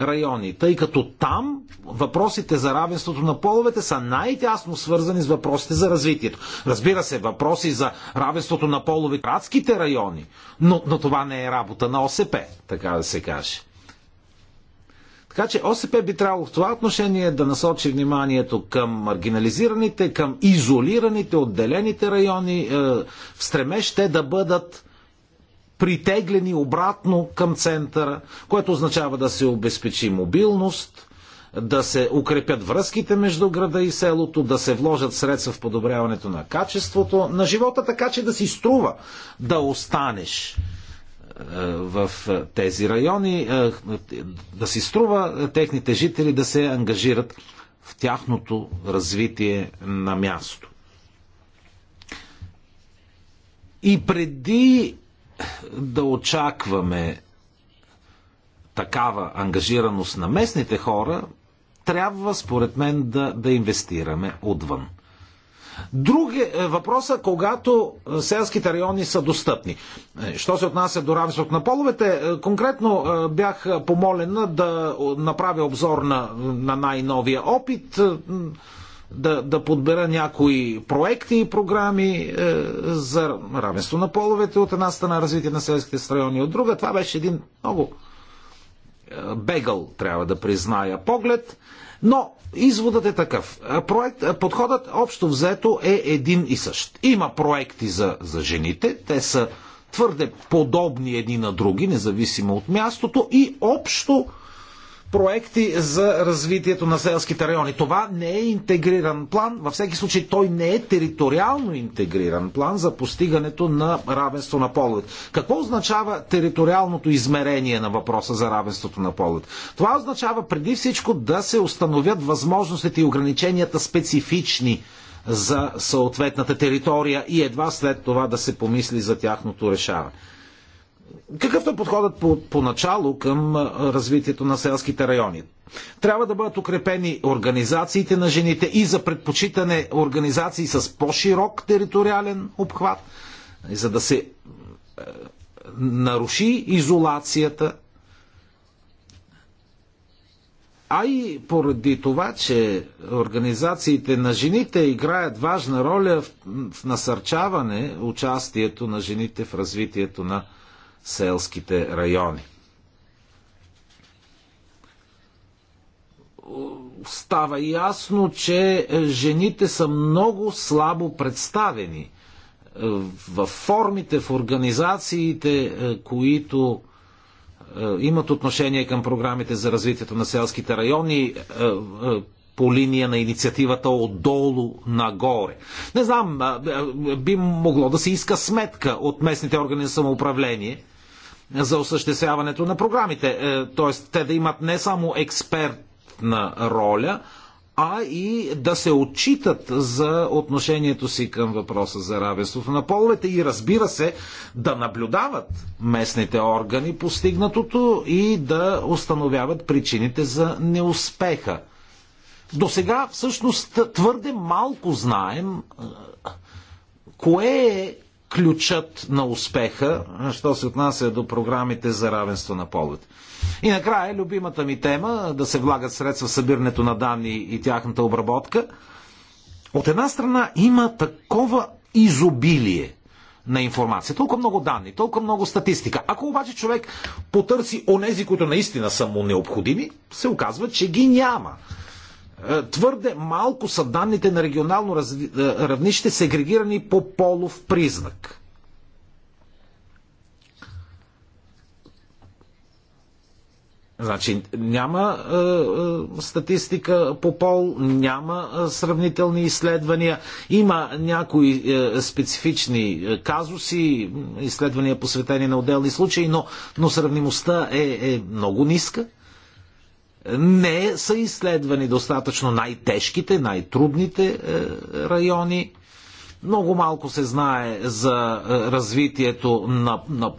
райони, тъй като там въпросите за равенството на половете са най-тясно свързани с въпросите за развитието. Разбира се, въпроси за равенството на полове в градските райони, но, но това не е работа на ОСП, така да се каже. Така че ОСП би трябвало в това отношение да насочи вниманието към маргинализираните, към изолираните, отделените райони, е, в стремеж те да бъдат притеглени обратно към центъра, което означава да се обезпечи мобилност, да се укрепят връзките между града и селото, да се вложат средства в подобряването на качеството на живота, така че да си струва да останеш е, в тези райони, е, да си струва техните жители да се ангажират в тяхното развитие на място. И преди да очакваме такава ангажираност на местните хора, трябва, според мен, да, да инвестираме отвън. Друг е, е въпросът, когато е, селските райони са достъпни. Е, що се отнася до равенството на половете, конкретно бях помолена да направя обзор на, на най-новия опит да, да подбера някои проекти и програми е, за равенство на половете от една страна, развитие на селските райони от друга. Това беше един много е, бегъл, трябва да призная, поглед. Но изводът е такъв. Е, проект, е, подходът общо взето е един и същ. Има проекти за, за жените, те са твърде подобни едни на други, независимо от мястото и общо проекти за развитието на селските райони. Това не е интегриран план, във всеки случай той не е териториално интегриран план за постигането на равенство на половете. Какво означава териториалното измерение на въпроса за равенството на половете? Това означава преди всичко да се установят възможностите и ограниченията специфични за съответната територия и едва след това да се помисли за тяхното решаване. Какъв е подходът по, поначало към развитието на селските райони? Трябва да бъдат укрепени организациите на жените и за предпочитане организации с по-широк териториален обхват, за да се е, наруши изолацията, а и поради това, че организациите на жените играят важна роля в, в насърчаване участието на жените в развитието на селските райони. Става ясно, че жените са много слабо представени е, в формите, в организациите, е, които е, имат отношение към програмите за развитието на селските райони по линия на инициативата отдолу нагоре. Не знам, би могло да се иска сметка от местните органи за самоуправление за осъществяването на програмите. Е, тоест, те да имат не само експертна роля, а и да се отчитат за отношението си към въпроса за равенството на половете и разбира се да наблюдават местните органи постигнатото и да установяват причините за неуспеха. До сега всъщност твърде малко знаем е, кое е ключът на успеха, що се отнася до програмите за равенство на полът. И накрая, любимата ми тема, да се влагат средства в събирането на данни и тяхната обработка. От една страна има такова изобилие на информация, толкова много данни, толкова много статистика. Ако обаче човек потърси онези, които наистина са му необходими, се оказва, че ги няма. Е, твърде малко са данните на регионално е, равнище, сегрегирани по полов признак. Значи няма е, е, статистика по пол, няма е, сравнителни изследвания, има някои е, специфични е, казуси, изследвания посветени на отделни случаи, но, но сравнимостта е, е много ниска не са изследвани достатъчно най-тежките, най-трудните е, райони. Много малко се знае за е, развитието на, на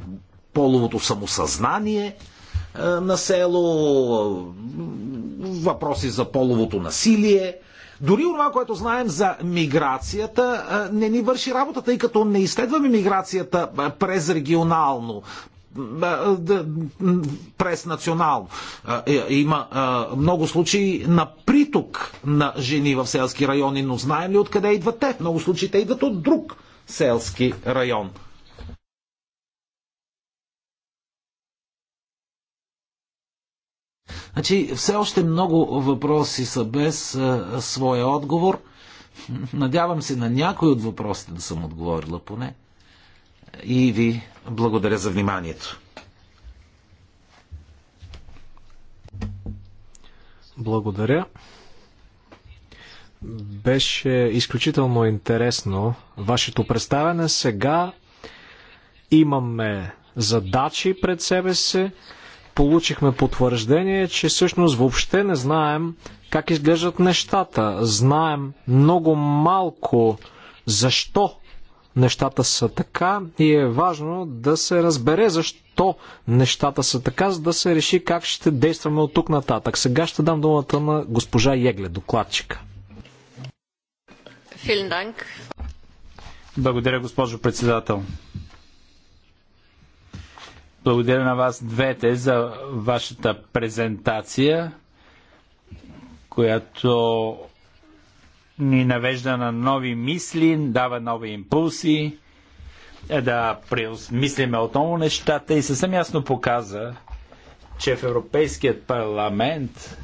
половото самосъзнание е, на село, въпроси за половото насилие. Дори това, което знаем за миграцията, не ни върши работа, тъй като не изследваме миграцията през регионално, през национал. Е, има много случаи на приток на жени в селски райони, но знаем ли откъде идват те? В много случаи те идват от друг селски район. Значи, все още много въпроси са без а, своя отговор. Надявам се на някой от въпросите да съм отговорила поне и ви благодаря за вниманието. Благодаря. Беше изключително интересно вашето представяне. Сега имаме задачи пред себе си. Получихме потвърждение, че всъщност въобще не знаем как изглеждат нещата. Знаем много малко защо нещата са така и е важно да се разбере защо нещата са така, за да се реши как ще действаме от тук нататък. Сега ще дам думата на госпожа Егле, докладчика. Благодаря, госпожо председател. Благодаря на вас двете за вашата презентация, която ни навежда на нови мисли, дава нови импулси, е да преосмислиме отново нещата и съвсем ясно показа, че в Европейският парламент,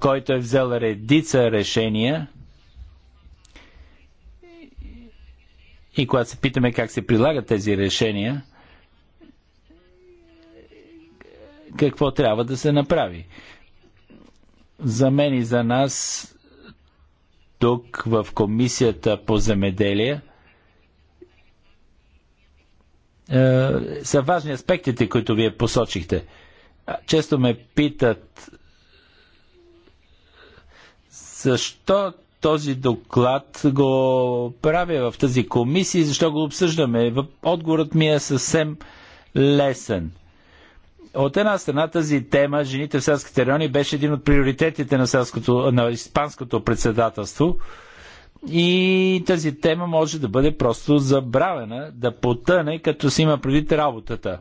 който е взел редица решения, и когато се питаме как се прилагат тези решения, какво трябва да се направи. За мен и за нас тук в Комисията по земеделие е, са важни аспектите, които вие посочихте. Често ме питат защо този доклад го правя в тази комисия и защо го обсъждаме. Отговорът ми е съвсем лесен. От една страна тази тема, жените в селските райони, беше един от приоритетите на, селското, на испанското председателство. И тази тема може да бъде просто забравена, да потъне, като си има предвид работата,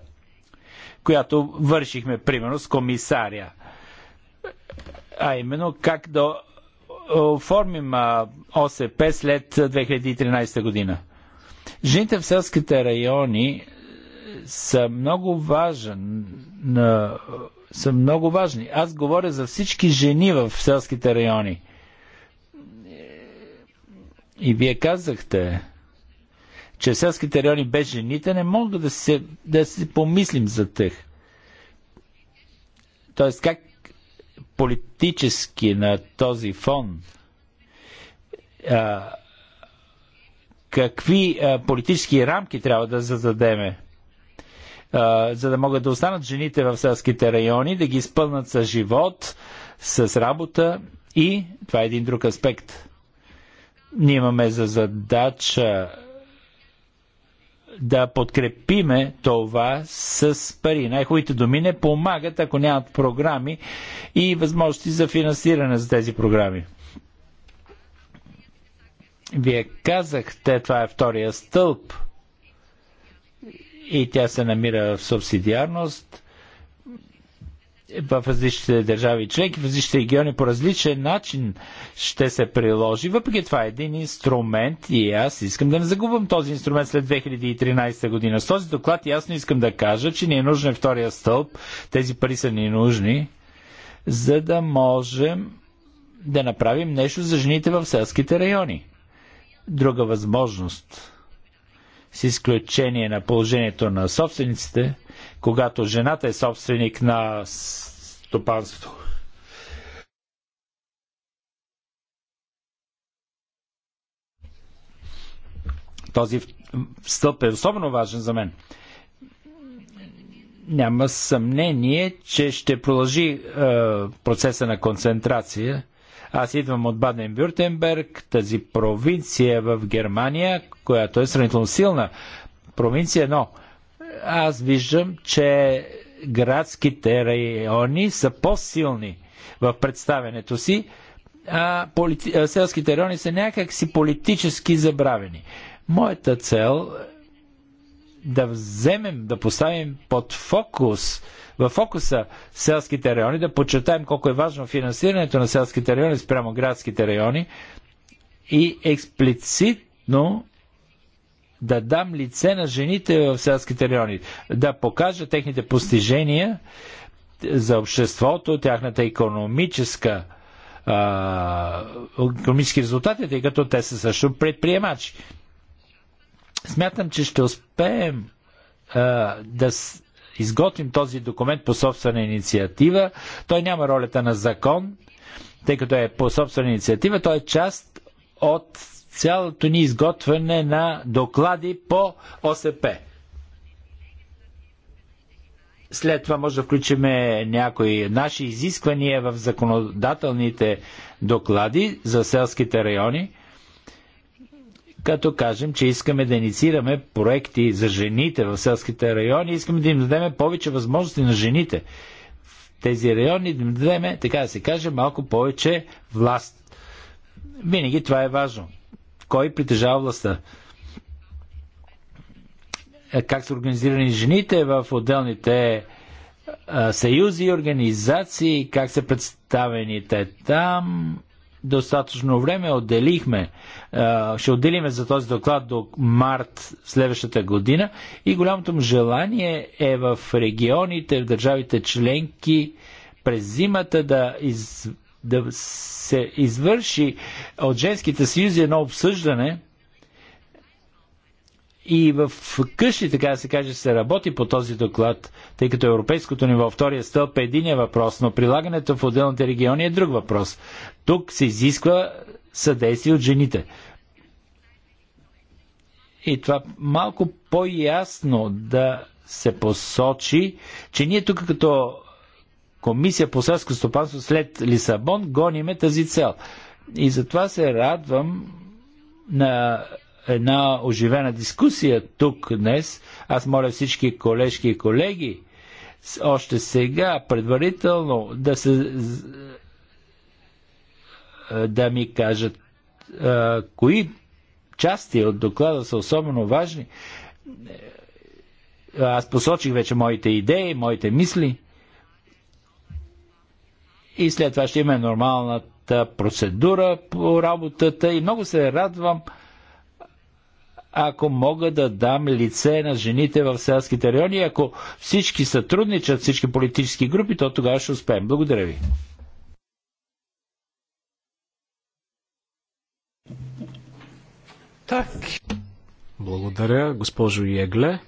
която вършихме, примерно, с комисаря. А именно как да оформим ОСП след 2013 година. Жените в селските райони са много важен, са много важни. Аз говоря за всички жени в селските райони. И вие казахте, че в селските райони без жените не могат да се, да си помислим за тях. Тоест, как политически на този фон а, какви а, политически рамки трябва да зададеме? за да могат да останат жените в селските райони, да ги изпълнат с живот, с работа и това е един друг аспект. Ние имаме за задача да подкрепиме това с пари. Най-хубавите думи не помагат, ако нямат програми и възможности за финансиране за тези програми. Вие казахте, това е втория стълб – и тя се намира в субсидиарност в различните държави и членки, в различните региони по различен начин ще се приложи. Въпреки това е един инструмент и аз искам да не загубвам този инструмент след 2013 година. С този доклад ясно искам да кажа, че ни е нужен втория стълб. Тези пари са ни нужни, за да можем да направим нещо за жените в селските райони. Друга възможност с изключение на положението на собствениците, когато жената е собственик на стопанството. Този стълб е особено важен за мен. Няма съмнение, че ще продължи е, процеса на концентрация – аз идвам от Баден-Бюртенберг, тази провинция в Германия, която е сравнително силна провинция, но аз виждам, че градските райони са по-силни в представенето си, а полити... селските райони са някакси политически забравени. Моята цел да вземем, да поставим под фокус, в фокуса селските райони, да подчертаем колко е важно финансирането на селските райони спрямо градските райони и експлицитно да дам лице на жените в селските райони, да покажа техните постижения за обществото, тяхната економическа економически резултати, тъй като те са също предприемачи. Смятам, че ще успеем а, да изготвим този документ по собствена инициатива. Той няма ролята на закон, тъй като е по собствена инициатива. Той е част от цялото ни изготвяне на доклади по ОСП. След това може да включим някои наши изисквания в законодателните доклади за селските райони като кажем, че искаме да инициираме проекти за жените в селските райони, искаме да им дадем повече възможности на жените в тези райони, да им дадем, така да се каже, малко повече власт. Винаги това е важно. Кой притежава властта? Е, как са организирани жените в отделните съюзи и организации, как са представени те там, достатъчно време отделихме, ще отделиме за този доклад до март следващата година и голямото му желание е в регионите, в държавите членки през зимата да, из, да се извърши от женските съюзи едно обсъждане и в къщи, така да се каже, се работи по този доклад, тъй като европейското ниво, втория стълб е един въпрос, но прилагането в отделните региони е друг въпрос. Тук се изисква съдействие от жените. И това малко по-ясно да се посочи, че ние тук като Комисия по селско стопанство след Лисабон гониме тази цел. И затова се радвам на една оживена дискусия тук днес. Аз моля всички колежки и колеги още сега, предварително, да се да ми кажат а, кои части от доклада са особено важни. Аз посочих вече моите идеи, моите мисли. И след това ще има нормалната процедура по работата. И много се радвам, ако мога да дам лице на жените в селските райони, ако всички сътрудничат, всички политически групи, то тогава ще успеем. Благодаря ви. Так. Благодаря, госпожо Егле.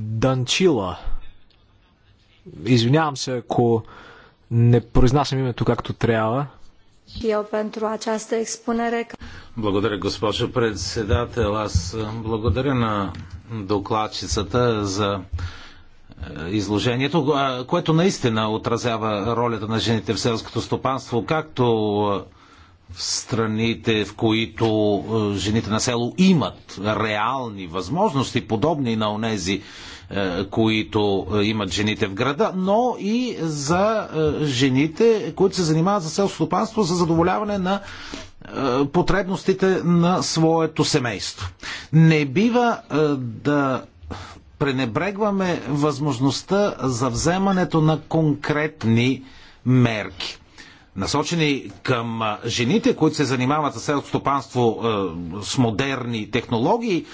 Данчила. Извинявам се, ако не произнасям името както трябва și eu pentru această expunere. Благодаря, госпожо председател. Аз благодаря на докладчицата за изложението, което наистина отразява ролята на жените в селското стопанство, както в страните, в които е, жените на село имат реални възможности, подобни на онези, е, които е, имат жените в града, но и за жените, които се занимават за селско стопанство, за задоволяване на потребностите на своето семейство. Не бива да пренебрегваме възможността за вземането на конкретни мерки насочени към жените, които се занимават с селско стопанство с модерни технологии,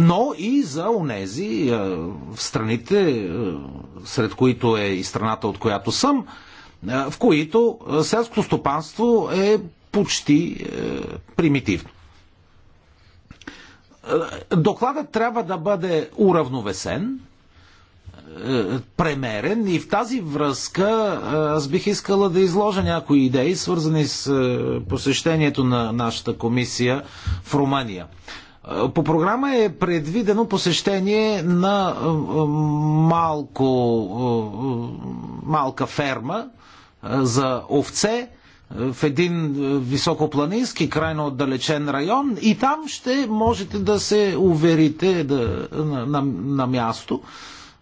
но и за онези в страните, сред които е и страната, от която съм, в които селското стопанство е почти примитивно. Докладът трябва да бъде уравновесен, премерен и в тази връзка аз бих искала да изложа някои идеи, свързани с посещението на нашата комисия в Румъния. По програма е предвидено посещение на малко, малка ферма за овце в един високопланински, крайно отдалечен район и там ще можете да се уверите да, на, на, на място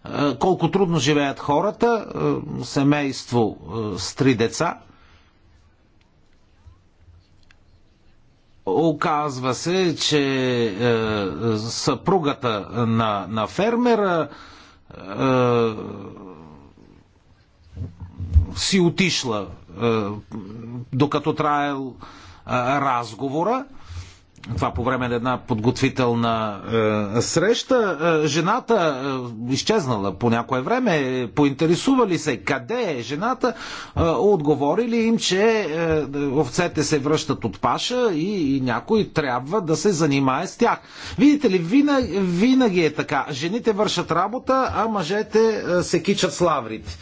е, колко трудно живеят хората, е, семейство е, с три деца. Оказва се, че съпругата на, на фермера си отишла, докато траял разговора това по време на една подготвителна е, среща. Е, жената е, изчезнала по някое време, поинтересували се къде е жената, е, отговорили им, че е, овцете се връщат от паша и, и някой трябва да се занимае с тях. Видите ли, винаги, винаги е така. Жените вършат работа, а мъжете е, се кичат с лаврите.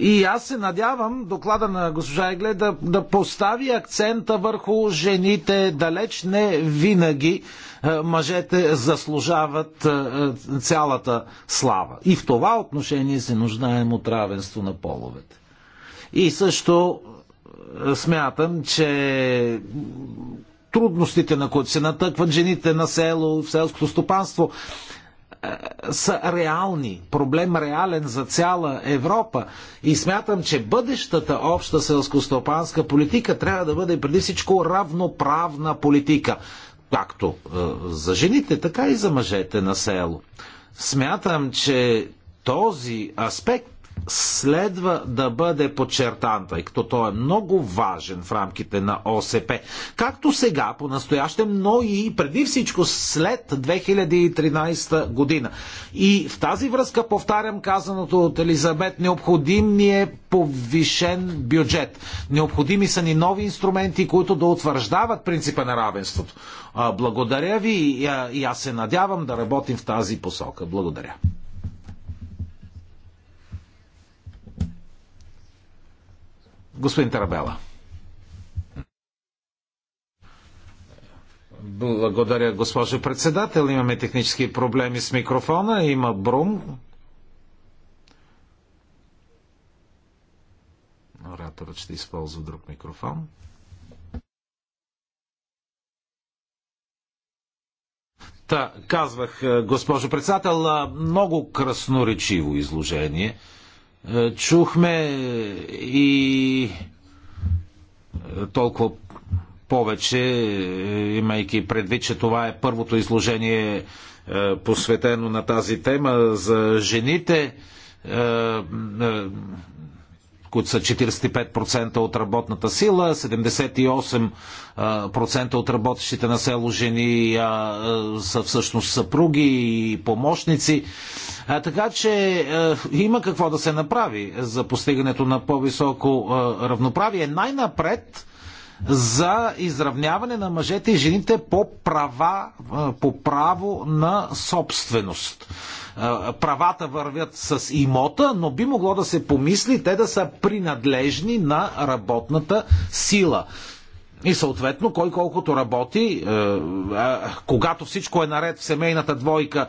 И аз се надявам доклада на госпожа Егле да, да постави акцента върху жените. Далеч не винаги е, мъжете заслужават е, е, цялата слава. И в това отношение се нуждаем от равенство на половете. И също смятам, че трудностите, на които се натъкват жените на село, в селското стопанство, са реални. Проблем реален за цяла Европа. И смятам, че бъдещата обща селскостопанска политика трябва да бъде преди всичко равноправна политика. Както е, за жените, така и за мъжете на село. Смятам, че този аспект следва да бъде подчертан, тъй като той е много важен в рамките на ОСП. Както сега, по настояще, но и преди всичко след 2013 година. И в тази връзка повтарям казаното от Елизабет, необходим ни е повишен бюджет. Необходими са ни нови инструменти, които да утвърждават принципа на равенството. Благодаря ви и аз се надявам да работим в тази посока. Благодаря. Господин Тарабела. Благодаря, госпожо председател. Имаме технически проблеми с микрофона. Има брум. Ораторът ще използва друг микрофон. Та, казвах, госпожо председател, много красноречиво изложение. Е, чухме е, и е, толкова повече, имайки предвид, че това е първото изложение посветено на тази тема за жените, които са 45% от работната сила, 78% от работещите на село жени са всъщност съпруги и помощници. А, така че а, е, има какво да се направи за постигането на по-високо е, равноправие. Най-напред за изравняване на мъжете и жените по права, е, по право на собственост. Правата вървят с имота, но би могло да се помисли те да са принадлежни на работната сила. И съответно, кой колкото работи, е, когато всичко е наред в семейната двойка, е,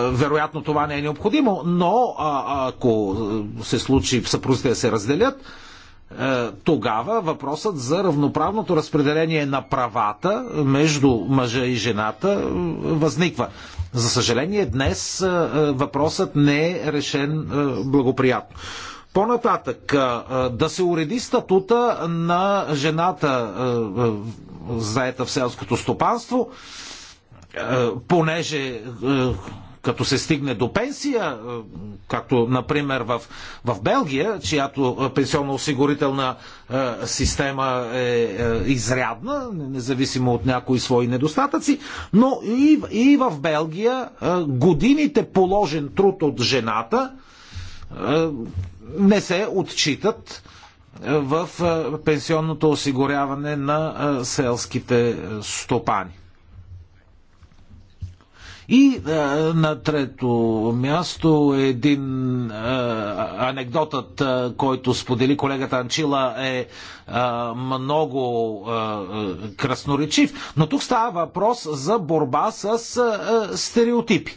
вероятно това не е необходимо, но ако се случи съпрузите да се разделят, е, тогава въпросът за равноправното разпределение на правата между мъжа и жената възниква. За съжаление, днес въпросът не е решен благоприятно. По-нататък да се уреди статута на жената заета в селското стопанство, понеже като се стигне до пенсия, както например в, в Белгия, чиято пенсионно-осигурителна система е, изрядна, независимо от някои свои недостатъци, но и, и в Белгия годините положен труд от жената не се отчитат е, в е, пенсионното осигуряване на е, селските стопани. И на трето място един анекдотът, който сподели колегата Анчила е много красноречив, но тук става въпрос за борба с стереотипи.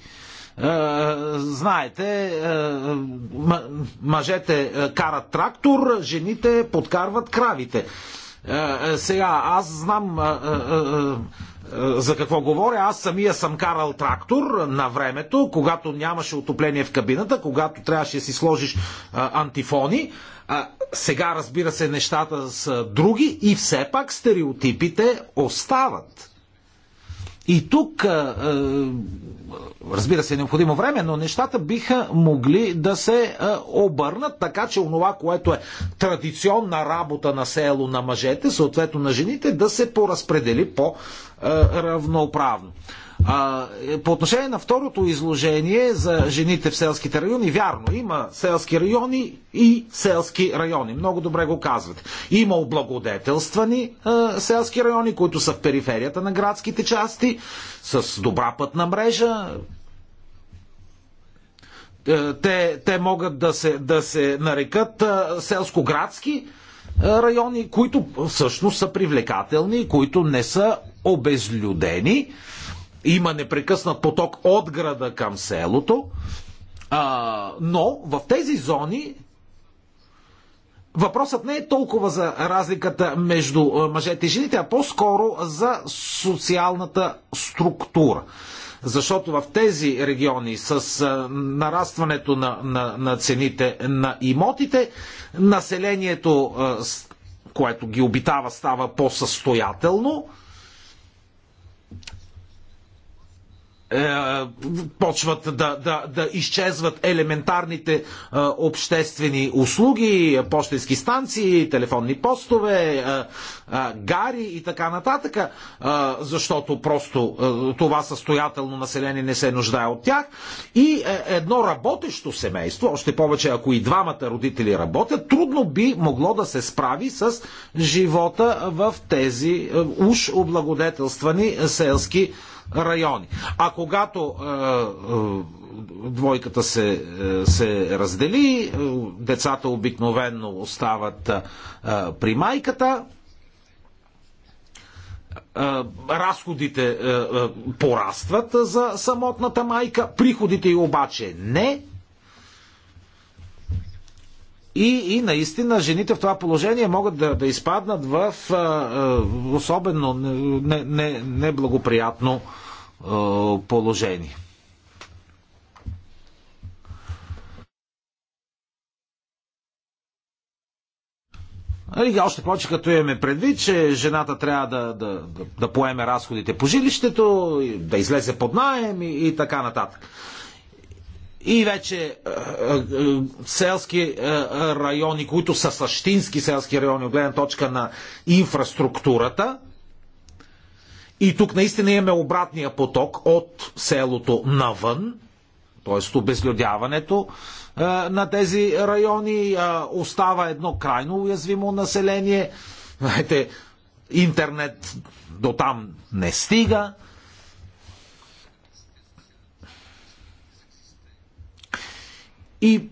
Е, знаете, е, мъжете е, карат трактор, жените подкарват кравите. Сега, аз знам за какво говоря. Аз самия съм карал трактор на времето, когато нямаше отопление в кабината, когато трябваше да си сложиш антифони. А, сега, разбира се, нещата са други и все пак стереотипите остават. И тук, е, е, разбира се, е необходимо време, но нещата биха могли да се е, обърнат, така че онова, което е традиционна работа на село на мъжете, съответно на жените, да се поразпредели по-равноправно. А, е, по отношение на второто изложение за жените в селските райони, вярно, има селски райони и селски райони. Много добре го казват. Има облагодетелствани а, селски райони, които са в периферията на градските части, с добра пътна мрежа, е, те, те могат да се, да се нарекат селско-градски райони, които всъщност са привлекателни, които не са обезлюдени има непрекъснат поток от града към селото, а, но в тези зони Въпросът не е толкова за разликата между мъжете и жените, а по-скоро за социалната структура. Защото в тези региони с нарастването на, на, на цените на имотите, населението, което ги обитава, става по-състоятелно, Е, почват да, да, да изчезват елементарните е, обществени услуги, почтенски станции, телефонни постове, е, гари и така нататък, защото просто това състоятелно население не се нуждае от тях. И едно работещо семейство, още повече ако и двамата родители работят, трудно би могло да се справи с живота в тези уж облагодетелствани селски райони. А когато е, е, двойката се, е, се раздели, децата обикновенно остават при майката, разходите порастват за самотната майка, приходите й обаче не, и, и наистина жените в това положение могат да, да изпаднат в а, особено неблагоприятно не, не, положение. И нали, още повече като имаме предвид, че жената трябва да, да, да, да поеме разходите по жилището, да излезе под найем и, и така нататък и вече е, е, селски е, райони, които са същински селски райони от гледна точка на инфраструктурата. И тук наистина имаме обратния поток от селото навън, т.е. обезлюдяването на тези райони. Остава едно крайно уязвимо население. Знаете, интернет до там не стига. И,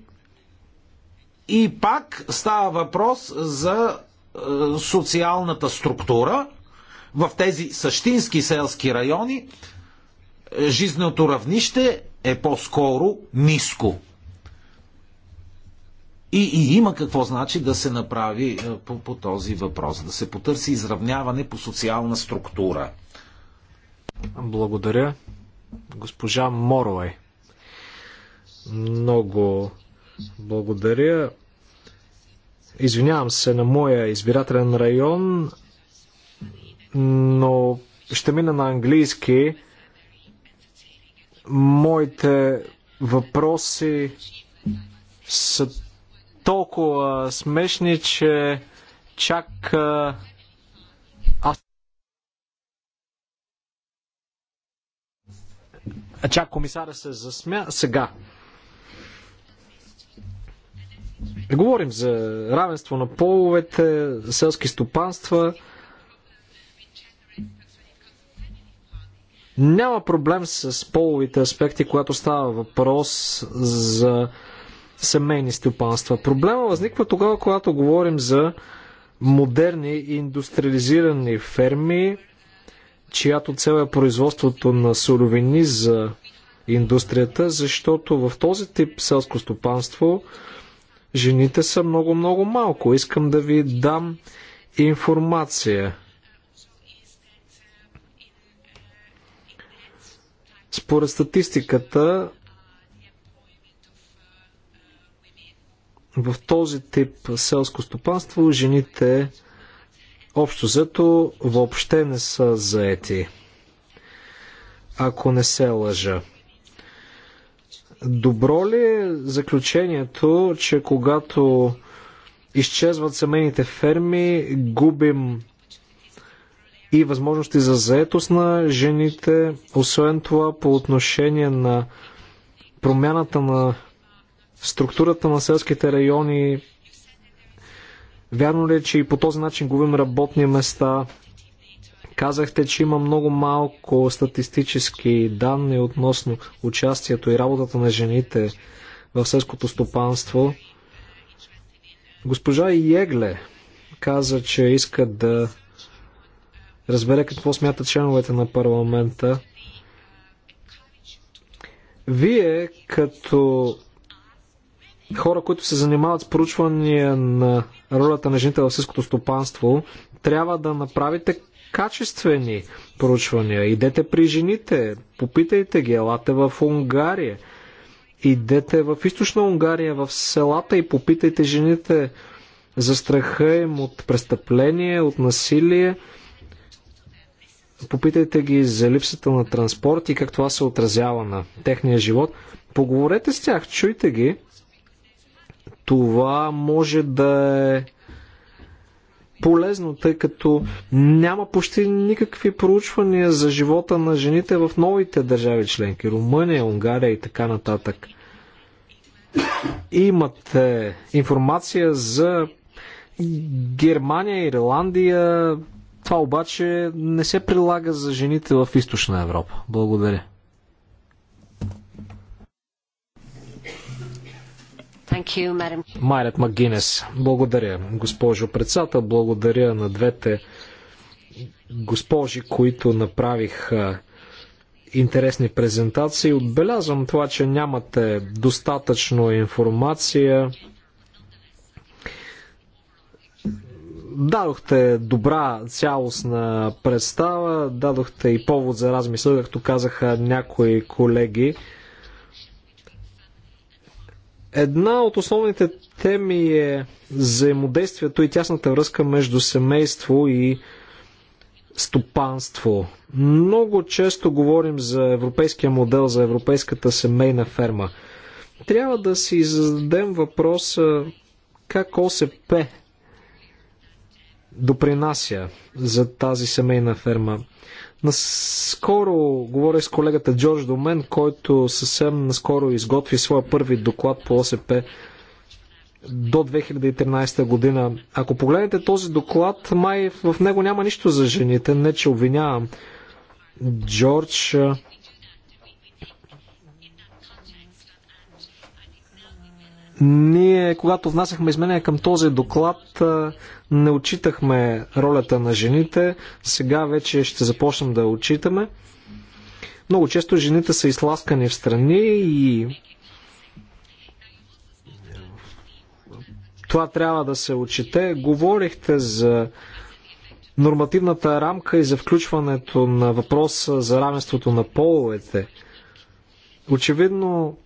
и пак става въпрос за е, социалната структура в тези същински селски райони. Жизненото равнище е по-скоро ниско. И, и има какво значи да се направи е, по, по този въпрос, да се потърси изравняване по социална структура. Благодаря. Госпожа Морове. Много благодаря. Извинявам се на моя избирателен район, но ще мина на английски. Моите въпроси са толкова смешни, че чак аз чак комисаря се засмя сега. Говорим за равенство на половете, селски стопанства. Няма проблем с половите аспекти, когато става въпрос за семейни стопанства. Проблема възниква тогава, когато говорим за модерни и индустриализирани ферми, чиято цел е производството на суровини за индустрията, защото в този тип селско стопанство Жените са много-много малко. Искам да ви дам информация. Според статистиката, в този тип селско стопанство жените общо взето въобще не са заети. Ако не се лъжа. Добро ли е заключението, че когато изчезват семейните ферми, губим и възможности за заетост на жените, освен това по отношение на промяната на структурата на селските райони. Вярно ли е, че и по този начин губим работни места? Казахте, че има много малко статистически данни относно участието и работата на жените в селското стопанство. Госпожа Егле каза, че иска да разбере какво смятат членовете на парламента. Вие, като хора, които се занимават с проучвания на ролята на жените в сельското стопанство, трябва да направите качествени проучвания. Идете при жените, попитайте ги, елате в Унгария. Идете в източна Унгария, в селата и попитайте жените за страха им от престъпление, от насилие. Попитайте ги за липсата на транспорт и как това се отразява на техния живот. Поговорете с тях, чуйте ги. Това може да е полезно, тъй като няма почти никакви проучвания за живота на жените в новите държави членки Румъния, Унгария и така нататък. Имате информация за Германия, Ирландия. Това обаче не се прилага за жените в източна Европа. Благодаря. Майлет Магинес. Благодаря, госпожо председател. Благодаря на двете госпожи, които направих интересни презентации. Отбелязвам това, че нямате достатъчно информация. Дадохте добра цялостна представа, дадохте и повод за размисъл, както казаха някои колеги. Една от основните теми е взаимодействието и тясната връзка между семейство и стопанство. Много често говорим за европейския модел, за европейската семейна ферма. Трябва да си зададем въпроса как ОСП допринася за тази семейна ферма. Наскоро говоря с колегата Джордж Домен, който съвсем наскоро изготви своя първи доклад по ОСП до 2013 година. Ако погледнете този доклад, май в него няма нищо за жените. Не, че обвинявам Джордж. Ние, когато внасяхме изменения към този доклад, не отчитахме ролята на жените. Сега вече ще започнем да отчитаме. Много често жените са изласкани в страни и това трябва да се отчете. Говорихте за нормативната рамка и за включването на въпроса за равенството на половете. Очевидно,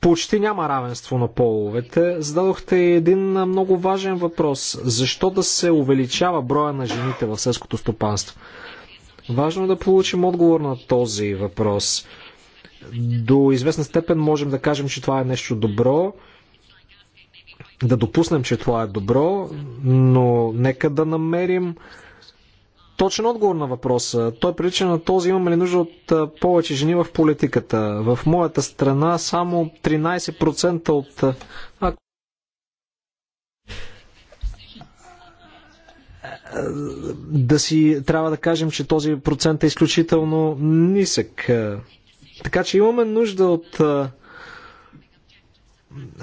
почти няма равенство на половете. Зададохте един много важен въпрос. Защо да се увеличава броя на жените в селското стопанство? Важно е да получим отговор на този въпрос. До известна степен можем да кажем, че това е нещо добро, да допуснем, че това е добро, но нека да намерим точен отговор на въпроса. Той прилича на този, имаме ли нужда от повече жени в политиката. В моята страна само 13% от... А... Да си трябва да кажем, че този процент е изключително нисък. Така че имаме нужда от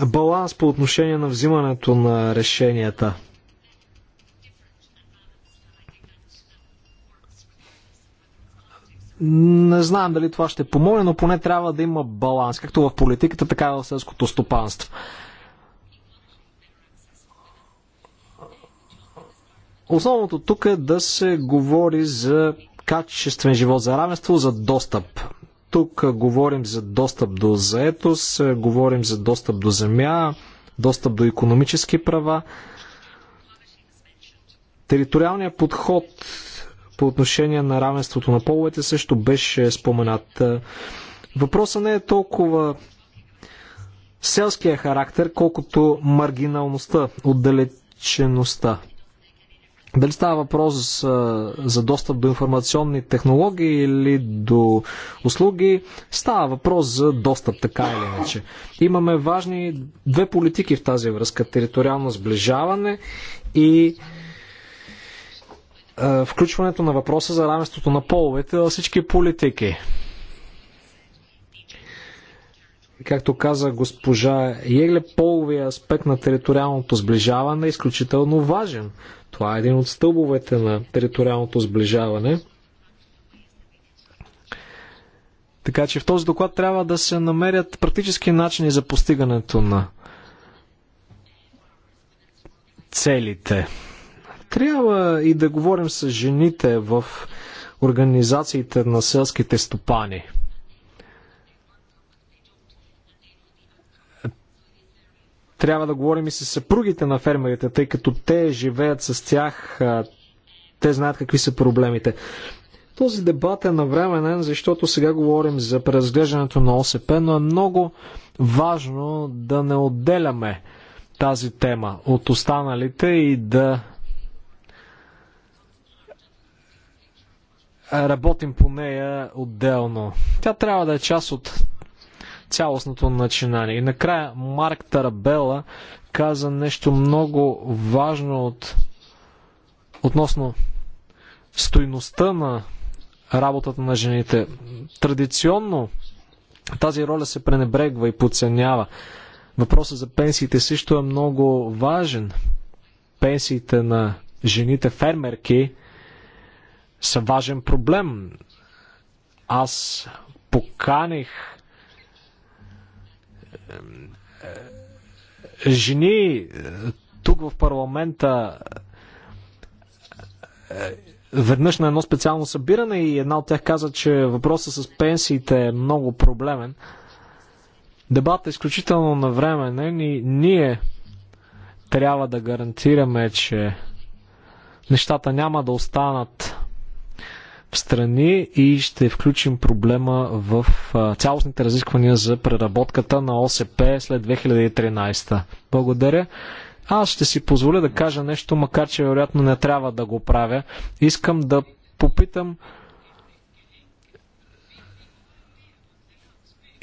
баланс по отношение на взимането на решенията. Не знам дали това ще помогне, но поне трябва да има баланс, както в политиката, така и в селското стопанство. Основното тук е да се говори за качествен живот, за равенство, за достъп. Тук говорим за достъп до заетост, говорим за достъп до земя, достъп до економически права. Териториалният подход по отношение на равенството на половете също беше споменат. Е, въпросът не е толкова селския характер, колкото маргиналността, отдалечеността. Дали става въпрос за, е, за достъп до информационни технологии или до услуги, става въпрос за достъп, така или иначе. Имаме важни две политики в тази връзка териториално сближаване и е, включването на въпроса за равенството на половете във всички политики. Както каза госпожа Егле, половия аспект на териториалното сближаване е изключително важен. Това е един от стълбовете на териториалното сближаване. Така че в този доклад трябва да се намерят практически начини за постигането на целите трябва и да говорим с жените в организациите на селските стопани. Трябва да говорим и с съпругите на фермерите, тъй като те живеят с тях, те знаят какви са проблемите. Този дебат е навременен, защото сега говорим за преразглеждането на ОСП, но е много важно да не отделяме тази тема от останалите и да работим по нея отделно. Тя трябва да е част от цялостното начинание. И накрая Марк Тарабела каза нещо много важно от, относно стойността на работата на жените. Традиционно тази роля се пренебрегва и подценява. Въпросът за пенсиите също е много важен. Пенсиите на жените фермерки – са важен проблем. Аз поканих е, е, жени е, тук в парламента веднъж на едно специално събиране и една от тях каза, че въпросът с пенсиите е много проблемен. Дебатът е изключително навременен и ние трябва да гарантираме, че нещата няма да останат страни и ще включим проблема в цялостните разисквания за преработката на ОСП след 2013. Благодаря. Аз ще си позволя да кажа нещо, макар че вероятно не трябва да го правя. Искам да попитам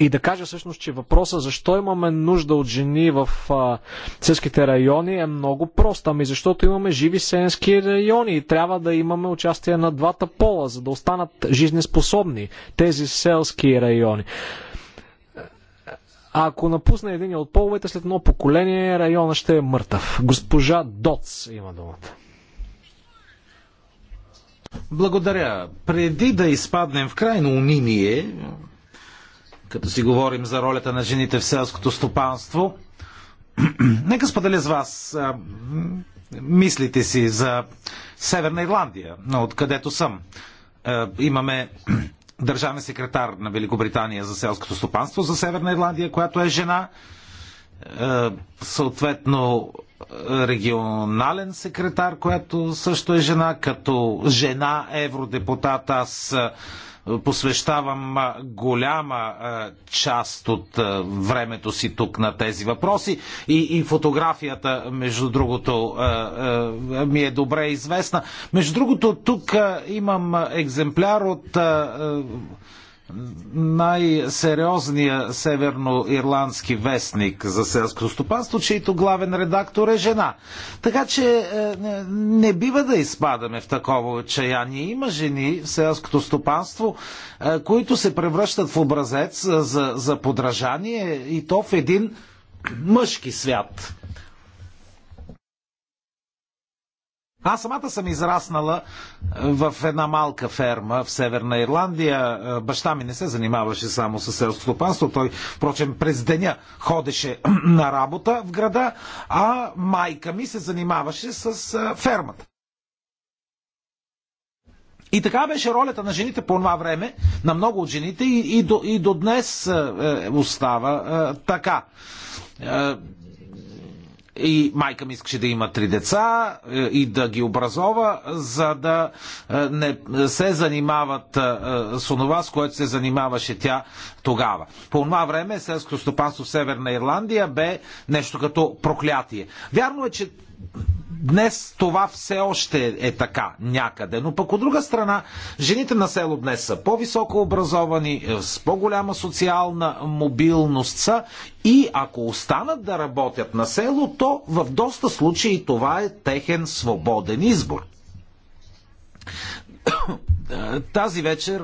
и да кажа всъщност, че въпроса защо имаме нужда от жени в а, селските райони е много прост. Ами защото имаме живи селски райони и трябва да имаме участие на двата пола, за да останат жизнеспособни тези селски райони. А ако напусне един от половете, след едно поколение района ще е мъртъв. Госпожа Доц има думата. Благодаря. Преди да изпаднем в крайно униние, като си говорим за ролята на жените в селското стопанство. [CLEARS THROAT] Нека споделя с вас а, мислите си за Северна Ирландия, но откъдето съм. А, имаме [CLEARS THROAT] държавен секретар на Великобритания за селското стопанство за Северна Ирландия, която е жена. А, съответно, регионален секретар, която също е жена. Като жена евродепутат аз. А, посвещавам голяма част от времето си тук на тези въпроси и, и фотографията, между другото, ми е добре известна. Между другото, тук имам екземпляр от най-сериозния северно-ирландски вестник за селското стопанство, чийто главен редактор е жена. Така че е, не бива да изпадаме в такова отчаяние. Има жени в селското стопанство, е, които се превръщат в образец за, за подражание и то в един мъжки свят. Аз самата съм израснала е, в една малка ферма в Северна Ирландия. Е, баща ми не се занимаваше само с селско стопанство. Той, впрочем, през деня ходеше [CLEARS THROAT] на работа в града, а майка ми се занимаваше с е, фермата. И така беше ролята на жените по това време, на много от жените и, и, до, и до днес е, остава е, така. Е, и майка ми искаше да има три деца е, и да ги образова, за да е, не се занимават е, с онова, с което се занимаваше тя тогава. По това време селското стопанство в Северна Ирландия бе нещо като проклятие. Вярно е, че днес това все още е така някъде. Но пък от друга страна, жените на село днес са по-високо образовани, е, с по-голяма социална мобилност са и ако останат да работят на село, то в доста случаи това е техен свободен избор. Тази вечер,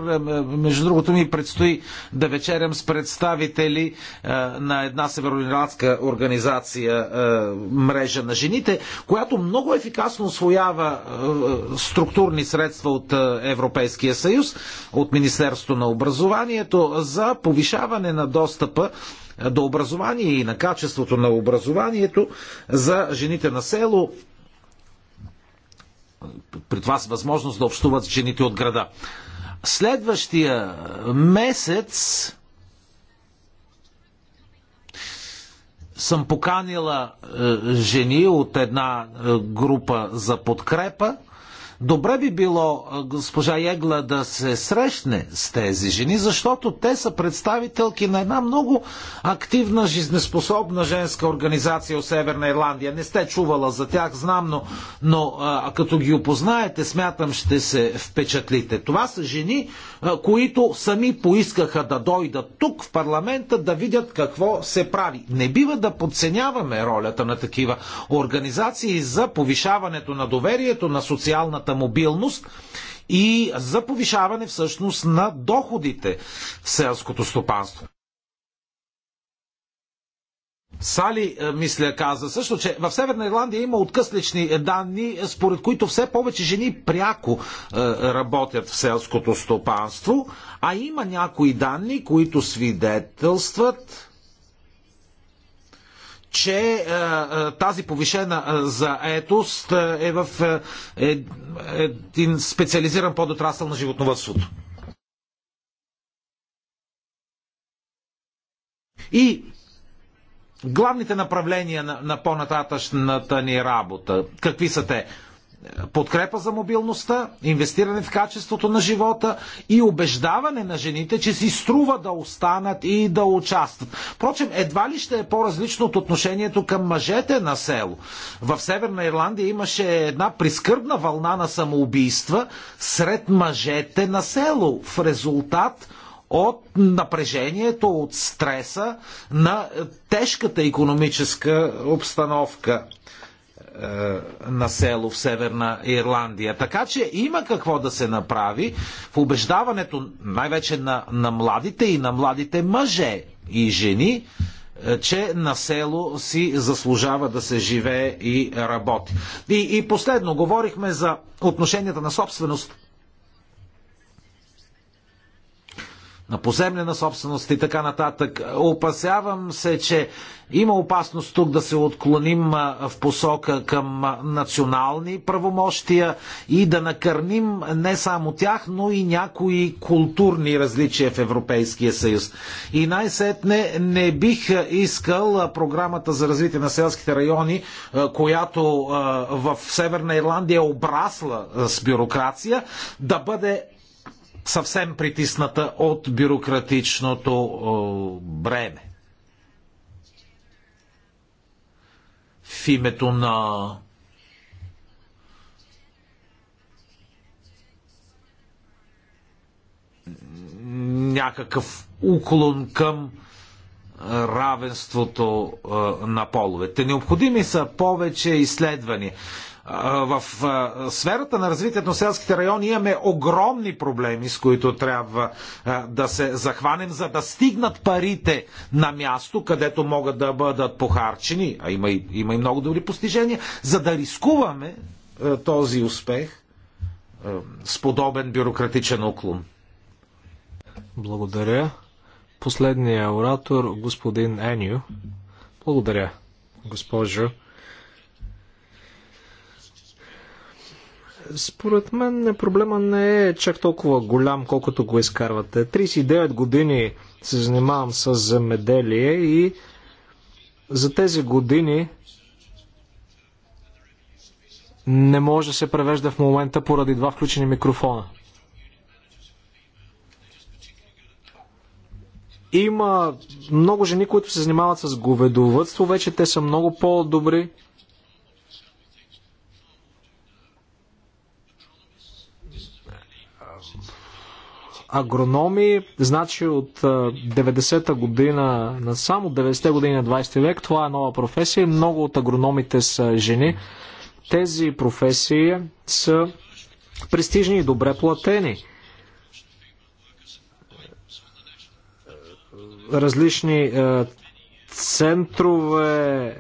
между другото, ми предстои да вечерям с представители е, на една североирландска организация е, Мрежа на жените, която много ефикасно освоява е, структурни средства от Европейския съюз, от Министерството на образованието за повишаване на достъпа до образование и на качеството на образованието за жените на село при това с възможност да общуват с жените от града. Следващия месец съм поканила е, жени от една е, група за подкрепа Добре би било госпожа Егла да се срещне с тези жени, защото те са представителки на една много активна, жизнеспособна женска организация от Северна Ирландия. Не сте чувала за тях, знам, но, но а, като ги опознаете, смятам, ще се впечатлите. Това са жени, а, които сами поискаха да дойдат тук в парламента да видят какво се прави. Не бива да подценяваме ролята на такива организации за повишаването на доверието на социалната социалната мобилност и за повишаване всъщност на доходите в селското стопанство. Сали, е, мисля, каза също, че в Северна Ирландия има откъслични данни, според които все повече жени пряко е, работят в селското стопанство, а има някои данни, които свидетелстват, че е, е, тази повишена е, заетост е в един специализиран подотрасъл на животновътството. И главните направления на, на по-нататъчната ни работа, какви са те? подкрепа за мобилността, инвестиране в качеството на живота и убеждаване на жените, че си струва да останат и да участват. Впрочем, едва ли ще е по-различно от отношението към мъжете на село. В Северна Ирландия имаше една прискърбна вълна на самоубийства сред мъжете на село в резултат от напрежението, от стреса на тежката економическа обстановка е, на село в Северна Ирландия. Така че има какво да се направи в убеждаването най-вече на, на младите и на младите мъже и жени, е, че на село си заслужава да се живее и работи. И, и последно, говорихме за отношенията на собственост на поземлена собственост и така нататък. Опасявам се, че има опасност тук да се отклоним в посока към национални правомощия и да накърним не само тях, но и някои културни различия в Европейския съюз. И най-сетне не бих искал програмата за развитие на селските райони, която в Северна Ирландия е обрасла с бюрокрация, да бъде съвсем притисната от бюрократичното е, бреме. В името на някакъв уклон към равенството е, на половете. Необходими са повече изследвания в сферата на развитието на селските райони имаме огромни проблеми, с които трябва да се захванем, за да стигнат парите на място, където могат да бъдат похарчени, а има и, има и много добри постижения, за да рискуваме този успех с подобен бюрократичен уклон. Благодаря. Последният оратор, господин Еню. Благодаря, госпожо Според мен проблема не е чак толкова голям, колкото го изкарвате. 39 години се занимавам с земеделие и за тези години не може да се превежда в момента поради два включени микрофона. Има много жени, които се занимават с говедовътство, вече те са много по-добри. агрономи, значи от 90-та година, на само 90-те години на 20 век, това е нова професия. Много от агрономите са жени. Тези професии са престижни и добре платени. Различни е, центрове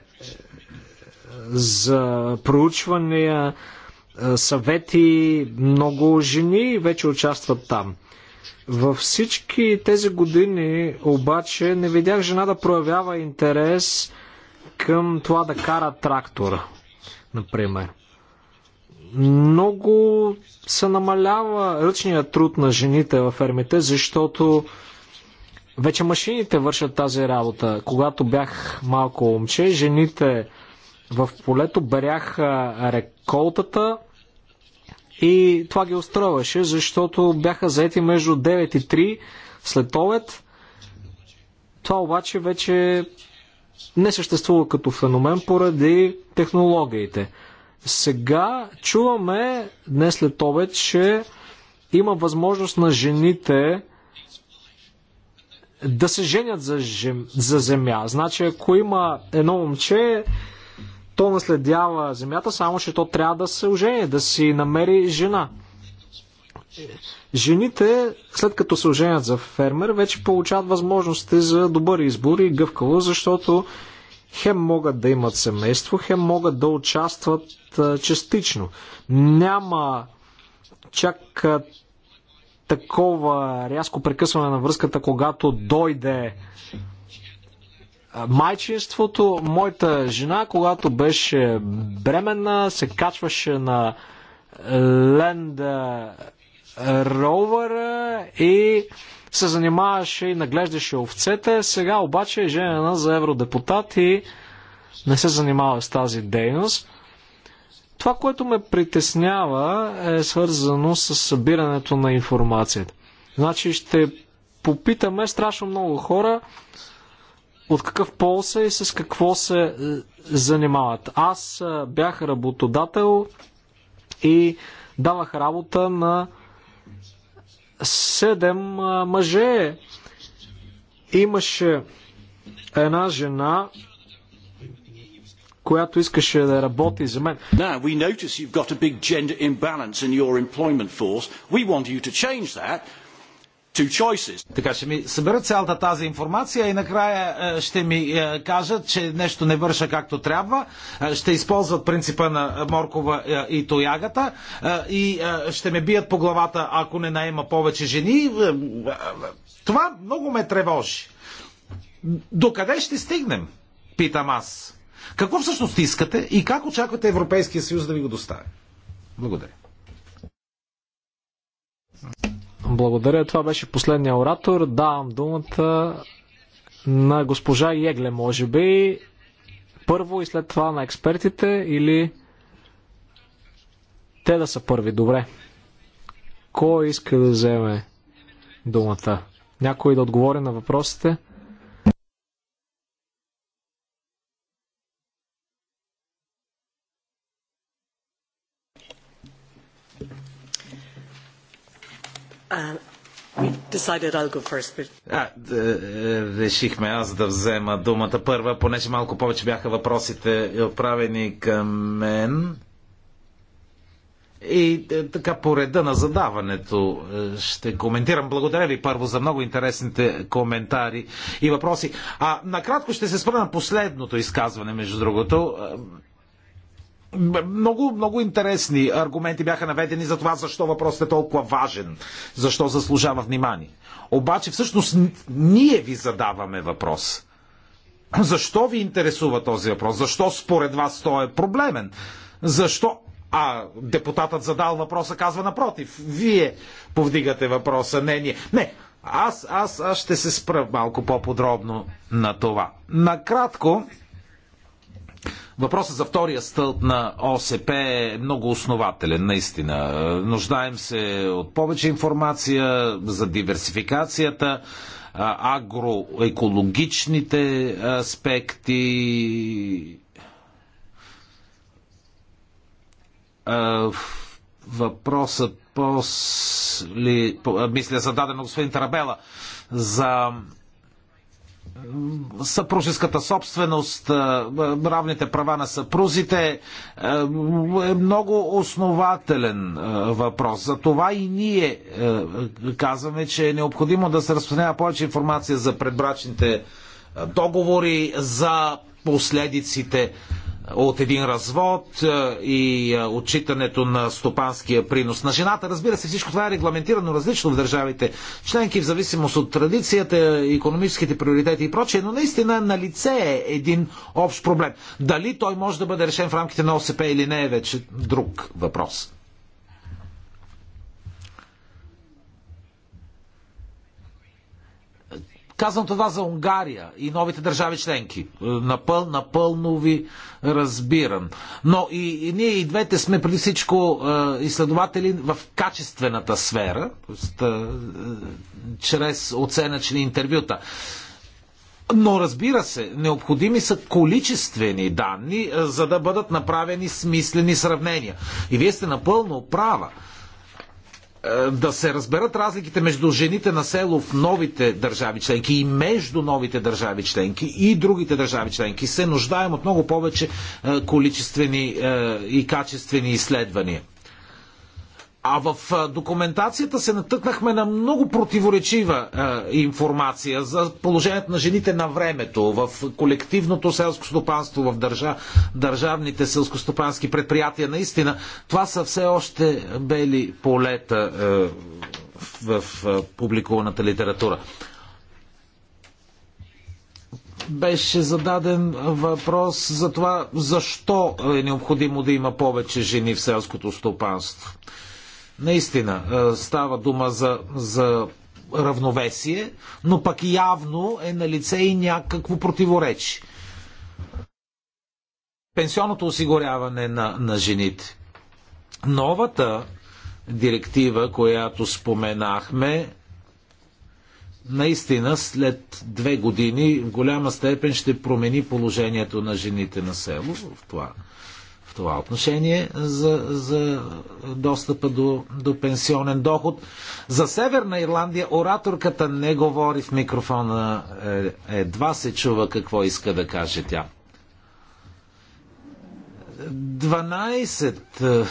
за проучвания, съвети, много жени вече участват там. Във всички тези години обаче не видях жена да проявява интерес към това да кара трактора, например. Много се намалява ръчния труд на жените във фермите, защото вече машините вършат тази работа. Когато бях малко момче, жените в полето беряха реколтата, и това ги устройваше, защото бяха заети между 9 и 3 след обед. Това обаче вече не съществува като феномен поради технологиите. Сега чуваме днес след обед, че има възможност на жените да се женят за, жем, за земя. Значи, ако има едно момче, то наследява земята, само че то трябва да се ожени, да си намери жена. Жените, след като се оженят за фермер, вече получават възможности за добър избор и гъвкаво, защото хем могат да имат семейство, хем могат да участват частично. Няма чак такова рязко прекъсване на връзката, когато дойде майчинството. Моята жена, когато беше бременна, се качваше на Ленда Rover и се занимаваше и наглеждаше овцете. Сега обаче е женена за евродепутат и не се занимава с тази дейност. Това, което ме притеснява, е свързано с събирането на информацията. Значи ще попитаме страшно много хора, от какъв пол са и с какво се е, занимават. Аз е, бях работодател и давах работа на седем е, мъже. Имаше една жена, която искаше да работи за мен. Now we notice you've got a big gender imbalance in your employment force. We want you to change that. Така ще ми съберат цялата тази информация и накрая е, ще ми е, кажат, че нещо не върша както трябва. Е, ще използват принципа на Моркова и Тоягата и ще ме бият по главата, ако не наема повече жени. Това много ме тревожи. Докъде ще стигнем? Питам аз. Какво всъщност искате и как очаквате Европейския съюз да ви го достави? Благодаря. Благодаря. Това беше последния оратор. Давам думата на госпожа Егле, може би. Първо и след това на експертите или те да са първи. Добре. Кой иска да вземе думата? Някой да отговори на въпросите? Uh, а, е, решихме аз да взема думата първа, понеже малко повече бяха въпросите отправени към мен. И е, така по реда на задаването е, ще коментирам. Благодаря ви първо за много интересните коментари и въпроси. А накратко ще се спра на последното изказване, между другото. Много, много интересни аргументи бяха наведени за това, защо въпросът е толкова важен, защо заслужава внимание. Обаче всъщност ние ви задаваме въпрос. Защо ви интересува този въпрос? Защо според вас той е проблемен? Защо а депутатът задал въпроса казва напротив. Вие повдигате въпроса, не ние. Не, аз, аз, аз ще се спра малко по-подробно на това. Накратко, Въпросът за втория стълб на ОСП е много основателен, наистина. Нуждаем се от повече информация за диверсификацията, агроекологичните аспекти. Въпросът после, мисля, зададен от господин Тарабела за съпружеската собственост, равните права на съпрузите, е много основателен въпрос. За това и ние казваме, че е необходимо да се разпространява повече информация за предбрачните договори, за последиците от един развод е, и е, отчитането на стопанския принос на жената. Разбира се, всичко това е регламентирано различно в държавите членки, в зависимост от традицията, економическите приоритети и прочее, но наистина на лице е един общ проблем. Дали той може да бъде решен в рамките на ОСП или не е вече друг въпрос. Казвам това за Унгария и новите държави членки. Е, напъл, напълно ви разбирам. Но и, и ние и двете сме преди всичко е, изследователи в качествената сфера, т.е. Е, е, чрез оценъчни интервюта. Но разбира се, необходими са количествени данни, е, за да бъдат направени смислени сравнения. И вие сте напълно права. Е, да се разберат разликите между жените на село в новите държави членки и между новите държави членки и другите държави членки, се нуждаем от много повече е, количествени е, и качествени изследвания. А в документацията се натъкнахме на много противоречива е, информация за положението на жените на времето, в колективното селско стопанство, в държа, държавните селскостопански предприятия. Наистина, това са все още бели полета е, в, в е, публикуваната литература. Беше зададен въпрос за това защо е необходимо да има повече жени в селското стопанство. Наистина, е, става дума за, за равновесие, но пък явно е на лице и някакво противоречие. Пенсионното осигуряване на, на жените. Новата директива, която споменахме, наистина след две години в голяма степен ще промени положението на жените на село в това това отношение за, за достъпа до, до пенсионен доход. За Северна Ирландия ораторката не говори в микрофона. Е, едва се чува какво иска да каже тя. 12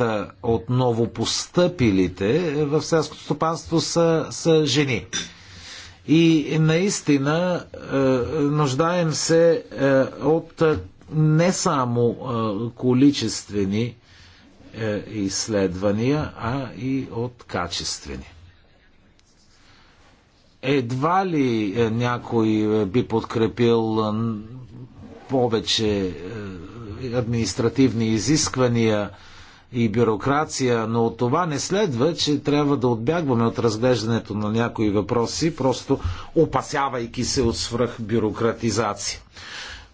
е, от новопостъпилите в селското стопанство са, са жени. И наистина е, нуждаем се от не само количествени е, изследвания, а и от качествени. Едва ли е, някой е, би подкрепил повече административни изисквания и бюрокрация, но от това не следва, че трябва да отбягваме от разглеждането на някои въпроси, просто опасявайки се от свръхбюрократизация.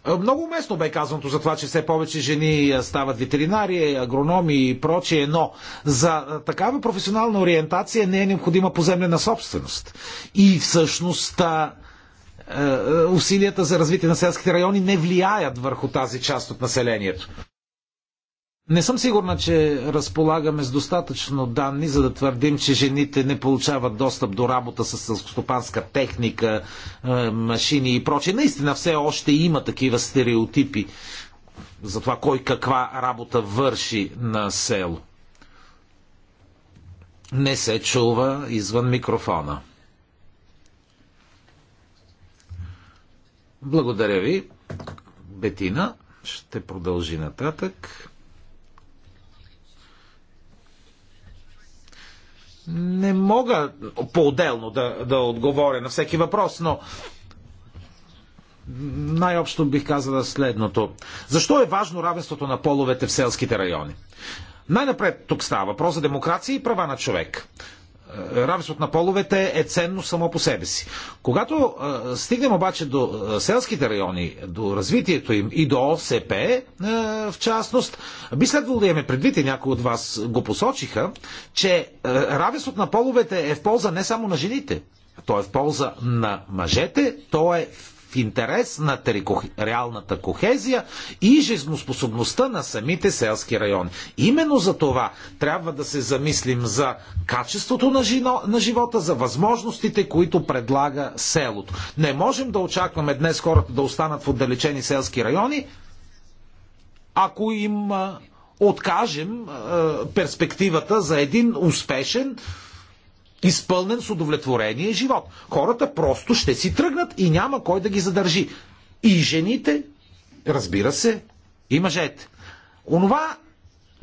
Е, много уместно бе казаното за това, че все повече жени е, стават ветеринари, е, агрономи и прочие, но за такава професионална ориентация не е необходима поземлена собственост. И всъщност усилията за развитие на селските райони не влияят върху тази част от населението. Не съм сигурна, че разполагаме с достатъчно данни, за да твърдим, че жените не получават достъп до работа с стопанска техника, е, машини и прочее. Наистина все още има такива стереотипи за това кой каква работа върши на село. Не се чува извън микрофона. Благодаря ви, Бетина. Ще продължи нататък. Не мога по-отделно да, да отговоря на всеки въпрос, но най-общо бих казала следното. Защо е важно равенството на половете в селските райони? Най-напред тук става въпрос за демокрация и права на човек. Е, равенството на половете е ценно само по себе си. Когато е, стигнем обаче до е, селските райони, до развитието им и до ОСП, в частност, би следвало да имаме предвид, и някои от вас го посочиха, че равенството на половете е в полза не само на жените, то е в полза на мъжете, то е в в интерес на териториалната кохезия и жизноспособността на самите селски райони. Именно за това трябва да се замислим за качеството на, жино, на живота, за възможностите, които предлага селото. Не можем да очакваме днес хората да останат в отдалечени селски райони, ако им откажем е, перспективата за един успешен, изпълнен с удовлетворение живот. Хората просто ще си тръгнат и няма кой да ги задържи. И жените, разбира се, и мъжете. Онова,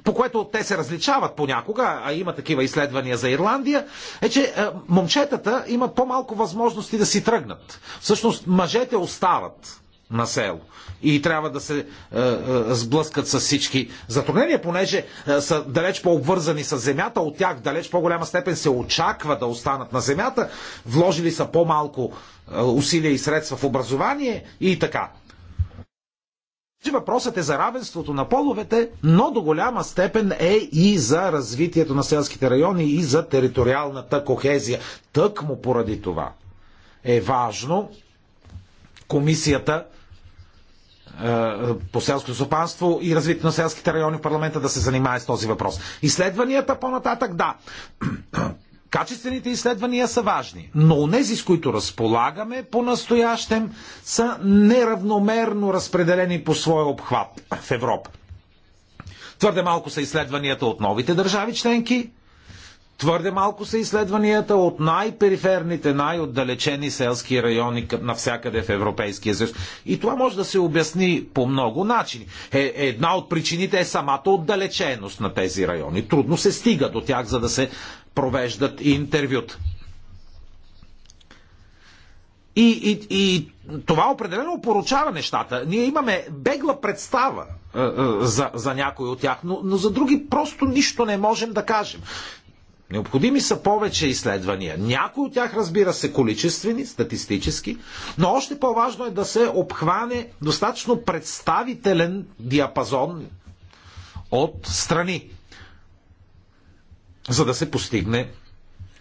по което те се различават понякога, а има такива изследвания за Ирландия, е, че е, момчетата имат по-малко възможности да си тръгнат. Всъщност, мъжете остават на село. И трябва да се е, е, сблъскат с всички затруднения, понеже е, са далеч по-обвързани с земята, от тях далеч по-голяма степен се очаква да останат на земята, вложили са по-малко е, усилия и средства в образование и така. Значи въпросът е за равенството на половете, но до голяма степен е и за развитието на селските райони и за териториалната кохезия. Тъкмо поради това е важно комисията е, по селско стопанство и развитие на селските райони в парламента да се занимае с този въпрос. Изследванията по-нататък, да. [CLEARS THROAT] Качествените изследвания са важни, но онези, с които разполагаме по-настоящем, са неравномерно разпределени по своя обхват в Европа. Твърде малко са изследванията от новите държави членки, Твърде малко са изследванията от най-периферните, най-отдалечени селски райони навсякъде в Европейския съюз. И това може да се обясни по много начини. Е, една от причините е самата отдалеченост на тези райони. Трудно се стига до тях, за да се провеждат интервюта. И, и, и това определено поручава нещата. Ние имаме бегла представа е, е, за, за някой от тях, но, но за други просто нищо не можем да кажем. Необходими са повече изследвания. Някои от тях, разбира се, количествени, статистически, но още по-важно е да се обхване достатъчно представителен диапазон от страни, за да се постигне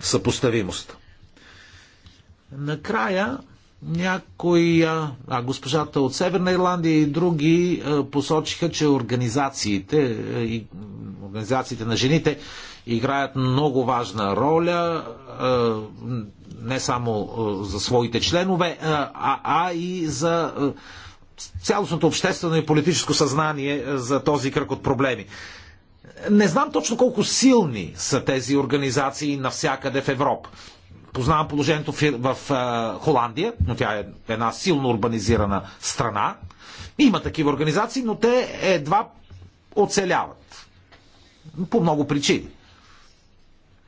съпоставимост. Накрая някои, а госпожата от Северна Ирландия и други посочиха, че организациите, организациите на жените играят много важна роля не само за своите членове, а и за цялостното обществено и политическо съзнание за този кръг от проблеми. Не знам точно колко силни са тези организации навсякъде в Европа познавам положението в, в е, Холандия, но тя е една силно урбанизирана страна. Има такива организации, но те едва оцеляват. По много причини.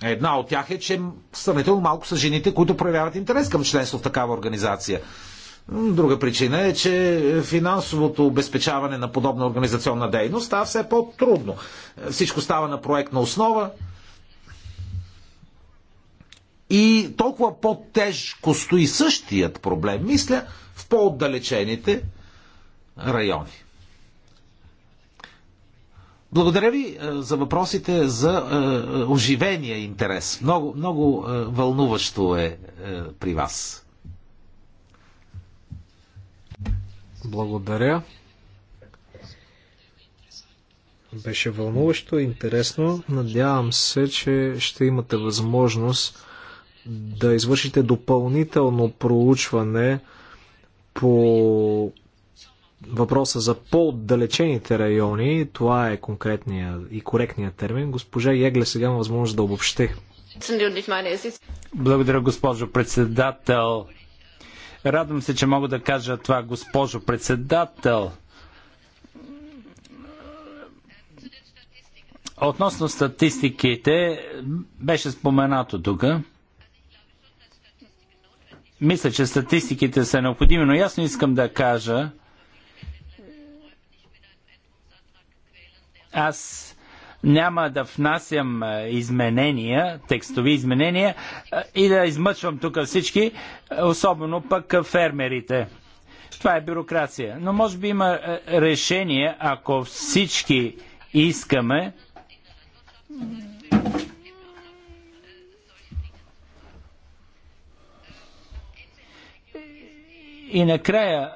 Една от тях е, че сравнително малко са жените, които проявяват интерес към членство в такава организация. Друга причина е, че финансовото обезпечаване на подобна организационна дейност става все по-трудно. Всичко става на проектна основа, и толкова по-тежко стои същият проблем, мисля, в по-отдалечените райони. Благодаря ви е, за въпросите за е, оживения интерес. Много, много е, вълнуващо е при вас. Благодаря. Беше вълнуващо, интересно. Надявам се, че ще имате възможност да извършите допълнително проучване по въпроса за по-отдалечените райони. Това е конкретния и коректният термин. Госпожа Егле сега има възможност да обобщи. Благодаря, госпожо председател. Радвам се, че мога да кажа това, госпожо председател. Относно статистиките, беше споменато тук мисля, че статистиките са необходими, но ясно искам да кажа, аз няма да внасям изменения, текстови изменения и да измъчвам тук всички, особено пък фермерите. Това е бюрокрация. Но може би има решение, ако всички искаме И накрая,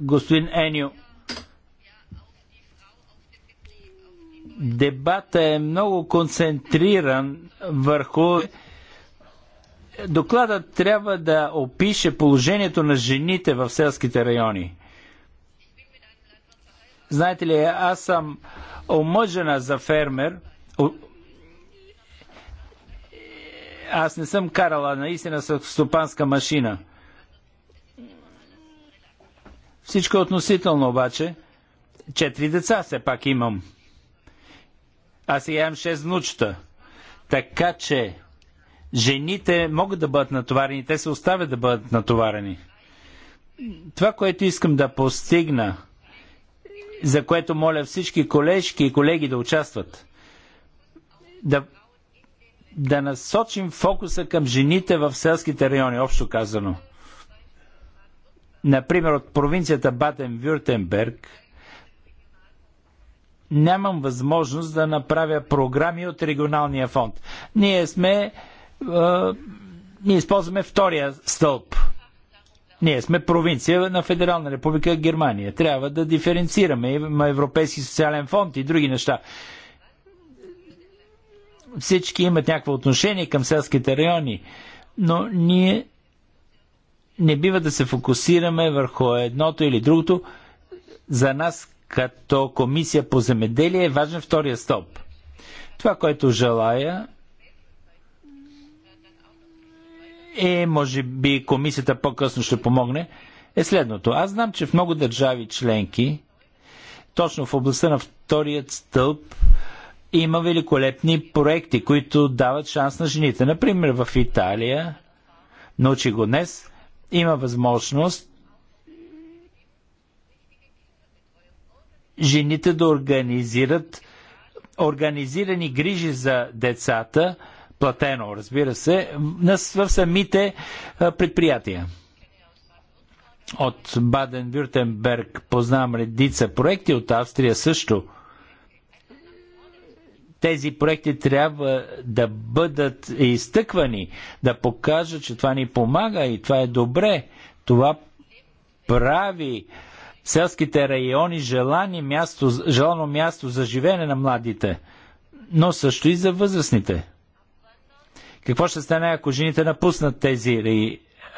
господин Еню, дебата е много концентриран върху докладът трябва да опише положението на жените в селските райони. Знаете ли, аз съм омъжена за фермер. Аз не съм карала наистина с стопанска машина – всичко е относително обаче. Четири деца все пак имам. Аз сега имам шест внучета. Така че жените могат да бъдат натоварени, те се оставят да бъдат натоварени. Това, което искам да постигна, за което моля всички колежки и колеги да участват, да, да насочим фокуса към жените в селските райони, общо казано – например, от провинцията Батен-Вюртенберг, нямам възможност да направя програми от регионалния фонд. Ние сме. Е, ние използваме втория стълб. Ние сме провинция на Федерална република Германия. Трябва да диференцираме. Има Европейски социален фонд и други неща. Всички имат някакво отношение към селските райони, но ние не бива да се фокусираме върху едното или другото. За нас като комисия по земеделие е важен втория стълб. Това, което желая е, може би комисията по-късно ще помогне, е следното. Аз знам, че в много държави членки, точно в областта на вторият стълб, има великолепни проекти, които дават шанс на жените. Например, в Италия, научи го днес, има възможност жените да организират организирани грижи за децата, платено, разбира се, в самите предприятия. От Баден-Вюртенберг познавам редица проекти, от Австрия също – тези проекти трябва да бъдат изтъквани, да покажат, че това ни помага и това е добре. Това прави селските райони желани място, желано място за живеене на младите, но също и за възрастните. Какво ще стане, ако жените напуснат тези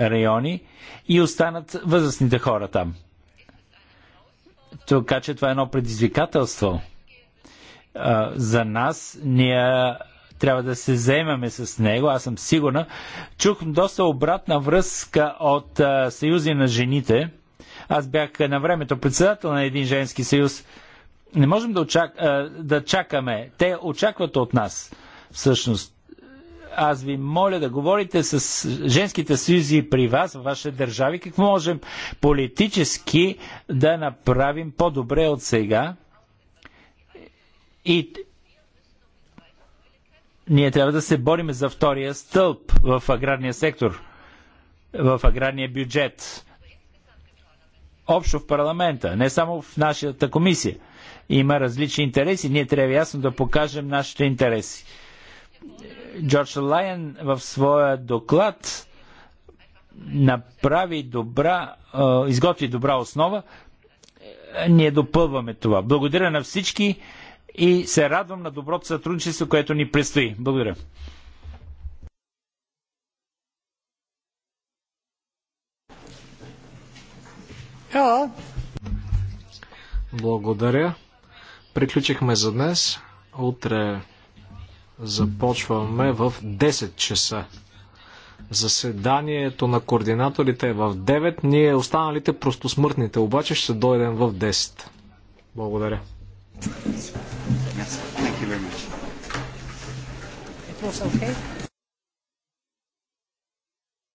райони и останат възрастните хора там? Така че това е едно предизвикателство – за нас. Ние трябва да се заемаме с него, аз съм сигурна. Чух доста обратна връзка от а, Съюзи на жените. Аз бях на времето председател на един женски съюз. Не можем да, очак... а, да чакаме. Те очакват от нас, всъщност. Аз ви моля да говорите с женските съюзи при вас, в вашите държави, какво можем политически да направим по-добре от сега и ние трябва да се борим за втория стълб в аграрния сектор, в аграрния бюджет. Общо в парламента, не само в нашата комисия. Има различни интереси, ние трябва ясно да покажем нашите интереси. Джордж Лайен в своя доклад направи добра, изготви добра основа. Ние допълваме това. Благодаря на всички и се радвам на доброто сътрудничество, което ни предстои. Благодаря. Благодаря. Приключихме за днес. Утре започваме в 10 часа. Заседанието на координаторите е в 9. Ние останалите просто смъртните, обаче ще дойдем в 10. Благодаря. Yes, thank you very much. It was okay?